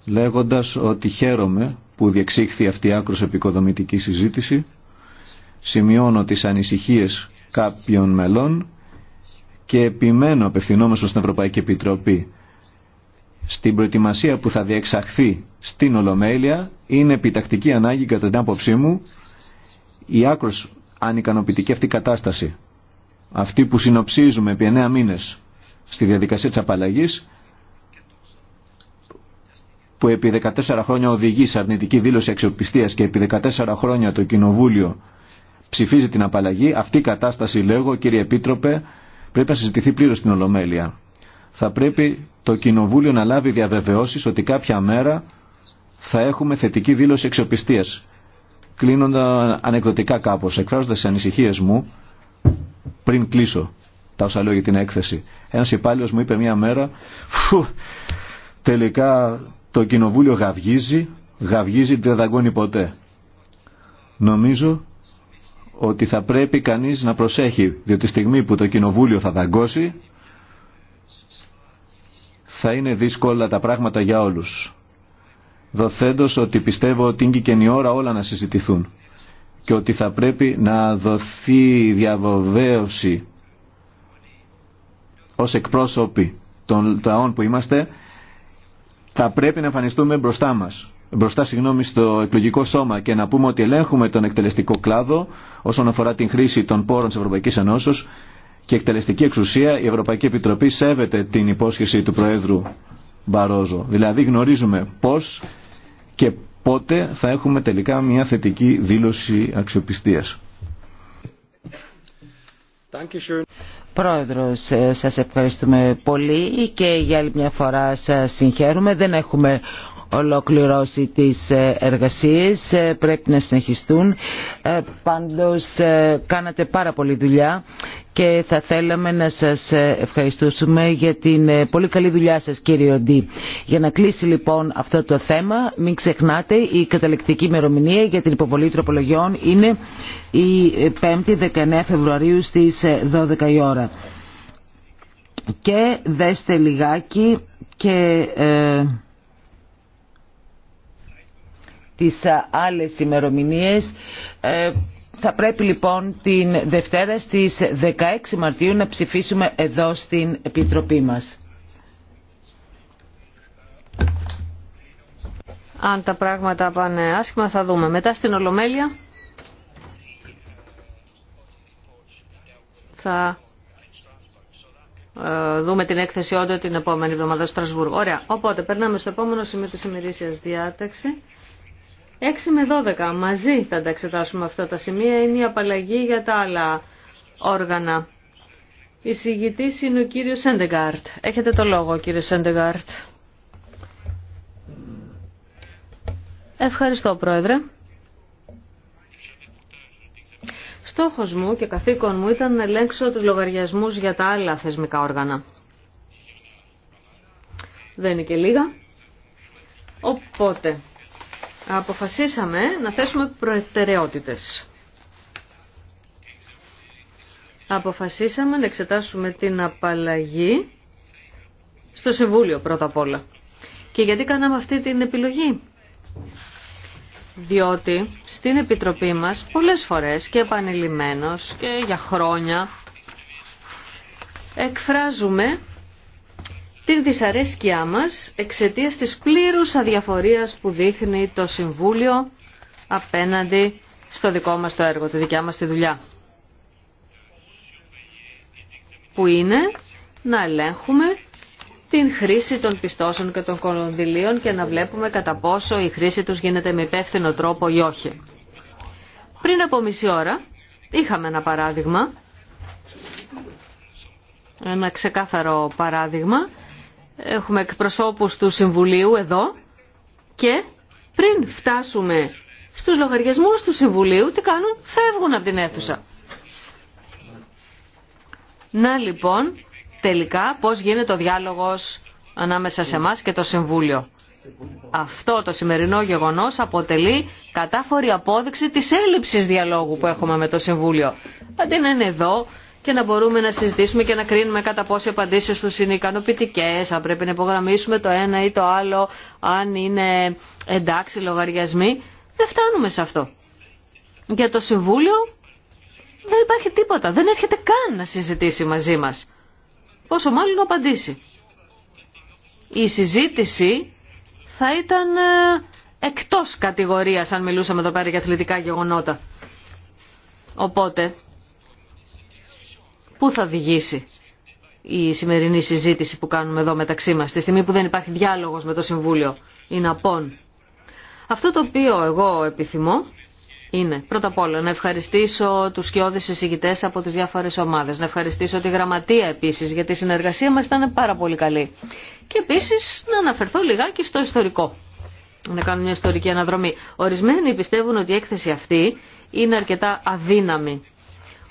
λέγοντας ότι χαίρομαι που διεξήχθη αυτή η άκρος επικοδομητική συζήτηση. Σημειώνω τις ανησυχίες κάποιων μελών και επιμένω απευθυνόμαστε στην Ευρωπαϊκή Επιτροπή στην προετοιμασία που θα διεξαχθεί στην Ολομέλεια είναι επιτακτική ανάγκη κατά την άποψή μου η άκρο ανικανοποιητική αυτή κατάσταση αυτή που συνοψίζουμε επί 9 μήνες στη διαδικασία της απαλλαγής που επί 14 χρόνια οδηγεί σε αρνητική δήλωση αξιοπιστίας και επί 14 χρόνια το Κοινοβούλιο ψηφίζει την απαλλαγή αυτή η κατάσταση λέγω κύριε Επίτροπε πρέπει να συζητηθεί πλήρω στην Ολομέλεια. Θα πρέπει το Κοινοβούλιο να λάβει διαβεβαιώσει ότι κάποια μέρα θα έχουμε θετική δήλωση εξοπιστίας. Κλείνοντα ανεκδοτικά κάπως, εκφράζοντα τι ανησυχίε μου πριν κλείσω τα όσα λέω για την έκθεση. Ένας υπάλληλο μου είπε μία μέρα, φου, τελικά το Κοινοβούλιο γαυγίζει, γαυγίζει δεν δαγκώνει ποτέ. Νομίζω ότι θα πρέπει κανείς να προσέχει, διότι τη στιγμή που το Κοινοβούλιο θα δαγκώσει, θα είναι δύσκολα τα πράγματα για όλους. Δοθέντως ότι πιστεύω ότι είναι και η ώρα όλα να συζητηθούν και ότι θα πρέπει να δοθεί διαβεβαίωση ως εκπρόσωποι των λαών που είμαστε, θα πρέπει να εμφανιστούμε μπροστά μας μπροστά συγγνώμη, στο εκλογικό σώμα και να πούμε ότι ελέγχουμε τον εκτελεστικό κλάδο όσον αφορά την χρήση των πόρων τη ευρωπαϊκή Ενώσεω και εκτελεστική εξουσία η Ευρωπαϊκή Επιτροπή σέβεται την υπόσχεση του Προέδρου Μπαρόζο. Δηλαδή γνωρίζουμε πώς και πότε θα έχουμε τελικά μια θετική δήλωση αξιοπιστίας. Πρόεδρος, ε, σας ευχαριστούμε πολύ και για άλλη μια φορά σας συγχαίρουμε. Δεν έχουμε ολοκληρώσει τις ε, εργασίες. Ε, πρέπει να συνεχιστούν. Ε, πάντως κάνατε πάρα πολύ δουλειά και θα θέλαμε να σας ευχαριστούσουμε για την πολύ καλή δουλειά σας κύριε Οντή. Για να κλείσει λοιπόν αυτό το θέμα, μην ξεχνάτε η καταληκτική ημερομηνία για την υποβολή τροπολογιών είναι η 5η 19 Φεβρουαρίου στις 12 η ώρα. Και δέστε λιγάκι και... Ε, τις ε, άλλες ημερομηνίες. Ε, θα πρέπει λοιπόν την Δευτέρα στις 16 Μαρτίου να ψηφίσουμε εδώ στην Επιτροπή μας. Αν τα πράγματα πάνε άσχημα θα δούμε. Μετά στην Ολομέλεια θα ε, δούμε την έκθεση όντω την επόμενη εβδομάδα στο Στρασβούργο. Ωραία. Οπότε περνάμε στο επόμενο σημείο της ημερήσιας διάταξη. 6 με 12 μαζί θα τα εξετάσουμε αυτά τα σημεία. Είναι η απαλλαγή για τα άλλα όργανα. Η συγητής είναι ο κύριος Σέντεγκάρτ. Έχετε το λόγο κύριε Σέντεγκάρτ. Ευχαριστώ πρόεδρε. Στόχος μου και καθήκον μου ήταν να ελέγξω τους λογαριασμούς για τα άλλα θεσμικά όργανα. Δεν είναι και λίγα. Οπότε, αποφασίσαμε να θέσουμε προτεραιότητες. Αποφασίσαμε να εξετάσουμε την απαλλαγή στο Συμβούλιο πρώτα απ' όλα. Και γιατί κάναμε αυτή την επιλογή. Διότι στην Επιτροπή μας πολλές φορές και επανειλημμένως και για χρόνια εκφράζουμε την δυσαρέσκειά μας εξαιτίας της πλήρους αδιαφορίας που δείχνει το Συμβούλιο απέναντι στο δικό μας το έργο, τη δικιά μας τη δουλειά. Που είναι να ελέγχουμε την χρήση των πιστώσεων και των κονδυλίων και να βλέπουμε κατά πόσο η χρήση τους γίνεται με υπεύθυνο τρόπο ή όχι. Πριν από μισή ώρα είχαμε ένα παράδειγμα, ένα ξεκάθαρο παράδειγμα έχουμε εκπροσώπους του Συμβουλίου εδώ και πριν φτάσουμε στους λογαριασμούς του Συμβουλίου, τι κάνουν, φεύγουν από την αίθουσα. Να λοιπόν, τελικά, πώς γίνεται ο διάλογος ανάμεσα σε εμά και το Συμβούλιο. Αυτό το σημερινό γεγονός αποτελεί κατάφορη απόδειξη της έλλειψης διαλόγου που έχουμε με το Συμβούλιο. Αντί να είναι εδώ, και να μπορούμε να συζητήσουμε και να κρίνουμε κατά πόσο οι απαντήσει του είναι ικανοποιητικέ, αν πρέπει να υπογραμμίσουμε το ένα ή το άλλο, αν είναι εντάξει λογαριασμοί. Δεν φτάνουμε σε αυτό. Για το Συμβούλιο δεν υπάρχει τίποτα. Δεν έρχεται καν να συζητήσει μαζί μα. Πόσο μάλλον να απαντήσει. Η συζήτηση θα ήταν ε, εκτός κατηγορίας αν μιλούσαμε εδώ πέρα για αθλητικά γεγονότα. Οπότε πού θα οδηγήσει η σημερινή συζήτηση που κάνουμε εδώ μεταξύ μας, τη στιγμή που δεν υπάρχει διάλογος με το Συμβούλιο. Είναι απόν. Αυτό το οποίο εγώ επιθυμώ είναι πρώτα απ' όλα να ευχαριστήσω τους σκιώδεις συζητητές από τις διάφορες ομάδες, να ευχαριστήσω τη γραμματεία επίσης γιατί η συνεργασία μας ήταν πάρα πολύ καλή. Και επίσης να αναφερθώ λιγάκι στο ιστορικό, να κάνω μια ιστορική αναδρομή. Ορισμένοι πιστεύουν ότι η έκθεση αυτή είναι αρκετά αδύναμη,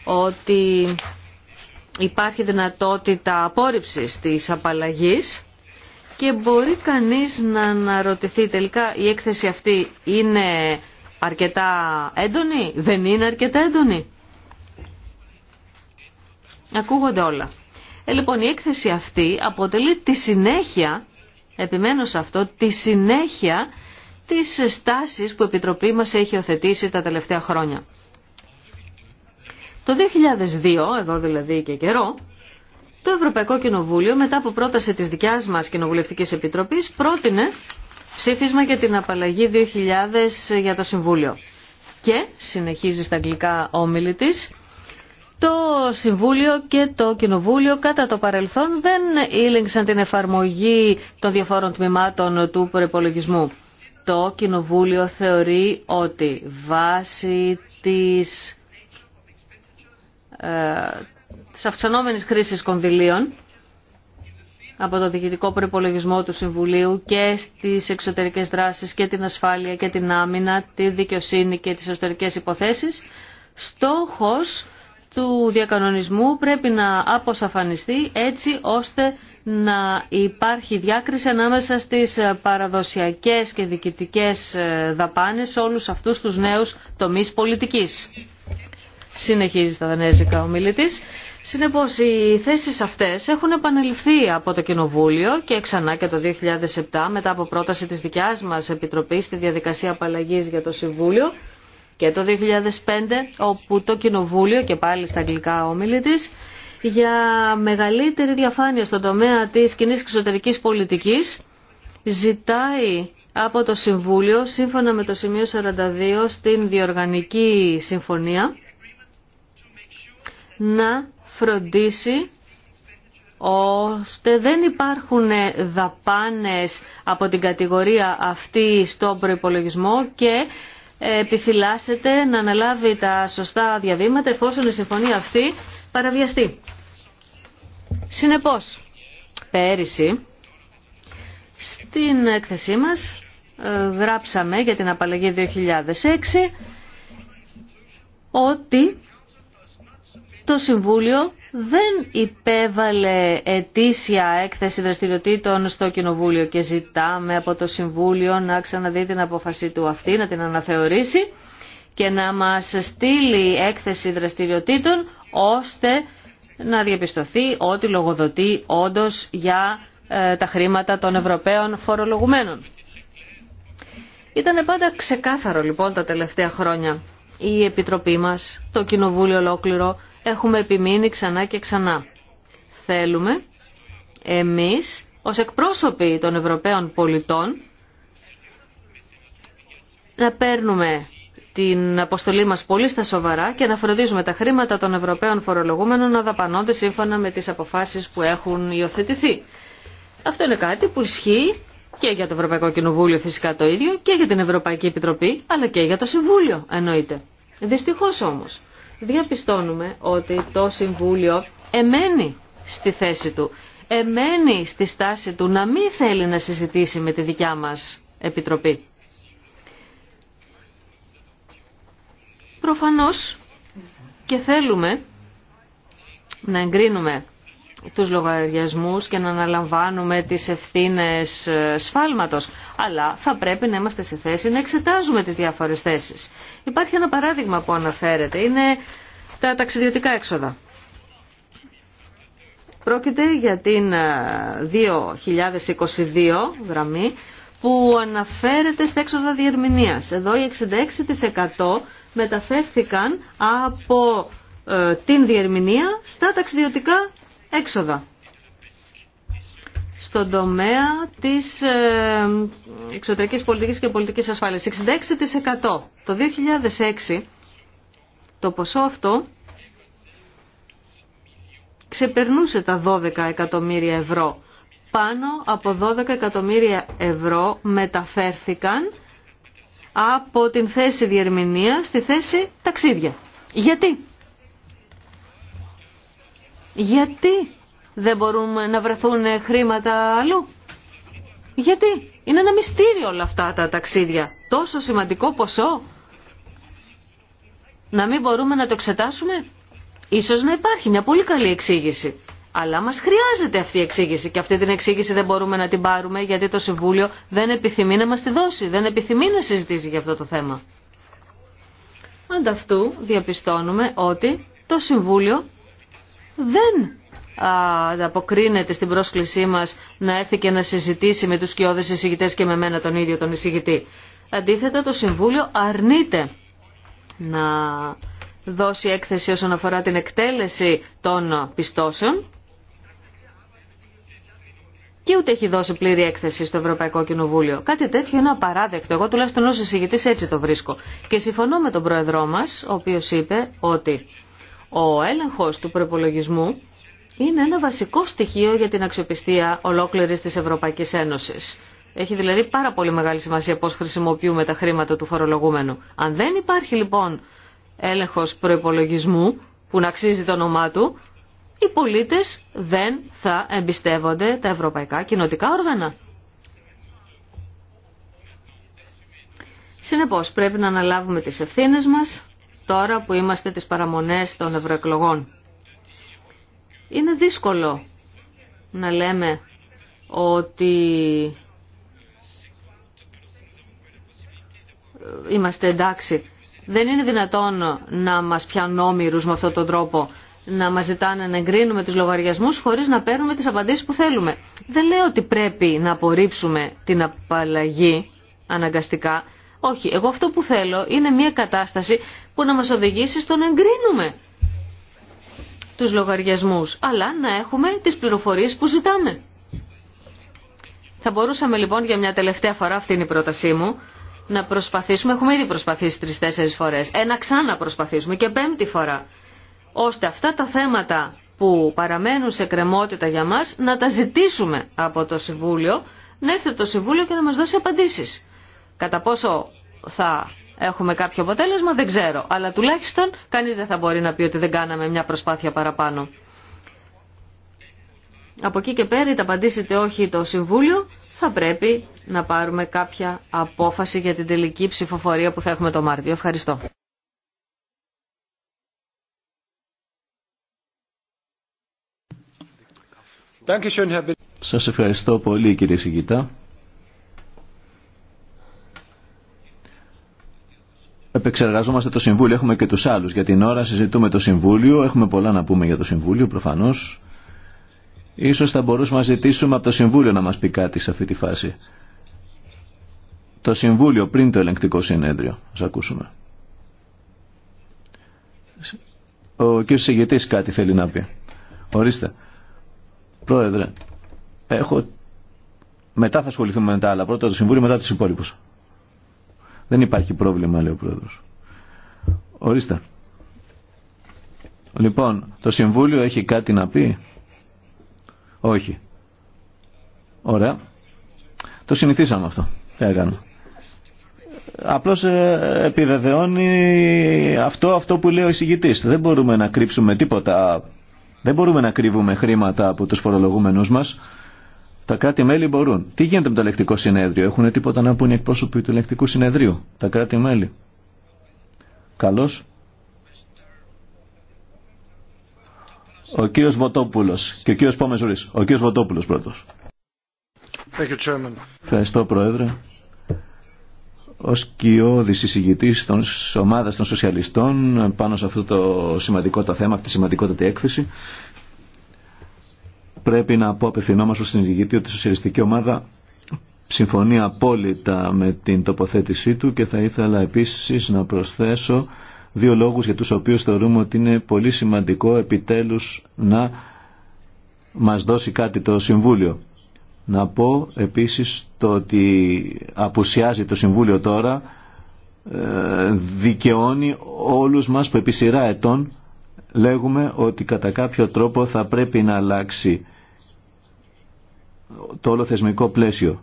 ότι υπάρχει δυνατότητα απόρριψης της απαλλαγής και μπορεί κανείς να αναρωτηθεί τελικά η έκθεση αυτή είναι αρκετά έντονη, δεν είναι αρκετά έντονη. Ακούγονται όλα. Ε, λοιπόν, η έκθεση αυτή αποτελεί τη συνέχεια, επιμένω σε αυτό, τη συνέχεια της στάσης που η Επιτροπή μας έχει οθετήσει τα τελευταία χρόνια. Το 2002, εδώ δηλαδή και καιρό, το Ευρωπαϊκό Κοινοβούλιο μετά από πρόταση της δικιάς μας Κοινοβουλευτικής Επιτροπής πρότεινε ψήφισμα για την απαλλαγή 2000 για το Συμβούλιο. Και, συνεχίζει στα αγγλικά όμιλη της, το Συμβούλιο και το Κοινοβούλιο κατά το παρελθόν δεν ήλεγξαν την εφαρμογή των διαφόρων τμήματων του προπολογισμού. Το Κοινοβούλιο θεωρεί ότι βάσει της ε, της αυξανόμενης χρήσης κονδυλίων από το διοικητικό προπολογισμό του Συμβουλίου και στις εξωτερικές δράσεις και την ασφάλεια και την άμυνα, τη δικαιοσύνη και τις εσωτερικές υποθέσεις, στόχος του διακανονισμού πρέπει να αποσαφανιστεί έτσι ώστε να υπάρχει διάκριση ανάμεσα στις παραδοσιακές και διοικητικές δαπάνες όλους αυτούς τους νέους τομείς πολιτικής συνεχίζει στα δανέζικα ο μιλητής. Συνεπώς οι θέσεις αυτές έχουν επανεληφθεί από το Κοινοβούλιο και ξανά και το 2007 μετά από πρόταση της δικιάς μας Επιτροπής στη διαδικασία απαλλαγής για το Συμβούλιο και το 2005 όπου το Κοινοβούλιο και πάλι στα αγγλικά ο μιλητής για μεγαλύτερη διαφάνεια στον τομέα της κοινή εξωτερικής πολιτικής ζητάει από το Συμβούλιο σύμφωνα με το σημείο 42 στην Διοργανική Συμφωνία να φροντίσει ώστε δεν υπάρχουν δαπάνες από την κατηγορία αυτή στον προϋπολογισμό και επιφυλάσσεται να αναλάβει τα σωστά διαβήματα εφόσον η συμφωνία αυτή παραβιαστεί. Συνεπώς, πέρυσι στην έκθεσή μας ε, γράψαμε για την απαλλαγή 2006 ότι το Συμβούλιο δεν υπέβαλε ετήσια έκθεση δραστηριοτήτων στο Κοινοβούλιο και ζητάμε από το Συμβούλιο να ξαναδεί την απόφαση του αυτή, να την αναθεωρήσει και να μας στείλει έκθεση δραστηριοτήτων ώστε να διαπιστωθεί ότι λογοδοτεί όντως για ε, τα χρήματα των Ευρωπαίων φορολογουμένων. Ήταν πάντα ξεκάθαρο λοιπόν τα τελευταία χρόνια η Επιτροπή μας, το Κοινοβούλιο ολόκληρο, έχουμε επιμείνει ξανά και ξανά. Θέλουμε εμείς ως εκπρόσωποι των Ευρωπαίων πολιτών να παίρνουμε την αποστολή μας πολύ στα σοβαρά και να φροντίζουμε τα χρήματα των Ευρωπαίων φορολογούμενων να δαπανώνται σύμφωνα με τις αποφάσεις που έχουν υιοθετηθεί. Αυτό είναι κάτι που ισχύει και για το Ευρωπαϊκό Κοινοβούλιο φυσικά το ίδιο και για την Ευρωπαϊκή Επιτροπή αλλά και για το Συμβούλιο εννοείται. Δυστυχώς όμως διαπιστώνουμε ότι το Συμβούλιο εμένει στη θέση του, εμένει στη στάση του να μην θέλει να συζητήσει με τη δικιά μας Επιτροπή. Προφανώς και θέλουμε να εγκρίνουμε τους λογαριασμούς και να αναλαμβάνουμε τις ευθύνες ε, σφάλματος, αλλά θα πρέπει να είμαστε σε θέση να εξετάζουμε τις διάφορες θέσεις. Υπάρχει ένα παράδειγμα που αναφέρεται, είναι τα ταξιδιωτικά έξοδα. Πρόκειται για την 2022 ε, γραμμή που αναφέρεται στα έξοδα διερμηνίας. Εδώ οι 66% μεταφέρθηκαν από ε, την διερμηνία στα ταξιδιωτικά έξοδα στον τομέα της ε, εξωτερικής πολιτικής και πολιτικής ασφάλειας. 66% το 2006 το ποσό αυτό ξεπερνούσε τα 12 εκατομμύρια ευρώ. Πάνω από 12 εκατομμύρια ευρώ μεταφέρθηκαν από την θέση διερμηνία στη θέση ταξίδια. Γιατί? Γιατί δεν μπορούν να βρεθούν χρήματα αλλού. Γιατί είναι ένα μυστήριο όλα αυτά τα ταξίδια. Τόσο σημαντικό ποσό. Να μην μπορούμε να το εξετάσουμε. Ίσως να υπάρχει μια πολύ καλή εξήγηση. Αλλά μας χρειάζεται αυτή η εξήγηση και αυτή την εξήγηση δεν μπορούμε να την πάρουμε γιατί το Συμβούλιο δεν επιθυμεί να μας τη δώσει, δεν επιθυμεί να συζητήσει για αυτό το θέμα. Ανταυτού διαπιστώνουμε ότι το Συμβούλιο δεν αποκρίνεται στην πρόσκλησή μας να έρθει και να συζητήσει με τους σκιώδες εισηγητές και με μένα τον ίδιο τον εισηγητή. Αντίθετα το Συμβούλιο αρνείται να δώσει έκθεση όσον αφορά την εκτέλεση των πιστώσεων και ούτε έχει δώσει πλήρη έκθεση στο Ευρωπαϊκό Κοινοβούλιο. Κάτι τέτοιο είναι απαράδεκτο. Εγώ τουλάχιστον ως εισηγητής έτσι το βρίσκω. Και συμφωνώ με τον Πρόεδρό μας, ο οποίος είπε ότι ο έλεγχος του προπολογισμού είναι ένα βασικό στοιχείο για την αξιοπιστία ολόκληρης της Ευρωπαϊκής Ένωσης. Έχει δηλαδή πάρα πολύ μεγάλη σημασία πώς χρησιμοποιούμε τα χρήματα του φορολογούμενου. Αν δεν υπάρχει λοιπόν έλεγχος προπολογισμού που να αξίζει το όνομά του, οι πολίτες δεν θα εμπιστεύονται τα ευρωπαϊκά κοινοτικά όργανα. Συνεπώς πρέπει να αναλάβουμε τις ευθύνες μας τώρα που είμαστε τις παραμονές των ευρωεκλογών. Είναι δύσκολο να λέμε ότι είμαστε εντάξει. Δεν είναι δυνατόν να μας πιάνουν όμοιρους με αυτόν τον τρόπο, να μας ζητάνε να εγκρίνουμε τους λογαριασμούς χωρίς να παίρνουμε τις απαντήσεις που θέλουμε. Δεν λέω ότι πρέπει να απορρίψουμε την απαλλαγή αναγκαστικά. Όχι, εγώ αυτό που θέλω είναι μια κατάσταση που να μας οδηγήσει στο να εγκρίνουμε τους λογαριασμούς, αλλά να έχουμε τις πληροφορίες που ζητάμε. Θα μπορούσαμε λοιπόν για μια τελευταία φορά, αυτή είναι η πρότασή μου, να προσπαθήσουμε, έχουμε ήδη προσπαθήσει τρεις-τέσσερις φορές, ένα ξανά προσπαθήσουμε και πέμπτη φορά, ώστε αυτά τα θέματα που παραμένουν σε κρεμότητα για μας να τα ζητήσουμε από το Συμβούλιο, να έρθει το Συμβούλιο και να μας δώσει απαντήσεις. Κατά πόσο θα έχουμε κάποιο αποτέλεσμα δεν ξέρω, αλλά τουλάχιστον κανείς δεν θα μπορεί να πει ότι δεν κάναμε μια προσπάθεια παραπάνω. Από εκεί και πέρα, τα απαντήσετε όχι το Συμβούλιο, θα πρέπει να πάρουμε κάποια απόφαση για την τελική ψηφοφορία που θα έχουμε το Μάρτιο. Ευχαριστώ. Σας ευχαριστώ πολύ κύριε Σιγητά. επεξεργαζόμαστε το Συμβούλιο, έχουμε και τους άλλους. Για την ώρα συζητούμε το Συμβούλιο, έχουμε πολλά να πούμε για το Συμβούλιο προφανώς. Ίσως θα μπορούσαμε να ζητήσουμε από το Συμβούλιο να μας πει κάτι σε αυτή τη φάση. Το Συμβούλιο πριν το ελεγκτικό συνέδριο. Ας ακούσουμε. Ο κ. Συγητής κάτι θέλει να πει. Ορίστε. Πρόεδρε, έχω... Μετά θα ασχοληθούμε με τα άλλα. Πρώτα το Συμβούλιο, μετά τους υπόλοιπους. Δεν υπάρχει πρόβλημα, λέει ο πρόεδρος. Ορίστε. Λοιπόν, το Συμβούλιο έχει κάτι να πει. Όχι. Ωραία. Το συνηθίσαμε αυτό. Τι έκανα. Απλώς ε, επιβεβαιώνει αυτό, αυτό που λέει ο εισηγητής. Δεν μπορούμε να κρύψουμε τίποτα. Δεν μπορούμε να κρύβουμε χρήματα από τους φορολογούμενους μας. Τα κράτη-μέλη μπορούν. Τι γίνεται με το ελεκτικό συνέδριο, έχουν τίποτα να πούν οι εκπρόσωποι του ελεκτικού συνεδρίου, τα κράτη-μέλη. Καλώς. Ο κύριος Βοτόπουλος και ο κύριος Πόμεζουρή. Ο κύριος Βοτόπουλος πρώτος. Ευχαριστώ Πρόεδρε. Ω κοιόδη εισηγητή τη ομάδα των Σοσιαλιστών πάνω σε αυτό το σημαντικό το θέμα, αυτή τη σημαντικότατη έκθεση, Πρέπει να πω απευθυνόμαστε στον ειδηγητή ότι η σοσιαλιστική ομάδα συμφωνεί απόλυτα με την τοποθέτησή του και θα ήθελα επίσης να προσθέσω δύο λόγους για τους οποίους θεωρούμε ότι είναι πολύ σημαντικό επιτέλους να μας δώσει κάτι το Συμβούλιο. Να πω επίσης το ότι απουσιάζει το Συμβούλιο τώρα ε, δικαιώνει όλους μας που επί σειρά ετών λέγουμε ότι κατά κάποιο τρόπο θα πρέπει να αλλάξει το όλο θεσμικό πλαίσιο,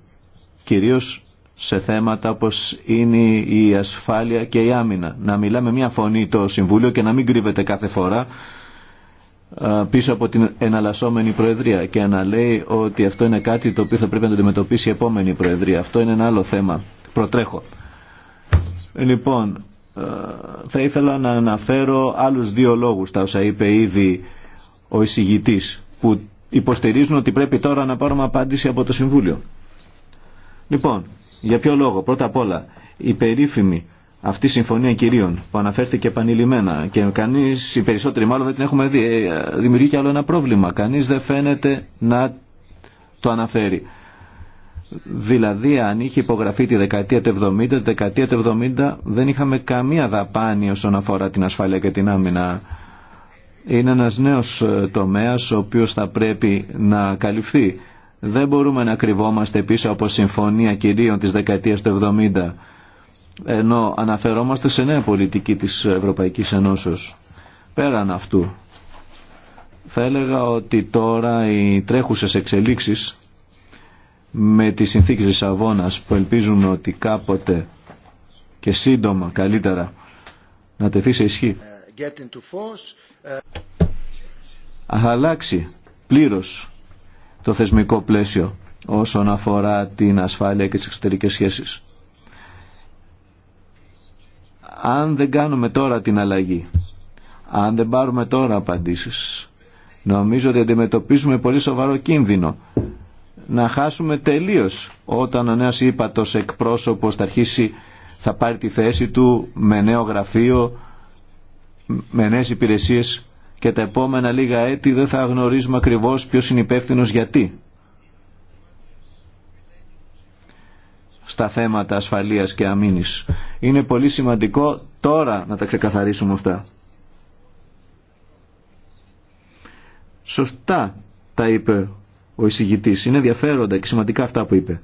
κυρίως σε θέματα όπως είναι η ασφάλεια και η άμυνα. Να μιλάμε μια φωνή το Συμβούλιο και να μην κρύβεται κάθε φορά πίσω από την εναλλασσόμενη Προεδρία και να λέει ότι αυτό είναι κάτι το οποίο θα πρέπει να το αντιμετωπίσει η επόμενη Προεδρία. Αυτό είναι ένα άλλο θέμα. Προτρέχω. Λοιπόν, θα ήθελα να αναφέρω άλλους δύο λόγους τα όσα είπε ήδη ο εισηγητής που υποστηρίζουν ότι πρέπει τώρα να πάρουμε απάντηση από το Συμβούλιο. Λοιπόν, για ποιο λόγο, πρώτα απ' όλα, η περίφημη αυτή η συμφωνία κυρίων που αναφέρθηκε επανειλημμένα και κανεί, οι περισσότεροι μάλλον δεν την έχουμε δει, ε, δημιουργεί κι άλλο ένα πρόβλημα. Κανεί δεν φαίνεται να το αναφέρει. Δηλαδή, αν είχε υπογραφεί τη δεκαετία του 70, τη δεκαετία του 70 δεν είχαμε καμία δαπάνη όσον αφορά την ασφάλεια και την άμυνα είναι ένας νέος ε, τομέας ο οποίος θα πρέπει να καλυφθεί. Δεν μπορούμε να κρυβόμαστε πίσω από συμφωνία κυρίων της δεκαετίας του 70 ενώ αναφερόμαστε σε νέα πολιτική της Ευρωπαϊκής Ενώσεως. Πέραν αυτού, θα έλεγα ότι τώρα οι τρέχουσες εξελίξεις με τις συνθήκες της Αβώνας που ελπίζουν ότι κάποτε και σύντομα καλύτερα να τεθεί σε ισχύ get αλλάξει πλήρως το θεσμικό πλαίσιο όσον αφορά την ασφάλεια και τις εξωτερικές σχέσεις. Αν δεν κάνουμε τώρα την αλλαγή, αν δεν πάρουμε τώρα απαντήσεις, νομίζω ότι αντιμετωπίζουμε πολύ σοβαρό κίνδυνο να χάσουμε τελείως όταν ο νέος ύπατος εκπρόσωπος θα αρχίσει θα πάρει τη θέση του με νέο γραφείο με νέες υπηρεσίες και τα επόμενα λίγα έτη δεν θα γνωρίζουμε ακριβώς ποιος είναι υπεύθυνο γιατί. στα θέματα ασφαλείας και αμήνης. Είναι πολύ σημαντικό τώρα να τα ξεκαθαρίσουμε αυτά. Σωστά τα είπε ο εισηγητής. Είναι ενδιαφέροντα και σημαντικά αυτά που είπε.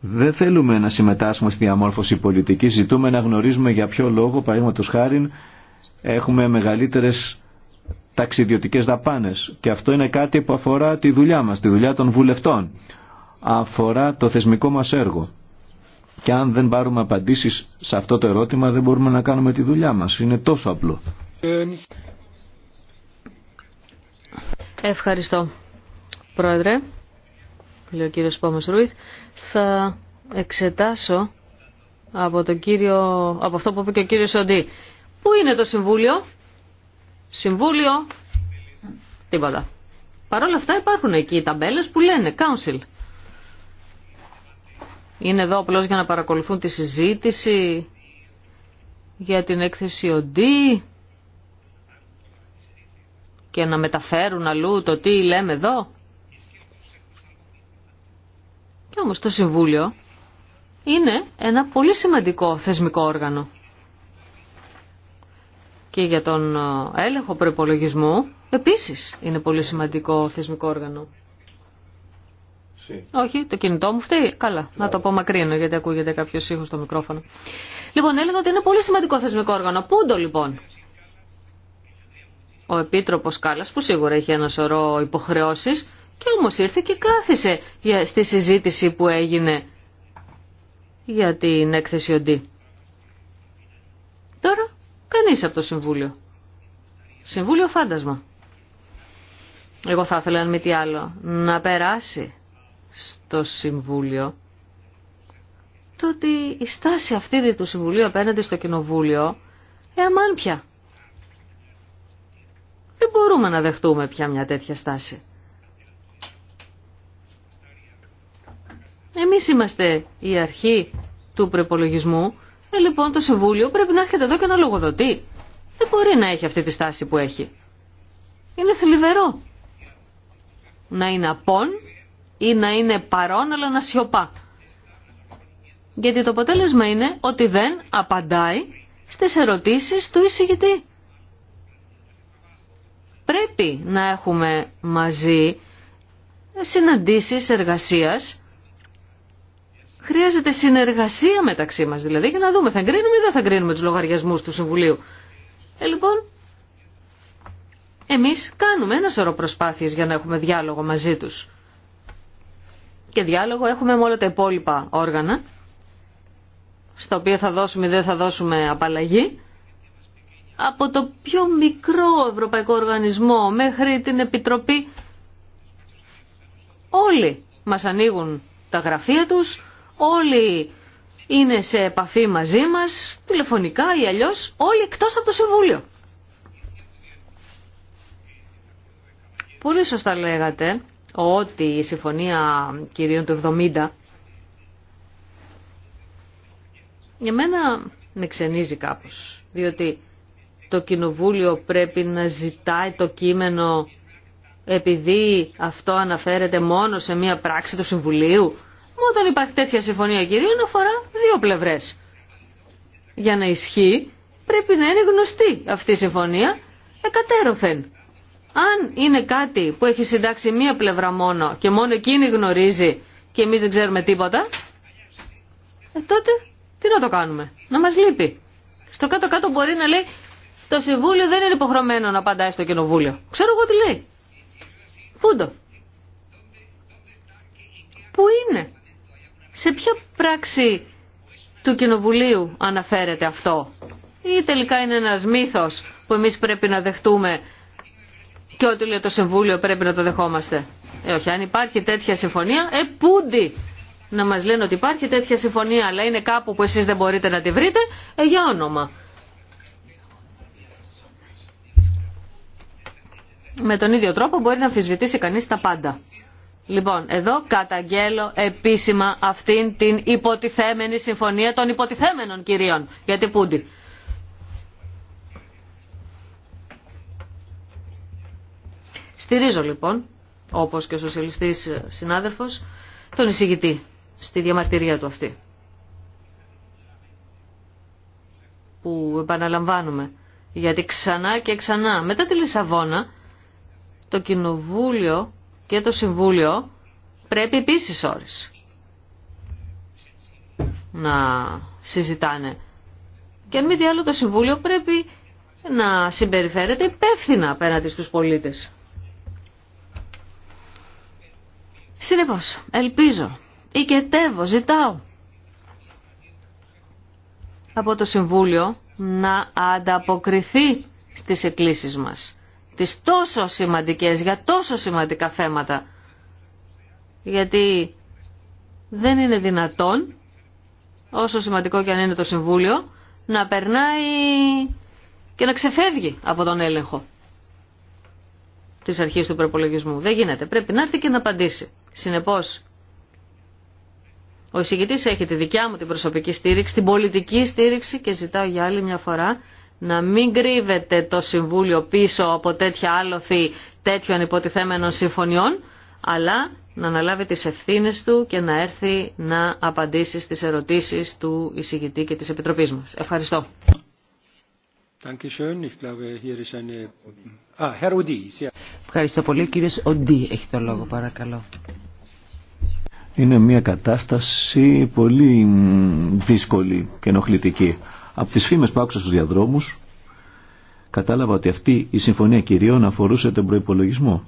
Δεν θέλουμε να συμμετάσχουμε στη διαμόρφωση πολιτικής, ζητούμε να γνωρίζουμε για ποιο λόγο, παραδείγματο χάρη, έχουμε μεγαλύτερες ταξιδιωτικές δαπάνες και αυτό είναι κάτι που αφορά τη δουλειά μας, τη δουλειά των βουλευτών. Αφορά το θεσμικό μας έργο. Και αν δεν πάρουμε απαντήσεις σε αυτό το ερώτημα δεν μπορούμε να κάνουμε τη δουλειά μας. Είναι τόσο απλό. Ευχαριστώ, Πρόεδρε. Λέει ο κύριος Θα εξετάσω από, τον κύριο, από αυτό που είπε και ο κύριος Σοντή Πού είναι το Συμβούλιο? Συμβούλιο. Τίποτα. Παρ' όλα αυτά υπάρχουν εκεί οι ταμπέλες που λένε Council. Είναι εδώ απλώ για να παρακολουθούν τη συζήτηση για την έκθεση οντί και να μεταφέρουν αλλού το τι λέμε εδώ. Και όμως το Συμβούλιο είναι ένα πολύ σημαντικό θεσμικό όργανο και για τον ε, έλεγχο προπολογισμού επίσης είναι πολύ σημαντικό θεσμικό όργανο. Όχι, το κινητό μου φταίει. Καλά, να το απομακρύνω γιατί ακούγεται κάποιο ήχο στο μικρόφωνο. Λοιπόν, έλεγα ότι είναι πολύ σημαντικό θεσμικό όργανο. Πού το λοιπόν. Ο Επίτροπο Κάλλα, που σίγουρα έχει ένα σωρό υποχρεώσει, και όμω ήρθε και κάθισε στη συζήτηση που έγινε για την έκθεση οντί. Τώρα είσαι από το Συμβούλιο. Συμβούλιο φάντασμα. Εγώ θα ήθελα, αν μη τι άλλο, να περάσει στο Συμβούλιο το ότι η στάση αυτή του Συμβουλίου απέναντι στο Κοινοβούλιο εαμάν πια. Δεν μπορούμε να δεχτούμε πια μια τέτοια στάση. Εμείς είμαστε η αρχή του προπολογισμού ε, λοιπόν, το Συμβούλιο πρέπει να έρχεται εδώ και να λογοδοτεί. Δεν μπορεί να έχει αυτή τη στάση που έχει. Είναι θλιβερό. Να είναι απόν ή να είναι παρόν αλλά να σιωπά. Γιατί το αποτέλεσμα είναι ότι δεν απαντάει στις ερωτήσεις του εισηγητή. Πρέπει να έχουμε μαζί συναντήσεις εργασίας Χρειάζεται συνεργασία μεταξύ μας δηλαδή για να δούμε θα εγκρίνουμε ή δεν θα εγκρίνουμε τους λογαριασμούς του Συμβουλίου. Ε, λοιπόν, εμείς κάνουμε ένα σωρό προσπάθειες για να έχουμε διάλογο μαζί τους. Και διάλογο έχουμε με όλα τα υπόλοιπα όργανα, στα οποία θα δώσουμε ή δεν θα δώσουμε απαλλαγή, από το πιο μικρό ευρωπαϊκό οργανισμό μέχρι την Επιτροπή. Όλοι μας ανοίγουν τα γραφεία τους, όλοι είναι σε επαφή μαζί μας, τηλεφωνικά ή αλλιώς, όλοι εκτός από το Συμβούλιο. Πολύ σωστά λέγατε ότι η συμφωνία κυρίων του 70 για μένα με ξενίζει κάπως, διότι το Κοινοβούλιο πρέπει να ζητάει το κείμενο επειδή αυτό αναφέρεται μόνο σε μία πράξη του Συμβουλίου. Όταν υπάρχει τέτοια συμφωνία κυρίων αφορά δύο πλευρές. Για να ισχύει πρέπει να είναι γνωστή αυτή η συμφωνία εκατέρωθεν. Αν είναι κάτι που έχει συντάξει μία πλευρά μόνο και μόνο εκείνη γνωρίζει και εμείς δεν ξέρουμε τίποτα, ε, τότε τι να το κάνουμε, να μας λείπει. Στο κάτω-κάτω μπορεί να λέει το Συμβούλιο δεν είναι υποχρεωμένο να απαντάει στο Κοινοβούλιο. Ξέρω εγώ τι λέει. Πού το. Πού είναι. Σε ποια πράξη του Κοινοβουλίου αναφέρεται αυτό ή τελικά είναι ένας μύθος που εμείς πρέπει να δεχτούμε και ό,τι λέει το Συμβούλιο πρέπει να το δεχόμαστε. Ε, όχι, αν υπάρχει τέτοια συμφωνία, ε, πούντι να μας λένε ότι υπάρχει τέτοια συμφωνία, αλλά είναι κάπου που εσείς δεν μπορείτε να τη βρείτε, ε, για όνομα. Με τον ίδιο τρόπο μπορεί να αμφισβητήσει κανείς τα πάντα. Λοιπόν, εδώ καταγγέλλω επίσημα αυτήν την υποτιθέμενη συμφωνία των υποτιθέμενων κυρίων. Γιατί πούντι. Στηρίζω λοιπόν, όπως και ο σοσιαλιστής συνάδελφος, τον εισηγητή στη διαμαρτυρία του αυτή. Που επαναλαμβάνουμε. Γιατί ξανά και ξανά, μετά τη Λισαβόνα, το Κοινοβούλιο και το Συμβούλιο πρέπει επίσης ώρες να συζητάνε. Και αν μη άλλο το Συμβούλιο πρέπει να συμπεριφέρεται υπεύθυνα απέναντι στους πολίτες. Συνεπώς, ελπίζω, οικετεύω, ζητάω από το Συμβούλιο να ανταποκριθεί στις εκκλήσεις μας τις τόσο σημαντικές, για τόσο σημαντικά θέματα. Γιατί δεν είναι δυνατόν, όσο σημαντικό και αν είναι το Συμβούλιο, να περνάει και να ξεφεύγει από τον έλεγχο της αρχής του προπολογισμού. Δεν γίνεται. Πρέπει να έρθει και να απαντήσει. Συνεπώς, ο εισηγητής έχει τη δικιά μου την προσωπική στήριξη, την πολιτική στήριξη και ζητάω για άλλη μια φορά να μην κρύβεται το Συμβούλιο πίσω από τέτοια άλοθη τέτοιων υποτιθέμενων συμφωνιών, αλλά να αναλάβει τις ευθύνες του και να έρθει να απαντήσει στις ερωτήσεις του εισηγητή και της Επιτροπής μας. Ευχαριστώ. Ah, Ευχαριστώ πολύ. Ο κύριος Οντί έχει το λόγο, παρακαλώ. Είναι μια κατάσταση πολύ δύσκολη και ενοχλητική. Από τις φήμες που άκουσα στους διαδρόμους, κατάλαβα ότι αυτή η συμφωνία κυρίων αφορούσε τον προϋπολογισμό.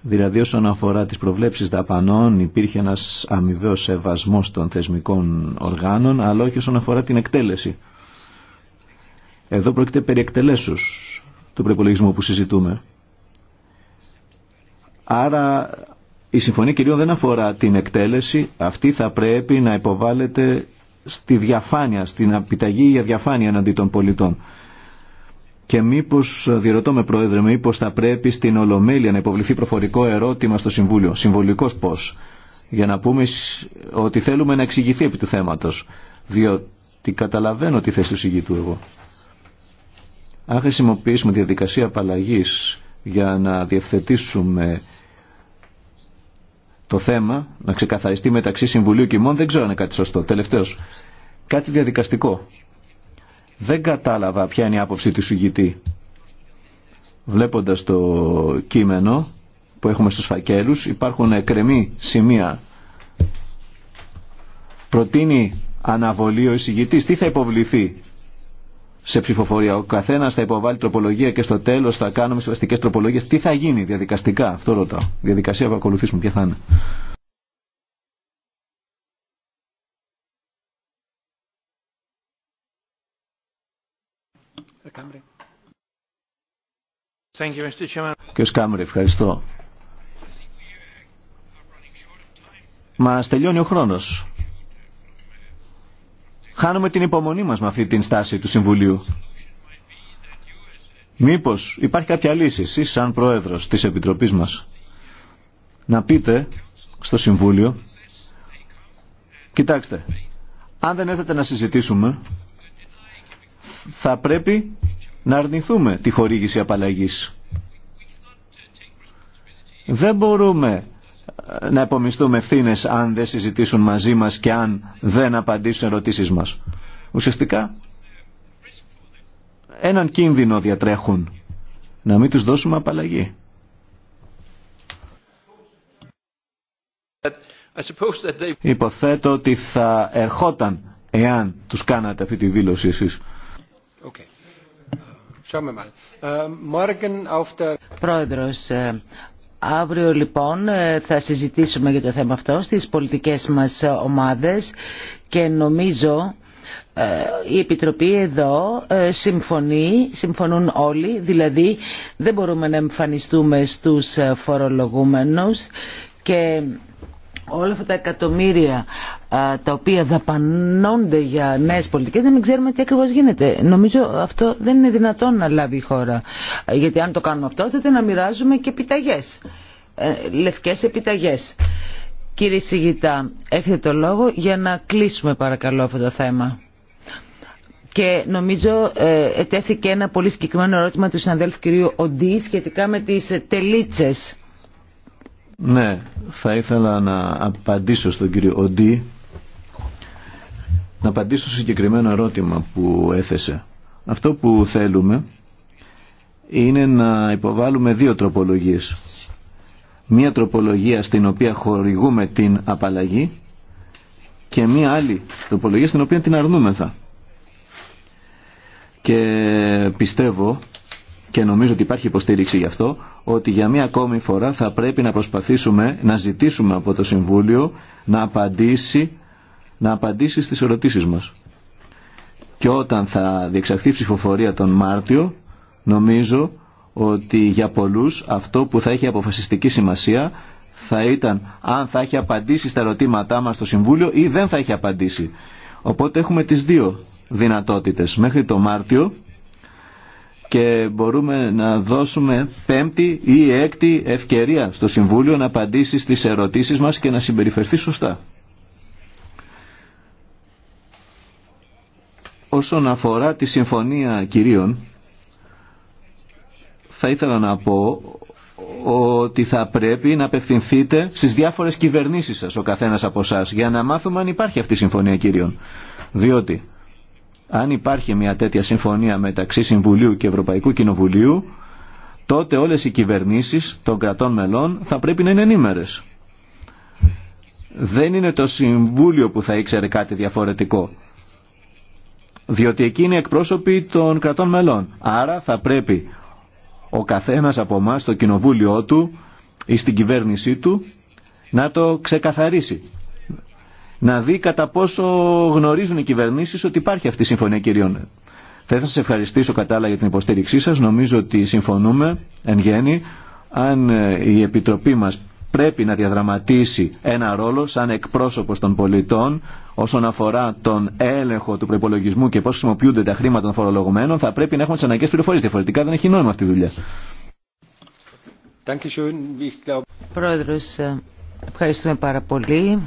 Δηλαδή όσον αφορά τις προβλέψεις δαπανών υπήρχε ένας αμοιβαίος σεβασμός των θεσμικών οργάνων, αλλά όχι όσον αφορά την εκτέλεση. Εδώ πρόκειται περί εκτελέσεως του προϋπολογισμού που συζητούμε. Άρα η συμφωνία κυρίων δεν αφορά την εκτέλεση, αυτή θα πρέπει να υποβάλλεται στη διαφάνεια, στην επιταγή για διαφάνεια εναντί των πολιτών. Και μήπω, διερωτώ με Πρόεδρε, μήπω θα πρέπει στην Ολομέλεια να υποβληθεί προφορικό ερώτημα στο Συμβούλιο. Συμβολικό πώ. Για να πούμε ότι θέλουμε να εξηγηθεί επί του θέματο. Διότι καταλαβαίνω τι θέση του συγγητού εγώ. Αν χρησιμοποιήσουμε τη διαδικασία απαλλαγή για να διευθετήσουμε το θέμα να ξεκαθαριστεί μεταξύ Συμβουλίου και μόνο δεν ξέρω αν είναι κάτι σωστό. Τελευταίο. κάτι διαδικαστικό. Δεν κατάλαβα ποια είναι η άποψη του συγητή. Βλέποντας το κείμενο που έχουμε στους φακέλους υπάρχουν εκρεμή σημεία. Προτείνει αναβολή ο εισηγητής. Τι θα υποβληθεί σε ψηφοφορία. Ο καθένα θα υποβάλει τροπολογία και στο τέλο θα κάνουμε συμβαστικέ τροπολογίε. Τι θα γίνει διαδικαστικά, αυτό ρωτάω. Διαδικασία που ακολουθήσουμε, ποια θα είναι. Κύριε Κάμρη, ευχαριστώ. μα τελειώνει ο χρόνος. Χάνουμε την υπομονή μας με αυτή την στάση του Συμβουλίου. Μήπως υπάρχει κάποια λύση, εσείς σαν πρόεδρος της Επιτροπής μας, να πείτε στο Συμβούλιο, κοιτάξτε, αν δεν έρθετε να συζητήσουμε, θα πρέπει να αρνηθούμε τη χορήγηση απαλλαγής. Δεν μπορούμε να επομιστούμε ευθύνε αν δεν συζητήσουν μαζί μα και αν δεν απαντήσουν ερωτήσει μα. Ουσιαστικά έναν κίνδυνο διατρέχουν να μην τους δώσουμε απαλλαγή. Υποθέτω ότι θα ερχόταν εάν τους κάνατε αυτή τη δήλωση εσείς. Äh, Πρόεδρος, ε, Αύριο λοιπόν ε, θα συζητήσουμε για το θέμα αυτό στις πολιτικές μας ομάδες και νομίζω ε, η Επιτροπή εδώ ε, συμφωνεί, συμφωνούν όλοι, δηλαδή δεν μπορούμε να εμφανιστούμε στους φορολογούμενους και όλα αυτά τα εκατομμύρια τα οποία δαπανώνται για νέες πολιτικές να μην ξέρουμε τι ακριβώς γίνεται. Νομίζω αυτό δεν είναι δυνατόν να λάβει η χώρα. Ε, γιατί αν το κάνουμε αυτό τότε να μοιράζουμε και επιταγές. Ε, λευκές επιταγές. Κύριε Σιγητά, έχετε το λόγο για να κλείσουμε παρακαλώ αυτό το θέμα. Και νομίζω ε, ετέθηκε ένα πολύ συγκεκριμένο ερώτημα του συναδέλφου κυρίου Οντή σχετικά με τις τελίτσες ναι, θα ήθελα να απαντήσω στον κύριο Οντί να απαντήσω στο συγκεκριμένο ερώτημα που έθεσε. Αυτό που θέλουμε είναι να υποβάλουμε δύο τροπολογίες. Μία τροπολογία στην οποία χορηγούμε την απαλλαγή και μία άλλη τροπολογία στην οποία την αρνούμεθα. Και πιστεύω και νομίζω ότι υπάρχει υποστήριξη γι' αυτό, ότι για μία ακόμη φορά θα πρέπει να προσπαθήσουμε να ζητήσουμε από το Συμβούλιο να απαντήσει, να απαντήσει στις ερωτήσεις μας. Και όταν θα διεξαχθεί η ψηφοφορία τον Μάρτιο, νομίζω ότι για πολλούς αυτό που θα έχει αποφασιστική σημασία θα ήταν αν θα έχει απαντήσει στα ερωτήματά μας το Συμβούλιο ή δεν θα έχει απαντήσει. Οπότε έχουμε τις δύο δυνατότητες. Μέχρι το Μάρτιο και μπορούμε να δώσουμε πέμπτη ή έκτη ευκαιρία στο Συμβούλιο να απαντήσει στις ερωτήσεις μας και να συμπεριφερθεί σωστά. Όσον αφορά τη Συμφωνία Κυρίων, θα ήθελα να πω ότι θα πρέπει να απευθυνθείτε στις διάφορες κυβερνήσεις σας ο καθένας από εσά για να μάθουμε αν υπάρχει αυτή η Συμφωνία Κυρίων. Διότι αν υπάρχει μια τέτοια συμφωνία μεταξύ Συμβουλίου και Ευρωπαϊκού Κοινοβουλίου, τότε όλες οι κυβερνήσεις των κρατών μελών θα πρέπει να είναι ενήμερες. Δεν είναι το Συμβούλιο που θα ήξερε κάτι διαφορετικό. Διότι εκεί είναι εκπρόσωποι των κρατών μελών. Άρα θα πρέπει ο καθένας από εμά στο κοινοβούλιο του ή στην κυβέρνησή του να το ξεκαθαρίσει να δει κατά πόσο γνωρίζουν οι κυβερνήσει ότι υπάρχει αυτή η συμφωνία κυρίων. Θα ήθελα να σας ευχαριστήσω κατάλληλα για την υποστήριξή σα. Νομίζω ότι συμφωνούμε εν γέννη αν ε, η Επιτροπή μα πρέπει να διαδραματίσει ένα ρόλο σαν εκπρόσωπο των πολιτών όσον αφορά τον έλεγχο του προπολογισμού και πώ χρησιμοποιούνται τα χρήματα των φορολογουμένων θα πρέπει να έχουμε τι αναγκαίε πληροφορίε Διαφορετικά δεν έχει νόημα αυτή η δουλειά. Πρόεδρος, ε, ευχαριστούμε πάρα πολύ.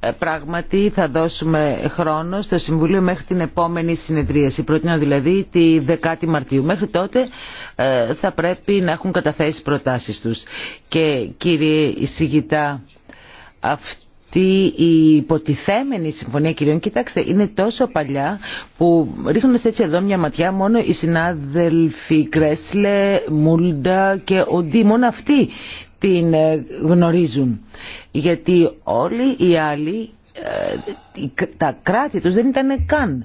Ε, πράγματι θα δώσουμε χρόνο στο Συμβουλίο μέχρι την επόμενη συνεδρίαση. Προτείνω δηλαδή τη 10η Μαρτίου. Μέχρι τότε ε, θα πρέπει να έχουν καταθέσει προτάσεις τους. Και κύριε Ισηγητά, αυτή η υποτιθέμενη συμφωνία κυρίων, κοιτάξτε, είναι τόσο παλιά που ρίχνοντας έτσι εδώ μια ματιά μόνο οι συνάδελφοι Κρέσλε, Μούλντα και ο μόνο αυτοί την ε, γνωρίζουν. Γιατί όλοι οι άλλοι, ε, τα κράτη τους δεν ήταν καν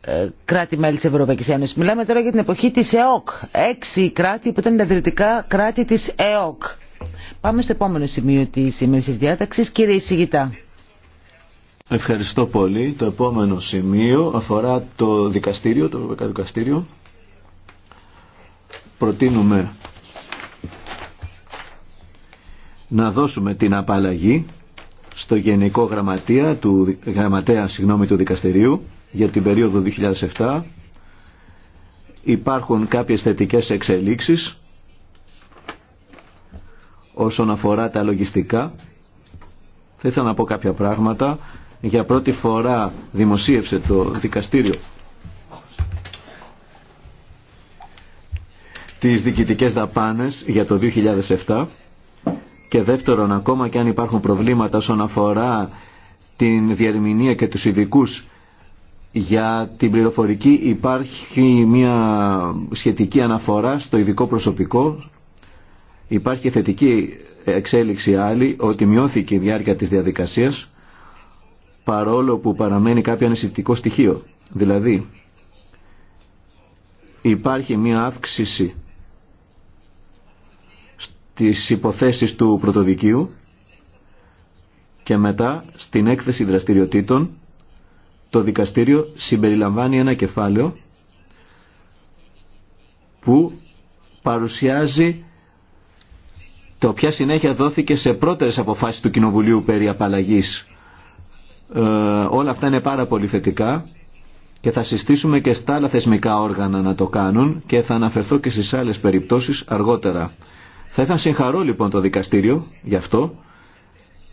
ε, κράτη-μέλη της Ευρωπαϊκής Ένωσης. Μιλάμε τώρα για την εποχή της ΕΟΚ. Έξι κράτη που ήταν ιδρυτικά κράτη της ΕΟΚ. Πάμε στο επόμενο σημείο της σημερινής διάταξης. Κύριε Ισηγητά. Ευχαριστώ πολύ. Το επόμενο σημείο αφορά το δικαστήριο, το Ευρωπαϊκό Δικαστήριο. Προτείνουμε να δώσουμε την απαλλαγή στο Γενικό Γραμματεία του, Γραμματέα συγγνώμη, του Δικαστηρίου για την περίοδο 2007. Υπάρχουν κάποιες θετικές εξελίξεις όσον αφορά τα λογιστικά. Θα ήθελα να πω κάποια πράγματα. Για πρώτη φορά δημοσίευσε το δικαστήριο τις διοικητικές δαπάνες για το 2007 και δεύτερον, ακόμα και αν υπάρχουν προβλήματα όσον αφορά την διαρμηνία και τους ειδικού για την πληροφορική υπάρχει μια σχετική αναφορά στο ειδικό προσωπικό. Υπάρχει θετική εξέλιξη άλλη ότι μειώθηκε η διάρκεια της διαδικασίας παρόλο που παραμένει κάποιο ανησυχητικό στοιχείο. Δηλαδή υπάρχει μια αύξηση τις υποθέσεις του πρωτοδικείου και μετά στην έκθεση δραστηριοτήτων το δικαστήριο συμπεριλαμβάνει ένα κεφάλαιο που παρουσιάζει το ποια συνέχεια δόθηκε σε πρώτερες αποφάσεις του Κοινοβουλίου περί απαλλαγής. Ε, όλα αυτά είναι πάρα πολύ θετικά και θα συστήσουμε και στα άλλα θεσμικά όργανα να το κάνουν και θα αναφερθώ και στις άλλες περιπτώσεις αργότερα. Θα ήθελα να συγχαρώ λοιπόν το δικαστήριο γι' αυτό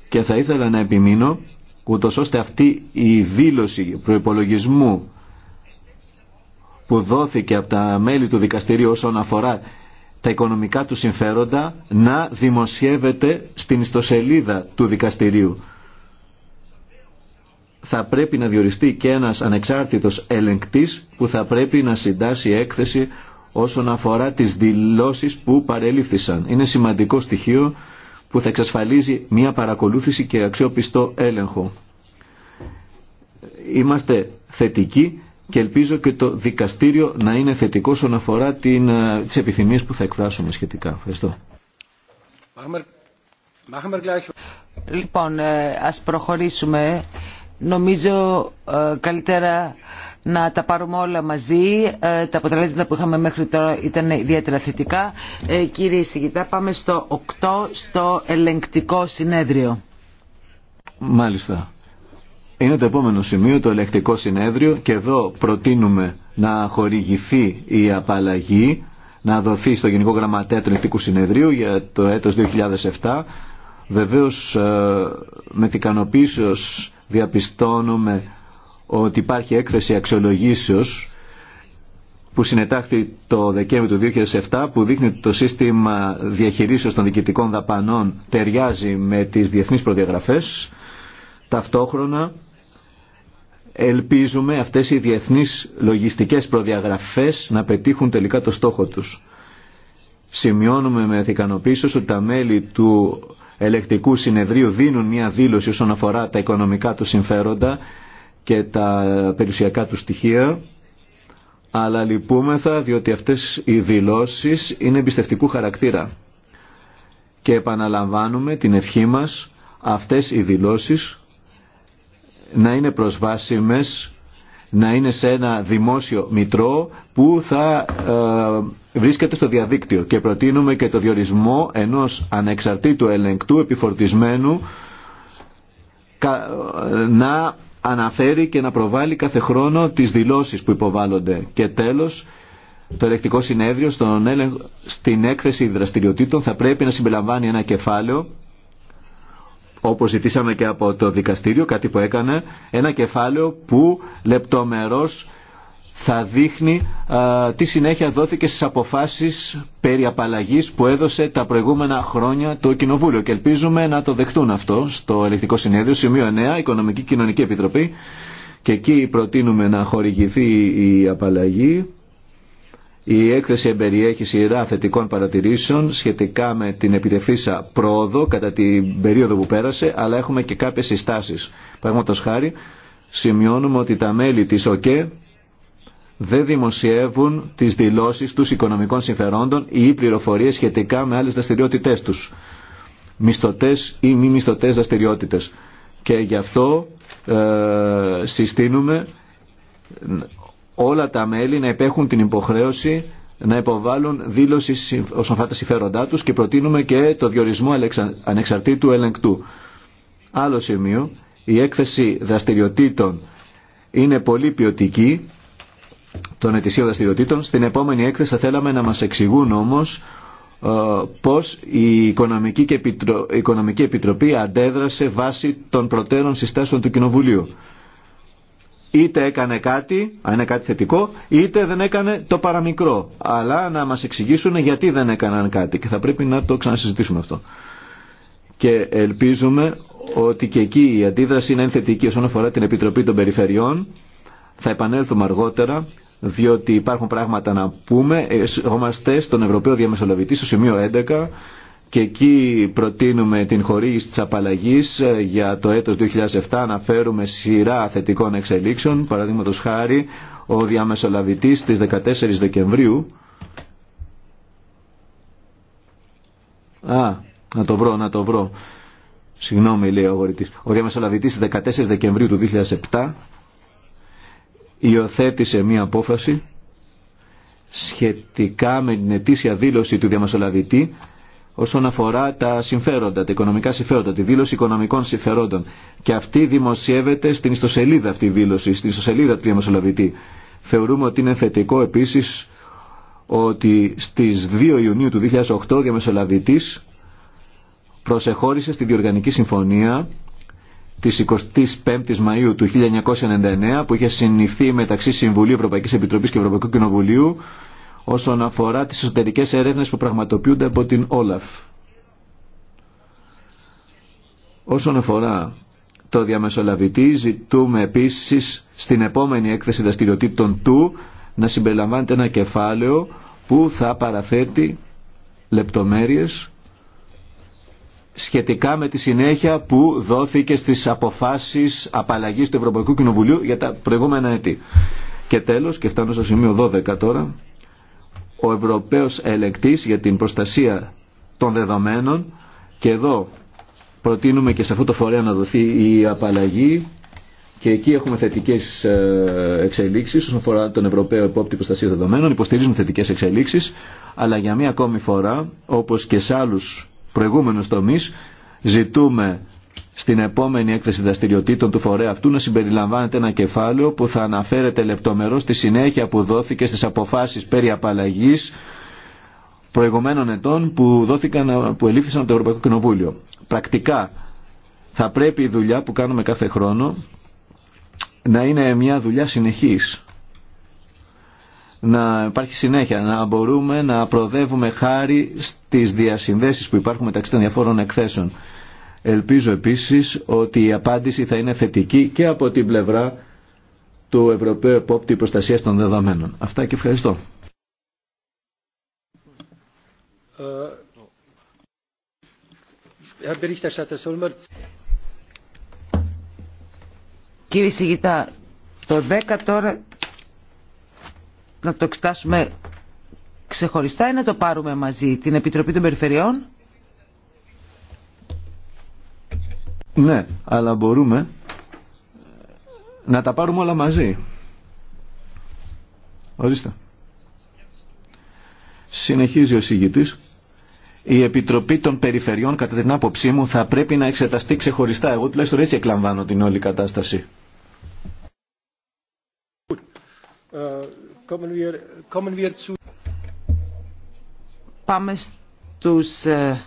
και θα ήθελα να επιμείνω ούτως ώστε αυτή η δήλωση προϋπολογισμού που δόθηκε από τα μέλη του δικαστηρίου όσον αφορά τα οικονομικά του συμφέροντα να δημοσιεύεται στην ιστοσελίδα του δικαστηρίου. Θα πρέπει να διοριστεί και ένας ανεξάρτητος ελεγκτής που θα πρέπει να συντάσει έκθεση όσον αφορά τις δηλώσεις που παρελήφθησαν. Είναι σημαντικό στοιχείο που θα εξασφαλίζει μια παρακολούθηση και αξιόπιστο έλεγχο. Είμαστε θετικοί και ελπίζω και το δικαστήριο να είναι θετικό όσον αφορά την, ε, τις επιθυμίες που θα εκφράσουμε σχετικά. Ευχαριστώ. Λοιπόν, ε, ας προχωρήσουμε. Νομίζω ε, καλύτερα να τα πάρουμε όλα μαζί. Ε, τα αποτελέσματα που είχαμε μέχρι τώρα ήταν ιδιαίτερα θετικά. Ε, κύριε Σιγητά, πάμε στο 8, στο ελεγκτικό συνέδριο. Μάλιστα. Είναι το επόμενο σημείο, το ελεκτικό συνέδριο και εδώ προτείνουμε να χορηγηθεί η απαλλαγή, να δοθεί στο Γενικό Γραμματέα του Ελεκτικού Συνεδρίου για το έτος 2007. Βεβαίως ε, με την ικανοποίηση διαπιστώνουμε ότι υπάρχει έκθεση αξιολογήσεως που συνετάχθη το Δεκέμβριο του 2007 που δείχνει ότι το σύστημα διαχειρίσεως των διοικητικών δαπανών ταιριάζει με τις διεθνείς προδιαγραφές. Ταυτόχρονα ελπίζουμε αυτές οι διεθνείς λογιστικές προδιαγραφές να πετύχουν τελικά το στόχο τους. Σημειώνουμε με ικανοποίηση ότι τα μέλη του ελεκτικού συνεδρίου δίνουν μια δήλωση όσον αφορά τα οικονομικά του συμφέροντα και τα περιουσιακά του στοιχεία, αλλά λυπούμεθα διότι αυτές οι δηλώσεις είναι εμπιστευτικού χαρακτήρα. Και επαναλαμβάνουμε την ευχή μας αυτές οι δηλώσεις να είναι προσβάσιμες, να είναι σε ένα δημόσιο μητρό που θα ε, βρίσκεται στο διαδίκτυο και προτείνουμε και το διορισμό ενός ανεξαρτήτου ελεγκτού επιφορτισμένου να αναφέρει και να προβάλλει κάθε χρόνο τις δηλώσεις που υποβάλλονται. Και τέλος, το ελεκτικό συνέδριο στον στην έκθεση δραστηριοτήτων θα πρέπει να συμπεριλαμβάνει ένα κεφάλαιο όπως ζητήσαμε και από το δικαστήριο, κάτι που έκανε, ένα κεφάλαιο που λεπτομερώς θα δείχνει α, τι συνέχεια δόθηκε στις αποφάσεις περί απαλλαγής που έδωσε τα προηγούμενα χρόνια το Κοινοβούλιο και ελπίζουμε να το δεχτούν αυτό στο Ελεκτικό Συνέδριο, σημείο 9, Οικονομική Κοινωνική Επιτροπή και εκεί προτείνουμε να χορηγηθεί η απαλλαγή. Η έκθεση εμπεριέχει σειρά θετικών παρατηρήσεων σχετικά με την επιτευθύσα πρόοδο κατά την περίοδο που πέρασε, αλλά έχουμε και κάποιες συστάσεις. Παραδείγματος χάρη, σημειώνουμε ότι τα μέλη της ΟΚΕ δεν δημοσιεύουν τις δηλώσεις τους οικονομικών συμφερόντων ή πληροφορίες σχετικά με άλλες δραστηριότητές τους, μισθωτές ή μη μισθωτές δραστηριότητες. Και γι' αυτό ε, συστήνουμε όλα τα μέλη να υπέχουν την υποχρέωση να υποβάλουν δήλωση όσον αφορά τα συμφέροντά τους και προτείνουμε και το διορισμό ανεξαρτήτου ελεγκτού. Άλλο σημείο, η έκθεση δραστηριοτήτων είναι πολύ ποιοτική των ετησίων δραστηριοτήτων. Στην επόμενη έκθεση θα θέλαμε να μας εξηγούν όμως ε, πώς η Οικονομική, και Οικονομική Επιτροπή αντέδρασε βάσει των προτέρων συστάσεων του Κοινοβουλίου. Είτε έκανε κάτι, αν είναι κάτι θετικό, είτε δεν έκανε το παραμικρό. Αλλά να μας εξηγήσουν γιατί δεν έκαναν κάτι και θα πρέπει να το ξανασυζητήσουμε αυτό. Και ελπίζουμε ότι και εκεί η αντίδραση είναι θετική όσον αφορά την Επιτροπή των Περιφερειών. Θα επανέλθουμε αργότερα διότι υπάρχουν πράγματα να πούμε. Είμαστε στον Ευρωπαίο Διαμεσολαβητή στο σημείο 11 και εκεί προτείνουμε την χορήγηση της απαλλαγής ε, για το έτος 2007 αναφέρουμε σειρά θετικών εξελίξεων παραδείγματο χάρη ο διαμεσολαβητής της 14 Δεκεμβρίου Α, να το βρω, να το βρω. Συγγνώμη, λέει ο αγορητής. Ο διαμεσολαβητής της 14 Δεκεμβρίου του 2007 υιοθέτησε μία απόφαση σχετικά με την ετήσια δήλωση του διαμεσολαβητή όσον αφορά τα συμφέροντα, τα οικονομικά συμφέροντα, τη δήλωση οικονομικών συμφερόντων. Και αυτή δημοσιεύεται στην ιστοσελίδα αυτή η δήλωση, στην ιστοσελίδα του διαμεσολαβητή. Θεωρούμε ότι είναι θετικό επίσης ότι στις 2 Ιουνίου του 2008 ο διαμεσολαβητής προσεχώρησε στη Διοργανική Συμφωνία της 25ης Μαΐου του 1999 που είχε συνηφθεί μεταξύ Συμβουλίου Ευρωπαϊκής Επιτροπής και Ευρωπαϊκού Κοινοβουλίου όσον αφορά τις εσωτερικές έρευνες που πραγματοποιούνται από την Όλαφ. Όσον αφορά το διαμεσολαβητή ζητούμε επίσης στην επόμενη έκθεση δραστηριοτήτων του να συμπεριλαμβάνεται ένα κεφάλαιο που θα παραθέτει λεπτομέρειες σχετικά με τη συνέχεια που δόθηκε στις αποφάσεις απαλλαγής του Ευρωπαϊκού Κοινοβουλίου για τα προηγούμενα ετή. Και τέλος, και φτάνω στο σημείο 12 τώρα, ο Ευρωπαίος Ελεκτής για την προστασία των δεδομένων και εδώ προτείνουμε και σε αυτό το φορέα να δοθεί η απαλλαγή και εκεί έχουμε θετικέ ε, εξελίξει όσον αφορά τον Ευρωπαίο Επόπτη Προστασία Δεδομένων. Υποστηρίζουμε θετικέ εξελίξει, αλλά για μία ακόμη φορά, όπω και σε άλλου προηγούμενους τομείς. Ζητούμε στην επόμενη έκθεση δραστηριοτήτων του φορέα αυτού να συμπεριλαμβάνεται ένα κεφάλαιο που θα αναφέρεται λεπτομερώς στη συνέχεια που δόθηκε στις αποφάσεις περί απαλλαγής προηγουμένων ετών που, δόθηκαν, που ελήφθησαν από το Ευρωπαϊκό Κοινοβούλιο. Πρακτικά θα πρέπει η δουλειά που κάνουμε κάθε χρόνο να είναι μια δουλειά συνεχής να υπάρχει συνέχεια, να μπορούμε να προδεύουμε χάρη στις διασυνδέσεις που υπάρχουν μεταξύ των διαφόρων εκθέσεων. Ελπίζω επίσης ότι η απάντηση θα είναι θετική και από την πλευρά του Ευρωπαίου Επόπτη Προστασίας των Δεδομένων. Αυτά και ευχαριστώ. Äh, Κύριε Σιγητά, το 10 τώρα να το εξετάσουμε ξεχωριστά ή να το πάρουμε μαζί την Επιτροπή των Περιφερειών. Ναι, αλλά μπορούμε ε, να τα πάρουμε όλα μαζί. Ορίστε. Συνεχίζει ο συγητής. Η Επιτροπή των Περιφερειών, κατά την άποψή μου, θα πρέπει να εξεταστεί ξεχωριστά. Εγώ τουλάχιστον έτσι εκλαμβάνω την όλη κατάσταση. Ε, Πάμε στους ε,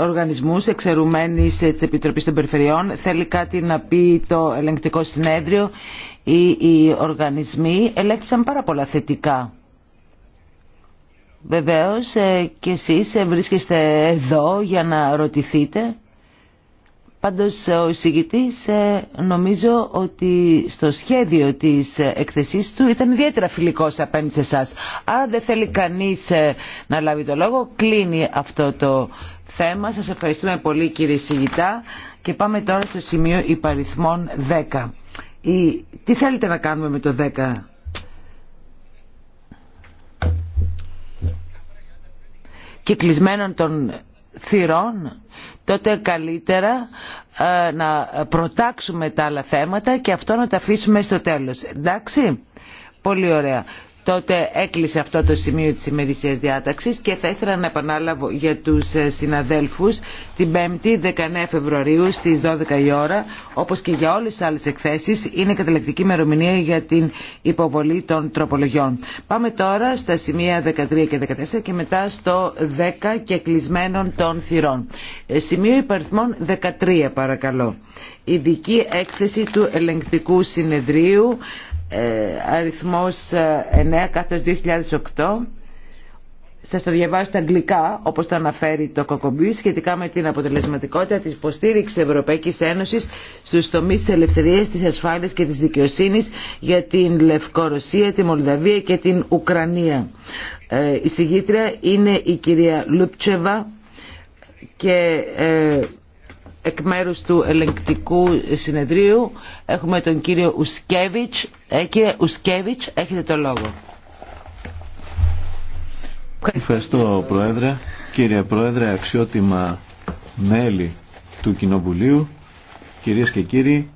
οργανισμούς εξαιρουμένης της Επιτροπής των Περιφερειών. Θέλει κάτι να πει το ελεγκτικό συνέδριο ή οι οργανισμοί ελέγξαν πάρα πολλά θετικά. Βεβαίως ε, και εσείς ε, βρίσκεστε εδώ για να ρωτηθείτε. Πάντως ο εισηγητής ε, νομίζω ότι στο σχέδιο της εκθεσής του ήταν ιδιαίτερα φιλικός απέναντι σε εσά. Άρα δεν θέλει κανείς ε, να λάβει το λόγο. Κλείνει αυτό το θέμα. Σας ευχαριστούμε πολύ κύριε εισηγητά και πάμε τώρα στο σημείο υπαριθμών 10. Η... Τι θέλετε να κάνουμε με το 10? Κυκλισμένων των θυρών, τότε καλύτερα ε, να προτάξουμε τα άλλα θέματα και αυτό να τα αφήσουμε στο τέλος. Εντάξει, πολύ ωραία τότε έκλεισε αυτό το σημείο της ημερησίας διάταξης και θα ήθελα να επανάλαβω για τους ε, συναδέλφους την 5η 19 Φεβρουαρίου στις 12 η ώρα όπως και για όλες τις άλλες εκθέσεις είναι καταλεκτική ημερομηνία για την υποβολή των τροπολογιών. Πάμε τώρα στα σημεία 13 και 14 και μετά στο 10 και κλεισμένων των θυρών. Ε, σημείο υπαριθμών 13 παρακαλώ. Ειδική έκθεση του ελεγκτικού συνεδρίου ε, αριθμός 9 ε, 2008 σας το διαβάζω στα αγγλικά όπως το αναφέρει το Κοκομπή σχετικά με την αποτελεσματικότητα της υποστήριξης Ευρωπαϊκής Ένωσης στους τομείς της ελευθερίας, της ασφάλειας και της δικαιοσύνης για την Λευκορωσία, τη Μολδαβία και την Ουκρανία. Ε, η συγγήτρια είναι η κυρία Λούπτσεβα και εκ μέρους του ελεγκτικού συνεδρίου έχουμε τον κύριο Ουσκέβιτς. Ε, κύριε Ουσκέβιτς, έχετε το λόγο. Ευχαριστώ Πρόεδρε. Κύριε Πρόεδρε, αξιότιμα μέλη του Κοινοβουλίου, κυρίες και κύριοι,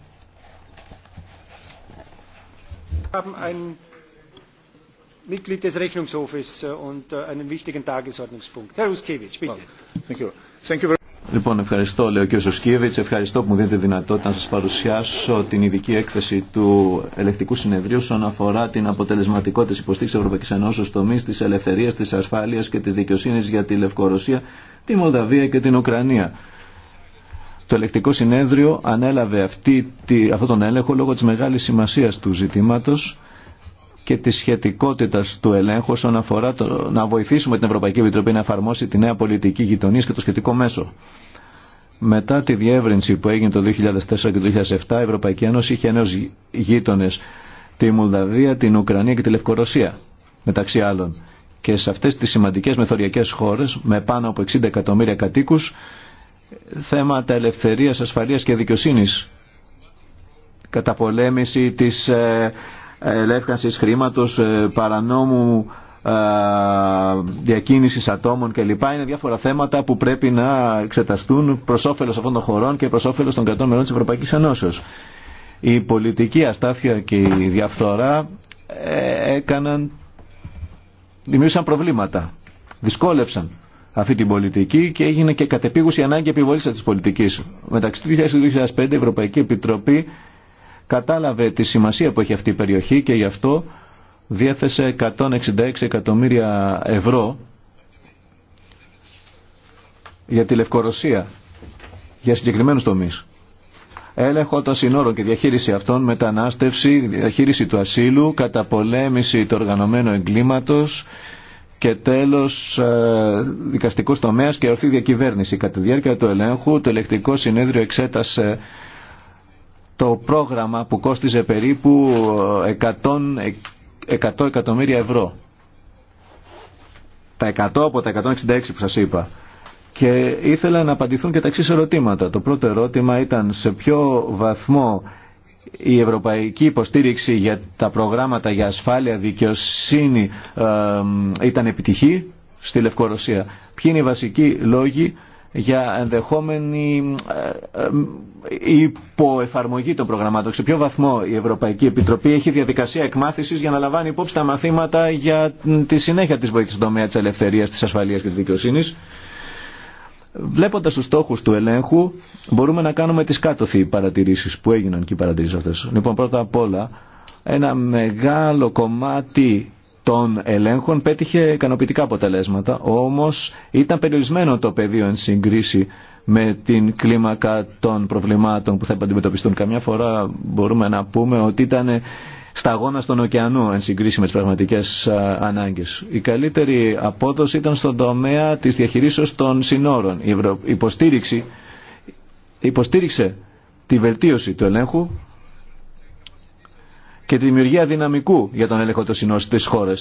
Mitglied des Rechnungshofes und einen wichtigen Tagesordnungspunkt. Herr Uskewitsch, bitte. Thank you. Thank you very Λοιπόν, ευχαριστώ, λέει ο κ. Σοσκίεβιτς. Ευχαριστώ που μου δίνετε δυνατότητα να σας παρουσιάσω την ειδική έκθεση του ελεκτικού συνεδρίου όσον αφορά την αποτελεσματικότητα της υποστήριξης Ευρωπαϊκής Ενώσεως τομείς της ελευθερίας, της ασφάλειας και της δικαιοσύνης για τη Λευκορωσία, τη Μολδαβία και την Ουκρανία. Το ελεκτικό συνέδριο ανέλαβε αυτή, αυτό τον έλεγχο λόγω της μεγάλης σημασίας του ζητήματος και τη σχετικότητα του ελέγχου όσον αφορά το, να βοηθήσουμε την Ευρωπαϊκή Επιτροπή να εφαρμόσει τη νέα πολιτική γειτονία και το σχετικό μέσο. Μετά τη διεύρυνση που έγινε το 2004 και το 2007, η Ευρωπαϊκή Ένωση είχε νέου γείτονε, τη Μολδαβία, την Ουκρανία και τη Λευκορωσία, μεταξύ άλλων. Και σε αυτέ τι σημαντικέ μεθοριακέ χώρε, με πάνω από 60 εκατομμύρια κατοίκου, θέματα ελευθερία, ασφαλεία και δικαιοσύνη καταπολέμηση της ε, ελεύκανσης χρήματος, ε, παρανόμου ε, διακίνησης ατόμων κλπ. Είναι διάφορα θέματα που πρέπει να εξεταστούν προς όφελος αυτών των χωρών και προς όφελος των κρατών μελών της Ευρωπαϊκής Ενώσεως. Η πολιτική αστάθεια και η διαφθορά ε, έκαναν, δημιούργησαν προβλήματα, δυσκόλεψαν αυτή την πολιτική και έγινε και κατεπίγουση ανάγκη επιβολής της πολιτικής. Μεταξύ του 2005 η Ευρωπαϊκή Επιτροπή κατάλαβε τη σημασία που έχει αυτή η περιοχή και γι' αυτό διέθεσε 166 εκατομμύρια ευρώ για τη Λευκορωσία, για συγκεκριμένους τομείς. Έλεγχο των συνόρων και διαχείριση αυτών, μετανάστευση, διαχείριση του ασύλου, καταπολέμηση του οργανωμένου εγκλήματος και τέλος ε, δικαστικούς τομέας και ορθή διακυβέρνηση. Κατά τη διάρκεια του ελέγχου, το ελεκτικό συνέδριο εξέτασε το πρόγραμμα που κόστιζε περίπου 100, ε, 100 ε, εκατομμύρια ευρώ. Τα 100 από τα 166 που σας είπα. Και ήθελα να απαντηθούν και τα εξή ερωτήματα. Το πρώτο ερώτημα ήταν σε ποιο βαθμό η ευρωπαϊκή υποστήριξη για τα προγράμματα για ασφάλεια, δικαιοσύνη ε, ήταν επιτυχή στη Λευκορωσία. Ποιοι είναι οι βασικοί λόγοι για ενδεχόμενη ε, ε, υποεφαρμογή των προγραμμάτων. Σε ποιο βαθμό η Ευρωπαϊκή Επιτροπή έχει διαδικασία εκμάθησης για να λαμβάνει υπόψη τα μαθήματα για τη συνέχεια της βοήθειας στον τομέα της ελευθερίας, της ασφαλείας και της δικαιοσύνης. Βλέποντας τους στόχους του ελέγχου μπορούμε να κάνουμε τις κάτωθοι παρατηρήσεις που έγιναν και οι παρατηρήσεις αυτές. Λοιπόν πρώτα απ' όλα ένα μεγάλο κομμάτι των ελέγχων πέτυχε ικανοποιητικά αποτελέσματα, όμως ήταν περιορισμένο το πεδίο εν συγκρίση με την κλίμακα των προβλημάτων που θα αντιμετωπιστούν. Καμιά φορά μπορούμε να πούμε ότι ήταν σταγόνα στον ωκεανό εν συγκρίση με τις πραγματικές ανάγκες. Η καλύτερη απόδοση ήταν στον τομέα της διαχειρίσεως των συνόρων. Η υποστήριξη υποστήριξε τη βελτίωση του ελέγχου και τη δημιουργία δυναμικού για τον έλεγχο των συνόρων στι χώρε.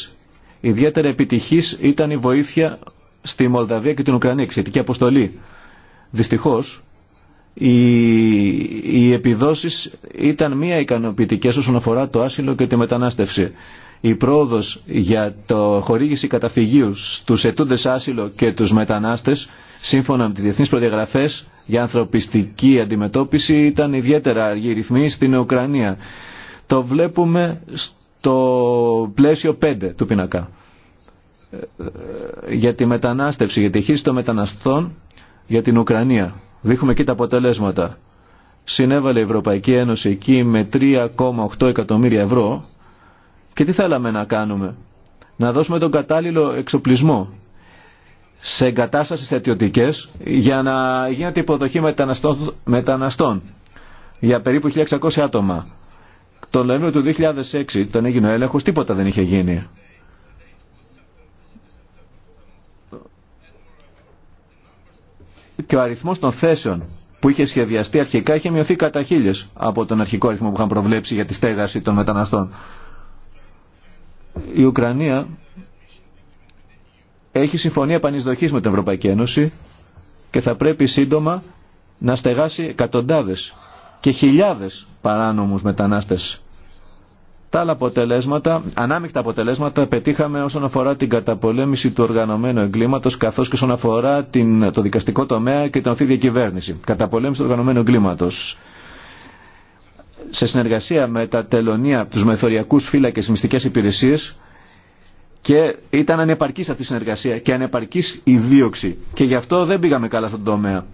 Ιδιαίτερα επιτυχή ήταν η βοήθεια στη Μολδαβία και την Ουκρανία, εξαιρετική αποστολή. Δυστυχώ, οι, οι επιδόσεις ήταν μία ικανοποιητικέ όσον αφορά το άσυλο και τη μετανάστευση. Η πρόοδο για το χορήγηση καταφυγίου στου ετούντε άσυλο και του μετανάστε σύμφωνα με τι διεθνεί προδιαγραφέ για ανθρωπιστική αντιμετώπιση ήταν ιδιαίτερα αργή ρυθμή στην Ουκρανία το βλέπουμε στο πλαίσιο 5 του πίνακα. Ε, για τη μετανάστευση, για τη χύση των μεταναστών, για την Ουκρανία. Δείχνουμε εκεί τα αποτελέσματα. Συνέβαλε η Ευρωπαϊκή Ένωση εκεί με 3,8 εκατομμύρια ευρώ. Και τι θέλαμε να κάνουμε. Να δώσουμε τον κατάλληλο εξοπλισμό σε εγκατάσταση θετιωτικές για να γίνεται υποδοχή μεταναστών για περίπου 1.600 άτομα το Νοέμβριο του 2006, όταν έγινε ο έλεγχος, τίποτα δεν είχε γίνει. Και ο αριθμός των θέσεων που είχε σχεδιαστεί αρχικά είχε μειωθεί κατά χίλιε από τον αρχικό αριθμό που είχαν προβλέψει για τη στέγαση των μεταναστών. Η Ουκρανία έχει συμφωνία επανεισδοχή με την Ευρωπαϊκή Ένωση και θα πρέπει σύντομα να στεγάσει εκατοντάδες και χιλιάδες παράνομους μετανάστες. Τα άλλα αποτελέσματα, ανάμεικτα αποτελέσματα πετύχαμε όσον αφορά την καταπολέμηση του οργανωμένου εγκλήματος καθώς και όσον αφορά την, το δικαστικό τομέα και την ορθή διακυβέρνηση. Καταπολέμηση του οργανωμένου εγκλήματος. Σε συνεργασία με τα τελωνία, τους μεθοριακούς φύλακες, μυστικές υπηρεσίες, και ήταν ανεπαρκής αυτή η συνεργασία και ανεπαρκής η δίωξη. Και γι' αυτό δεν πήγαμε καλά στον τομέα.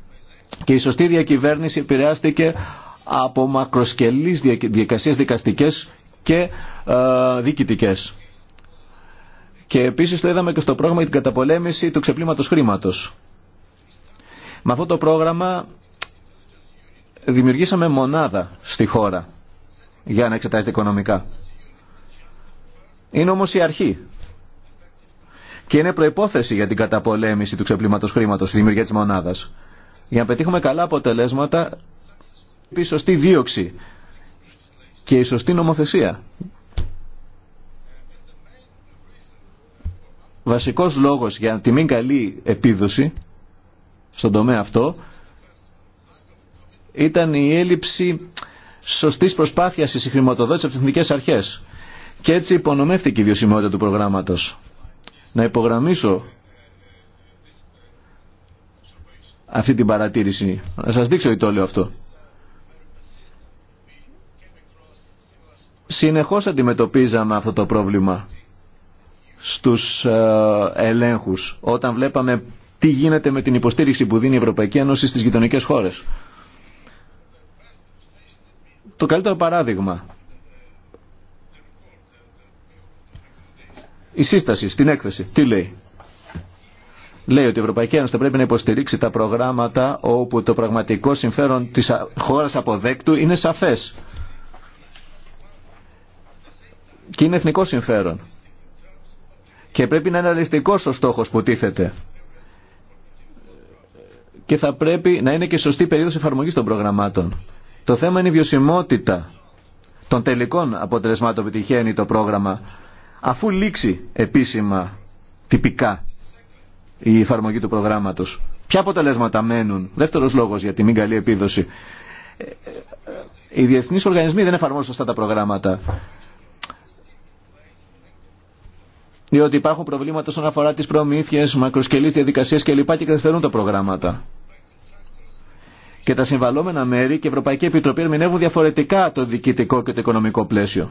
Και η σωστή διακυβέρνηση επηρεάστηκε από μακροσκελείς διακασίες δικαστικές και ε, διοικητικές. Και επίσης το είδαμε και στο πρόγραμμα για την καταπολέμηση του ξεπλήματος χρήματος. Με αυτό το πρόγραμμα δημιουργήσαμε μονάδα στη χώρα για να εξετάζεται οικονομικά. Είναι όμως η αρχή. Και είναι προϋπόθεση για την καταπολέμηση του ξεπλήματος χρήματος, η δημιουργία της μονάδας. Για να πετύχουμε καλά αποτελέσματα η σωστή δίωξη και η σωστή νομοθεσία. Βασικός λόγος για τη μην καλή επίδοση στον τομέα αυτό ήταν η έλλειψη σωστής προσπάθειας της χρηματοδότησης από τις εθνικές αρχές. Και έτσι υπονομεύτηκε η βιωσιμότητα του προγράμματος. Να υπογραμμίσω αυτή την παρατήρηση. Να σας δείξω το λέω αυτό. συνεχώς αντιμετωπίζαμε αυτό το πρόβλημα στους ε, ελέγχους όταν βλέπαμε τι γίνεται με την υποστήριξη που δίνει η Ευρωπαϊκή Ένωση στις γειτονικές χώρες. Το καλύτερο παράδειγμα η σύσταση στην έκθεση τι λέει. Λέει ότι η Ευρωπαϊκή Ένωση θα πρέπει να υποστηρίξει τα προγράμματα όπου το πραγματικό συμφέρον της χώρας αποδέκτου είναι σαφές και είναι εθνικό συμφέρον. Και πρέπει να είναι αλληλεστικό ο στόχο που τίθεται. Και θα πρέπει να είναι και σωστή περίοδο εφαρμογή των προγραμμάτων. Το θέμα είναι η βιωσιμότητα των τελικών αποτελεσμάτων που τυχαίνει το πρόγραμμα, αφού λήξει επίσημα τυπικά η εφαρμογή του προγράμματος. Ποια αποτελέσματα μένουν. Δεύτερο λόγο για τη μην καλή επίδοση. Ε, ε, ε, οι διεθνεί οργανισμοί δεν εφαρμόζουν σωστά τα προγράμματα διότι υπάρχουν προβλήματα όσον αφορά τις προμήθειες, μακροσκελής διαδικασίες κλπ. και καθυστερούν τα προγράμματα. Και τα συμβαλόμενα μέρη και η Ευρωπαϊκή Επιτροπή ερμηνεύουν διαφορετικά το διοικητικό και το οικονομικό πλαίσιο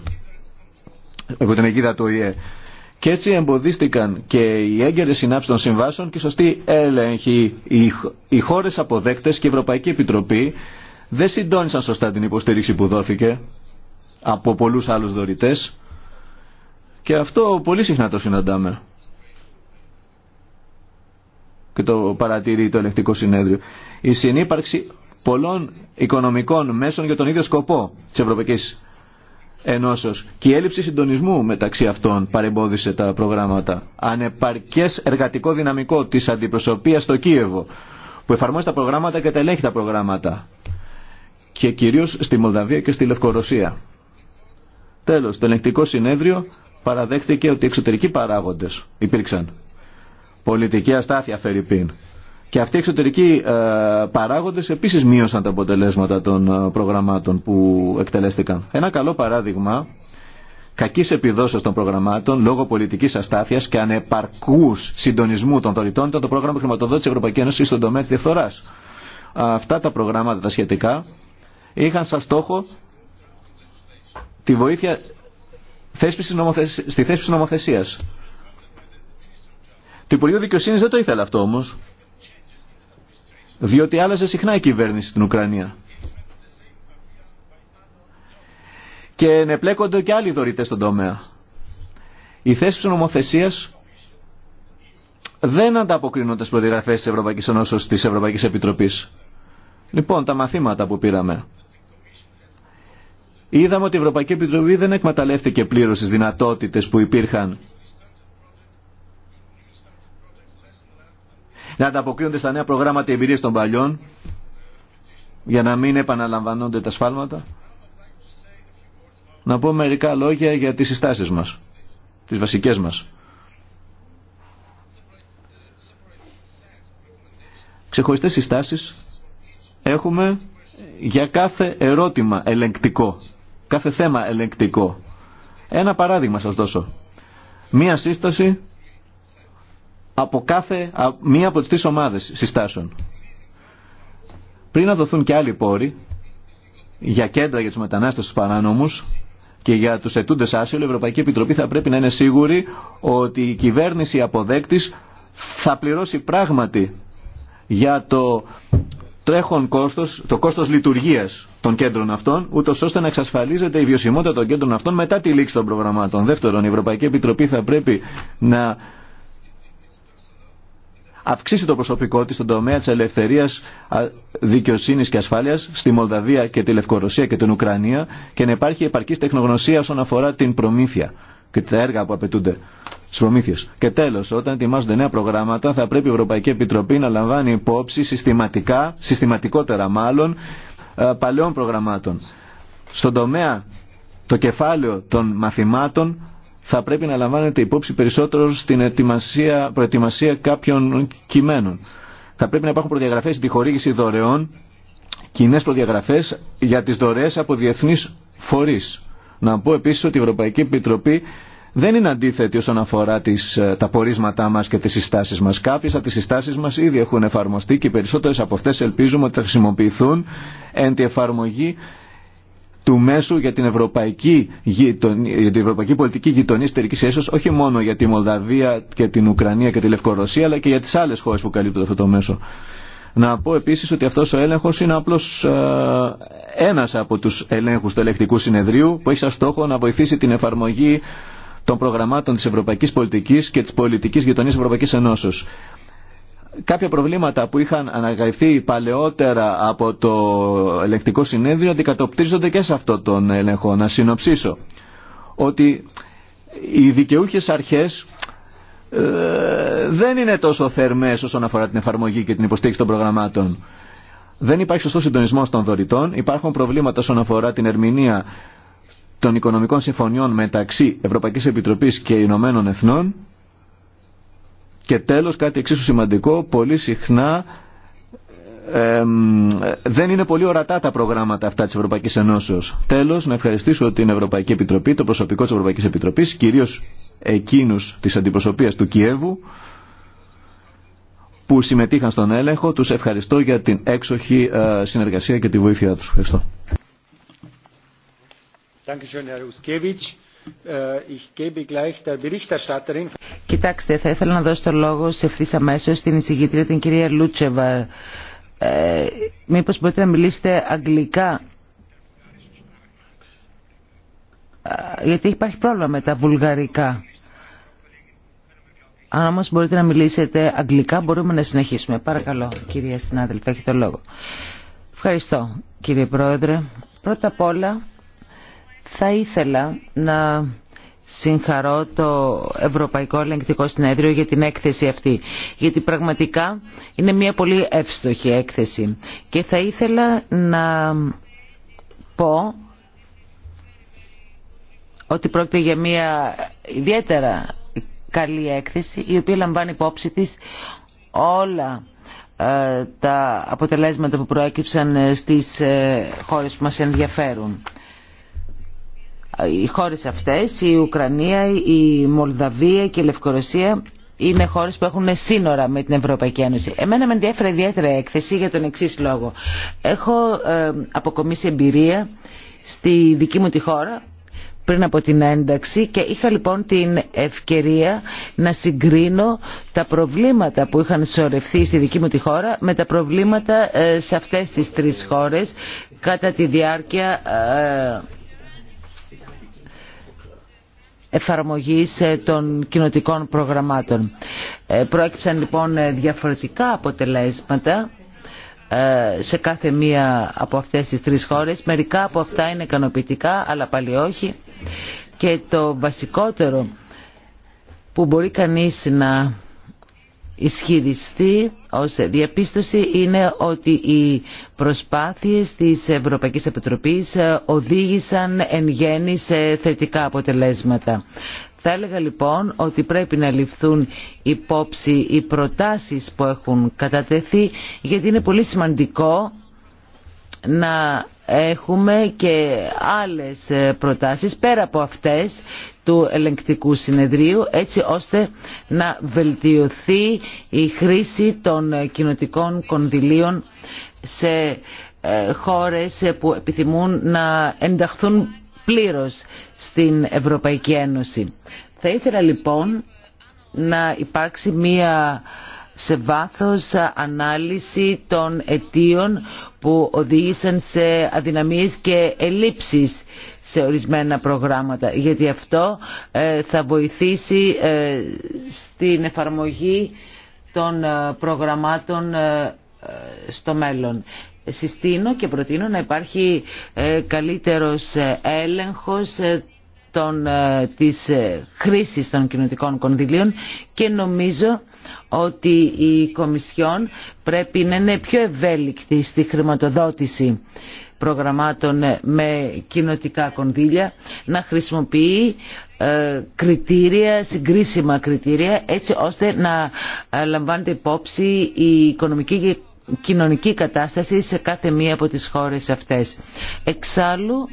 από την αιγίδα του ΟΗΕ. Και έτσι εμποδίστηκαν και οι έγκαιρε συνάψει των συμβάσεων και σωστή έλεγχη. Οι χώρε αποδέκτε και η Ευρωπαϊκή Επιτροπή δεν συντόνισαν σωστά την υποστήριξη που δόθηκε από πολλού άλλου δωρητέ και αυτό πολύ συχνά το συναντάμε. Και το παρατηρεί το ελεκτικό συνέδριο. Η συνύπαρξη πολλών οικονομικών μέσων για τον ίδιο σκοπό της Ευρωπαϊκής Ενώσεως και η έλλειψη συντονισμού μεταξύ αυτών παρεμπόδισε τα προγράμματα. Ανεπαρκές εργατικό δυναμικό της αντιπροσωπείας στο Κίεβο που εφαρμόζει τα προγράμματα και τα ελέγχει τα προγράμματα και κυρίως στη Μολδαβία και στη Λευκορωσία. Τέλος, το ελεγκτικό συνέδριο παραδέχτηκε ότι εξωτερικοί παράγοντες υπήρξαν. Πολιτική αστάθεια, πίν. Και αυτοί οι εξωτερικοί ε, παράγοντες επίσης μείωσαν τα αποτελέσματα των ε, προγραμμάτων που εκτελέστηκαν. Ένα καλό παράδειγμα κακής επιδόσεως των προγραμμάτων λόγω πολιτικής αστάθειας και ανεπαρκούς συντονισμού των δωρητών ήταν το πρόγραμμα χρηματοδότησης Ευρωπαϊκή Ένωση στον τομέα της διαφθοράς. Αυτά τα προγράμματα τα σχετικά είχαν σαν στόχο τη βοήθεια θέσπιση νομοθεσ... στη θέσπιση νομοθεσίας. Το Υπουργείο δικαιοσύνη δεν το ήθελε αυτό όμως, διότι άλλαζε συχνά η κυβέρνηση στην Ουκρανία. Και ενεπλέκονται και άλλοι δωρητέ στον τομέα. Η τη νομοθεσία δεν ανταποκρίνονται στι προδιαγραφέ τη Ευρωπαϊκή Ένωση τη Ευρωπαϊκή Επιτροπής. Λοιπόν, τα μαθήματα που πήραμε είδαμε ότι η Ευρωπαϊκή Επιτροπή δεν εκμεταλλεύτηκε πλήρω τι δυνατότητες που υπήρχαν να ανταποκρίνονται στα νέα προγράμματα οι των παλιών για να μην επαναλαμβανόνται τα σφάλματα. Να πω μερικά λόγια για τις συστάσεις μας, τις βασικές μας. Ξεχωριστές συστάσεις έχουμε για κάθε ερώτημα ελεγκτικό κάθε θέμα ελεγκτικό. Ένα παράδειγμα σας δώσω. Μία σύσταση από κάθε μία από τις τρεις ομάδες συστάσεων. Πριν να δοθούν και άλλοι πόροι για κέντρα για τους μετανάστες τους παράνομους και για τους ετούντες άσυλο, η Ευρωπαϊκή Επιτροπή θα πρέπει να είναι σίγουρη ότι η κυβέρνηση αποδέκτης θα πληρώσει πράγματι για το τρέχον κόστος, το κόστος λειτουργίας των κέντρων αυτών, ούτω ώστε να εξασφαλίζεται η βιωσιμότητα των κέντρων αυτών μετά τη λήξη των προγραμμάτων. Δεύτερον, η Ευρωπαϊκή Επιτροπή θα πρέπει να αυξήσει το προσωπικό της στον τομέα της ελευθερίας δικαιοσύνης και ασφάλειας στη Μολδαβία και τη Λευκορωσία και την Ουκρανία και να υπάρχει επαρκής τεχνογνωσία όσον αφορά την προμήθεια και τα έργα που απαιτούνται στι προμήθειε. Και τέλο, όταν ετοιμάζονται νέα προγράμματα, θα πρέπει η Ευρωπαϊκή Επιτροπή να λαμβάνει υπόψη συστηματικά, συστηματικότερα μάλλον, ε, παλαιών προγραμμάτων. Στον τομέα, το κεφάλαιο των μαθημάτων θα πρέπει να λαμβάνεται υπόψη περισσότερο στην ετοιμασία, προετοιμασία κάποιων κειμένων. Θα πρέπει να υπάρχουν προδιαγραφέ στη χορήγηση δωρεών, κοινέ προδιαγραφέ για τι δωρεέ από διεθνεί φορεί να πω επίση ότι η Ευρωπαϊκή Επιτροπή δεν είναι αντίθετη όσον αφορά τις, ε, τα πορίσματά μα και τι συστάσει μα. Κάποιε από τι συστάσει μα ήδη έχουν εφαρμοστεί και οι περισσότερε από αυτέ ελπίζουμε ότι θα χρησιμοποιηθούν εν τη εφαρμογή του μέσου για την ευρωπαϊκή, για την ευρωπαϊκή πολιτική γειτονία εταιρική έσω, όχι μόνο για τη Μολδαβία και την Ουκρανία και τη Λευκορωσία, αλλά και για τι άλλε χώρε που καλύπτουν αυτό το μέσο. Να πω επίσης ότι αυτός ο έλεγχος είναι απλώς ε, ένας από τους ελέγχους του ελεκτικού συνεδρίου που έχει σαν στόχο να βοηθήσει την εφαρμογή των προγραμμάτων της ευρωπαϊκής πολιτικής και της πολιτικής γειτονίας της Ευρωπαϊκής Ενώσεως. Κάποια προβλήματα που είχαν αναγραφεί παλαιότερα από το ελεκτικό συνέδριο αντικατοπτρίζονται και σε αυτό τον έλεγχο. Να συνοψίσω ότι οι δικαιούχες αρχές ε, δεν είναι τόσο θερμές όσον αφορά την εφαρμογή και την υποστήριξη των προγραμμάτων. Δεν υπάρχει σωστό συντονισμό των δωρητών, υπάρχουν προβλήματα όσον αφορά την ερμηνεία των οικονομικών συμφωνιών μεταξύ Ευρωπαϊκής Επιτροπής και Ηνωμένων Εθνών και τέλος κάτι εξίσου σημαντικό, πολύ συχνά δεν είναι πολύ ορατά τα προγράμματα αυτά της Ευρωπαϊκής Ενώσεω. Τέλος, να ευχαριστήσω την Ευρωπαϊκή Επιτροπή, το προσωπικό τη Ευρωπαϊκής Επιτροπής, κυρίω εκείνου της αντιπροσωπείας του Κιέβου, που συμμετείχαν στον έλεγχο. Τους ευχαριστώ για την έξοχη ε, συνεργασία και τη βοήθειά του. Ευχαριστώ. Äh, Κοιτάξτε, θα ήθελα να δώσω το λόγο σε ευθύ αμέσω στην εισηγήτρια την κυρία Λούτσεβα Μήπω ε, μήπως μπορείτε να μιλήσετε αγγλικά γιατί υπάρχει πρόβλημα με τα βουλγαρικά. Αν όμω μπορείτε να μιλήσετε αγγλικά μπορούμε να συνεχίσουμε. Παρακαλώ κυρία συνάδελφα, έχει το λόγο. Ευχαριστώ κύριε Πρόεδρε. Πρώτα απ' όλα θα ήθελα να συγχαρώ το Ευρωπαϊκό Ελεγκτικό Συνέδριο για την έκθεση αυτή. Γιατί πραγματικά είναι μια πολύ εύστοχη έκθεση. Και θα ήθελα να πω ότι πρόκειται για μια ιδιαίτερα καλή έκθεση η οποία λαμβάνει υπόψη της όλα ε, τα αποτελέσματα που προέκυψαν ε, στις ε, χώρες που μας ενδιαφέρουν. Οι χώρες αυτές, η Ουκρανία, η Μολδαβία και η Λευκορωσία είναι χώρες που έχουν σύνορα με την Ευρωπαϊκή Ένωση. Εμένα με ενδιαφέρει ιδιαίτερα έκθεση για τον εξής λόγο. Έχω ε, αποκομίσει εμπειρία στη δική μου τη χώρα πριν από την ένταξη και είχα λοιπόν την ευκαιρία να συγκρίνω τα προβλήματα που είχαν σωρευθεί στη δική μου τη χώρα με τα προβλήματα ε, σε αυτές τις τρεις χώρες κατά τη διάρκεια ε, εφαρμογής ε, των κοινοτικών προγραμμάτων. Ε, Πρόκειψαν λοιπόν ε, διαφορετικά αποτελέσματα σε κάθε μία από αυτές τις τρεις χώρες. Μερικά από αυτά είναι ικανοποιητικά, αλλά πάλι όχι. Και το βασικότερο που μπορεί κανείς να ισχυριστεί ως διαπίστωση είναι ότι οι προσπάθειες της Ευρωπαϊκής Επιτροπής ε, οδήγησαν εν γέννη σε θετικά αποτελέσματα. Θα έλεγα λοιπόν ότι πρέπει να ληφθούν υπόψη οι προτάσεις που έχουν κατατεθεί γιατί είναι πολύ σημαντικό να έχουμε και άλλες ε, προτάσεις πέρα από αυτές του ελεγκτικού συνεδρίου έτσι ώστε να βελτιωθεί η χρήση των κοινοτικών κονδυλίων σε ε, χώρες που επιθυμούν να ενταχθούν πλήρως στην Ευρωπαϊκή Ένωση. Θα ήθελα λοιπόν να υπάρξει μία σε βάθος ανάλυση των αιτίων που οδήγησαν σε αδυναμίες και ελλείψεις σε ορισμένα προγράμματα γιατί αυτό ε, θα βοηθήσει ε, στην εφαρμογή των ε, προγραμμάτων στο μέλλον. Συστήνω και προτείνω να υπάρχει καλύτερος έλεγχος των, ε, της ε, χρήσης των κοινωτικών κονδυλίων και νομίζω ότι η Κομισιόν πρέπει να είναι πιο ευέλικτη στη χρηματοδότηση προγραμμάτων ε, με κοινοτικά κονδύλια, να χρησιμοποιεί κριτήρια, συγκρίσιμα κριτήρια, έτσι ώστε να λαμβάνεται υπόψη η οικονομική και κοινωνική κατάσταση σε κάθε μία από τις χώρες αυτές. Εξάλλου,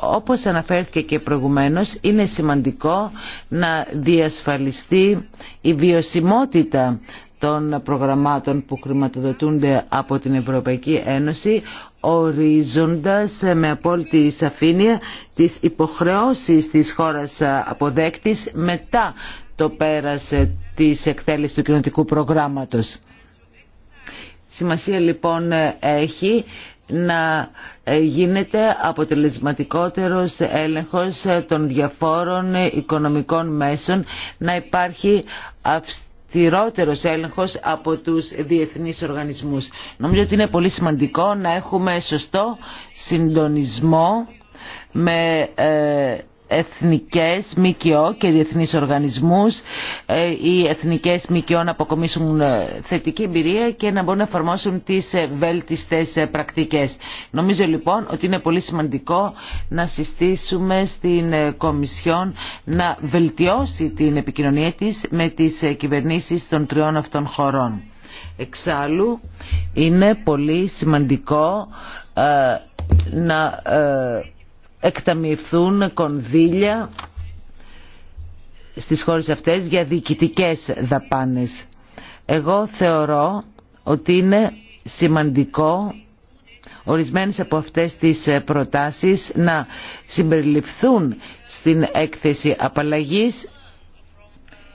όπως αναφέρθηκε και προηγουμένως, είναι σημαντικό να διασφαλιστεί η βιωσιμότητα των προγραμμάτων που χρηματοδοτούνται από την Ευρωπαϊκή Ένωση ορίζοντας με απόλυτη σαφήνεια τις υποχρεώσεις της χώρας αποδέκτης μετά το πέρας της εκτέλεσης του κοινωτικού προγράμματος. Σημασία λοιπόν έχει να ε, γίνεται αποτελεσματικότερος έλεγχος ε, των διαφόρων ε, οικονομικών μέσων, να υπάρχει αυστηρότερος έλεγχος από τους διεθνείς οργανισμούς. Νομίζω ότι είναι πολύ σημαντικό να έχουμε σωστό συντονισμό με εθνικές ΜΚΟ και διεθνείς οργανισμούς ε, οι εθνικές ΜΚΟ να αποκομίσουν ε, θετική εμπειρία και να μπορούν να εφαρμόσουν τις ε, βέλτιστες πρακτικές. Νομίζω λοιπόν ότι είναι πολύ σημαντικό να συστήσουμε στην Κομισιόν να βελτιώσει την επικοινωνία της με τις κυβερνήσεις των τριών αυτών χωρών. Εξάλλου είναι πολύ σημαντικό να εκταμιευθούν κονδύλια στις χώρες αυτές για διοικητικές δαπάνες. Εγώ θεωρώ ότι είναι σημαντικό ορισμένες από αυτές τις προτάσεις να συμπεριληφθούν στην έκθεση απαλλαγής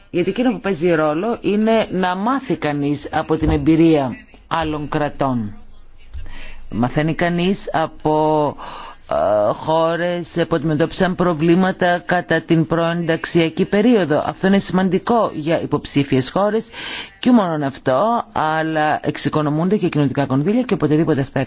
γιατί εκείνο που παίζει ρόλο είναι να μάθει κανείς από την εμπειρία άλλων κρατών. Μαθαίνει κανείς από ε, χώρες που αντιμετώπισαν προβλήματα κατά την προενταξιακή περίοδο. Αυτό είναι σημαντικό για υποψήφιες χώρες και μόνο αυτό, αλλά εξοικονομούνται και κοινωνικά κονδύλια και οποτεδήποτε αυτά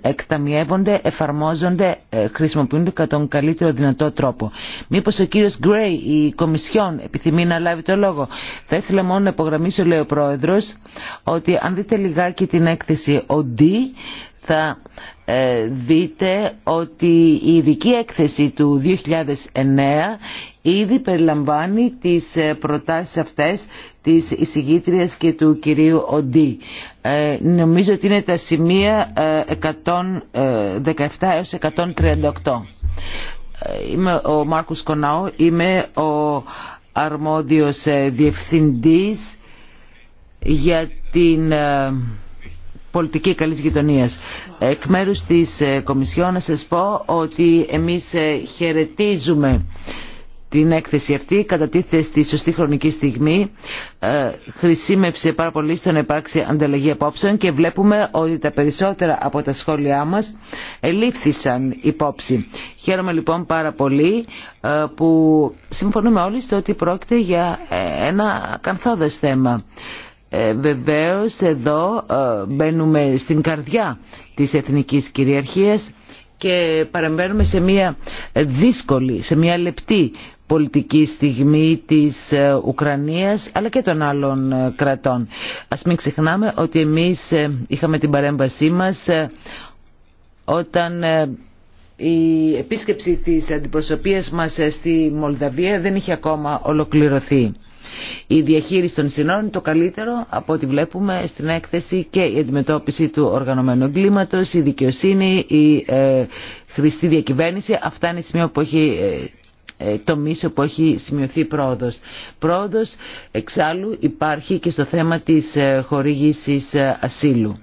εκταμιεύονται, εφαρμόζονται, ε, χρησιμοποιούνται κατά τον καλύτερο δυνατό τρόπο. Μήπως ο κύριος Γκρέι, η Κομισιόν, επιθυμεί να λάβει το λόγο. Θα ήθελα μόνο να υπογραμμίσω, λέει ο Πρόεδρος, ότι αν δείτε λιγάκι την έκθεση ΟΝΤΗ, θα ε, δείτε ότι η ειδική έκθεση του 2009 ήδη περιλαμβάνει τις ε, προτάσεις αυτές της εισηγήτριας και του κυρίου Οντί. Ε, νομίζω ότι είναι τα σημεία 117 έως 138. Είμαι ο Μάρκος Κονάου, είμαι ο αρμόδιος διευθυντής για την πολιτική καλής γειτονίας. Εκ μέρους της ε, Κομισιόν να σας πω ότι εμείς ε, χαιρετίζουμε την έκθεση αυτή κατατίθεται στη σωστή χρονική στιγμή, ε, χρησιμεύσε πάρα πολύ στο να υπάρξει ανταλλαγή απόψεων και βλέπουμε ότι τα περισσότερα από τα σχόλιά μας ελήφθησαν υπόψη. Χαίρομαι λοιπόν πάρα πολύ ε, που συμφωνούμε όλοι στο ότι πρόκειται για ένα κανθόδες θέμα. Ε, βεβαίως εδώ ε, μπαίνουμε στην καρδιά της εθνικής κυριαρχίας και παρεμβαίνουμε σε μια δύσκολη, σε μια λεπτή πολιτική στιγμή της ε, Ουκρανίας αλλά και των άλλων ε, κρατών. Ας μην ξεχνάμε ότι εμείς είχαμε την παρέμβασή μας όταν η επίσκεψη της αντιπροσωπείας μας στη Μολδαβία δεν είχε ακόμα ολοκληρωθεί. Η διαχείριση των συνόρων είναι το καλύτερο από ό,τι βλέπουμε στην έκθεση και η αντιμετώπιση του οργανωμένου εγκλήματος, η δικαιοσύνη, η ε, χρηστή διακυβέρνηση. Αυτά είναι που το μίσο που έχει σημειωθεί πρόοδος. Πρόοδος εξάλλου υπάρχει και στο θέμα της ε, χορήγησης ε, ασύλου.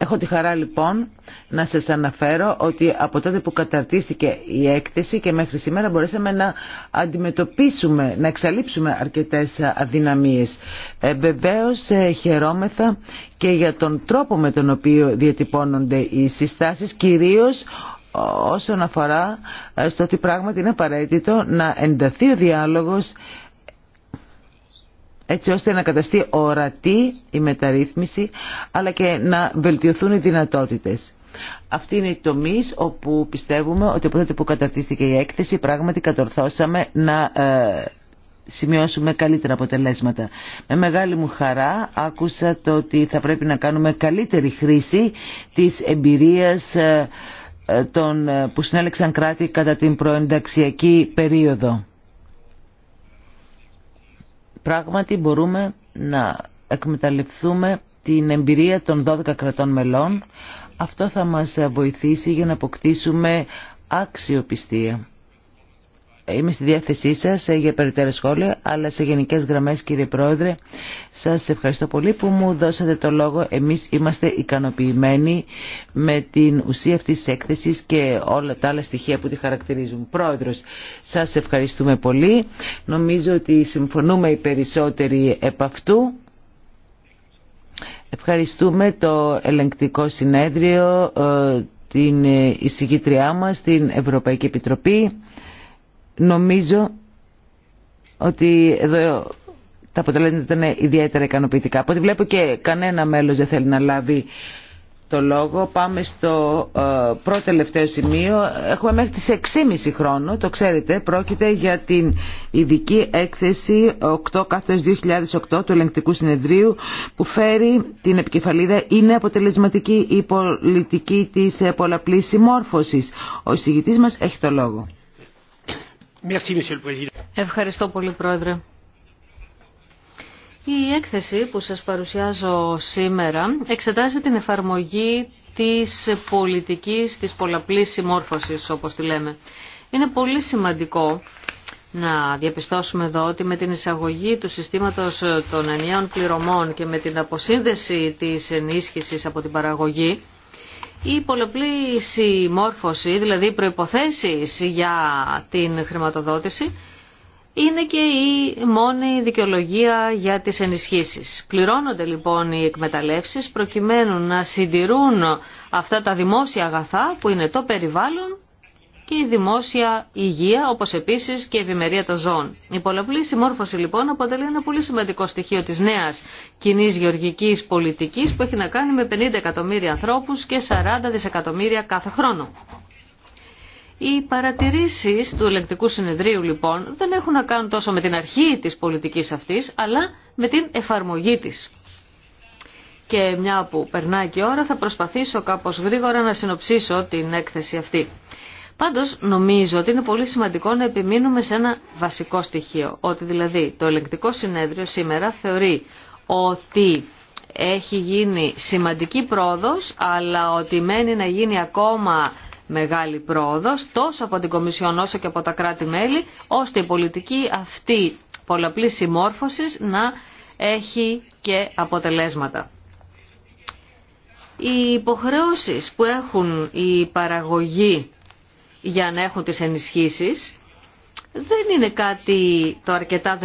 Έχω τη χαρά λοιπόν να σας αναφέρω ότι από τότε που καταρτίστηκε η έκθεση και μέχρι σήμερα μπορέσαμε να αντιμετωπίσουμε, να εξαλείψουμε αρκετές αδυναμίες. Ε, βεβαίως ε, χαιρόμεθα και για τον τρόπο με τον οποίο διατυπώνονται οι συστάσεις, κυρίως όσον αφορά ε, στο ότι πράγματι είναι απαραίτητο να ενταθεί ο διάλογος έτσι ώστε να καταστεί ορατή η μεταρρύθμιση αλλά και να βελτιωθούν οι δυνατότητες. Αυτή είναι η τομή όπου πιστεύουμε ότι από τότε που καταρτίστηκε η έκθεση πράγματι κατορθώσαμε να ε, σημειώσουμε καλύτερα αποτελέσματα. Με μεγάλη μου χαρά άκουσα το ότι θα πρέπει να κάνουμε καλύτερη χρήση της εμπειρίας ε, ε, των, που συνέλεξαν κράτη κατά την προενταξιακή περίοδο πράγματι μπορούμε να εκμεταλλευτούμε την εμπειρία των 12 κρατών μελών. Αυτό θα μας βοηθήσει για να αποκτήσουμε αξιοπιστία είμαι στη διάθεσή σας ε, για περιττέρα σχόλια, αλλά σε γενικές γραμμές κύριε Πρόεδρε, σας ευχαριστώ πολύ που μου δώσατε το λόγο. Εμείς είμαστε ικανοποιημένοι με την ουσία αυτής της έκθεσης και όλα τα άλλα στοιχεία που τη χαρακτηρίζουν. Πρόεδρος, σας ευχαριστούμε πολύ. Νομίζω ότι συμφωνούμε οι περισσότεροι επ' αυτού. Ευχαριστούμε το ελεγκτικό συνέδριο, ε, την εισηγήτριά μας, την Ευρωπαϊκή Επιτροπή Νομίζω ότι εδώ τα αποτελέσματα ήταν ιδιαίτερα ικανοποιητικά. Από ό,τι βλέπω και κανένα μέλος δεν θέλει να λάβει το λόγο. Πάμε στο ε, πρώτο τελευταίο σημείο. Έχουμε μέχρι τις 6,5 χρόνο, το ξέρετε, πρόκειται για την ειδική έκθεση 8 2008 του Ελεγκτικού Συνεδρίου που φέρει την επικεφαλίδα «Είναι αποτελεσματική η πολιτική της ε, πολλαπλής συμμόρφωσης». Ο εισηγητής μας έχει το λόγο. Ευχαριστώ πολύ, Πρόεδρε. Η έκθεση που σας παρουσιάζω σήμερα εξετάζει την εφαρμογή της πολιτικής της πολλαπλής συμμόρφωσης, όπως τη λέμε. Είναι πολύ σημαντικό να διαπιστώσουμε εδώ ότι με την εισαγωγή του συστήματος των ενιαίων πληρωμών και με την αποσύνδεση της ενίσχυσης από την παραγωγή, η πολλαπλή συμμόρφωση, δηλαδή οι προϋποθέσεις για την χρηματοδότηση, είναι και η μόνη δικαιολογία για τις ενισχύσεις. Πληρώνονται λοιπόν οι εκμεταλλεύσεις προκειμένου να συντηρούν αυτά τα δημόσια αγαθά που είναι το περιβάλλον και η δημόσια υγεία, όπω επίση και η ευημερία των ζώων. Η πολλαπλή συμμόρφωση λοιπόν αποτελεί ένα πολύ σημαντικό στοιχείο τη νέα κοινή γεωργική πολιτική που έχει να κάνει με 50 εκατομμύρια ανθρώπου και 40 δισεκατομμύρια κάθε χρόνο. Οι παρατηρήσει του ελεκτικού συνεδρίου λοιπόν δεν έχουν να κάνουν τόσο με την αρχή τη πολιτική αυτή, αλλά με την εφαρμογή τη. Και μια που περνάει και η ώρα θα προσπαθήσω κάπως γρήγορα να συνοψίσω την έκθεση αυτή. Πάντως νομίζω ότι είναι πολύ σημαντικό να επιμείνουμε σε ένα βασικό στοιχείο, ότι δηλαδή το ελεγκτικό συνέδριο σήμερα θεωρεί ότι έχει γίνει σημαντική πρόοδος, αλλά ότι μένει να γίνει ακόμα μεγάλη πρόοδος, τόσο από την Κομισιόν όσο και από τα κράτη-μέλη, ώστε η πολιτική αυτή πολλαπλής συμμόρφωσης να έχει και αποτελέσματα. Οι υποχρεώσεις που έχουν οι παραγωγοί για να έχουν τις ενισχύσεις δεν είναι κάτι το αρκετά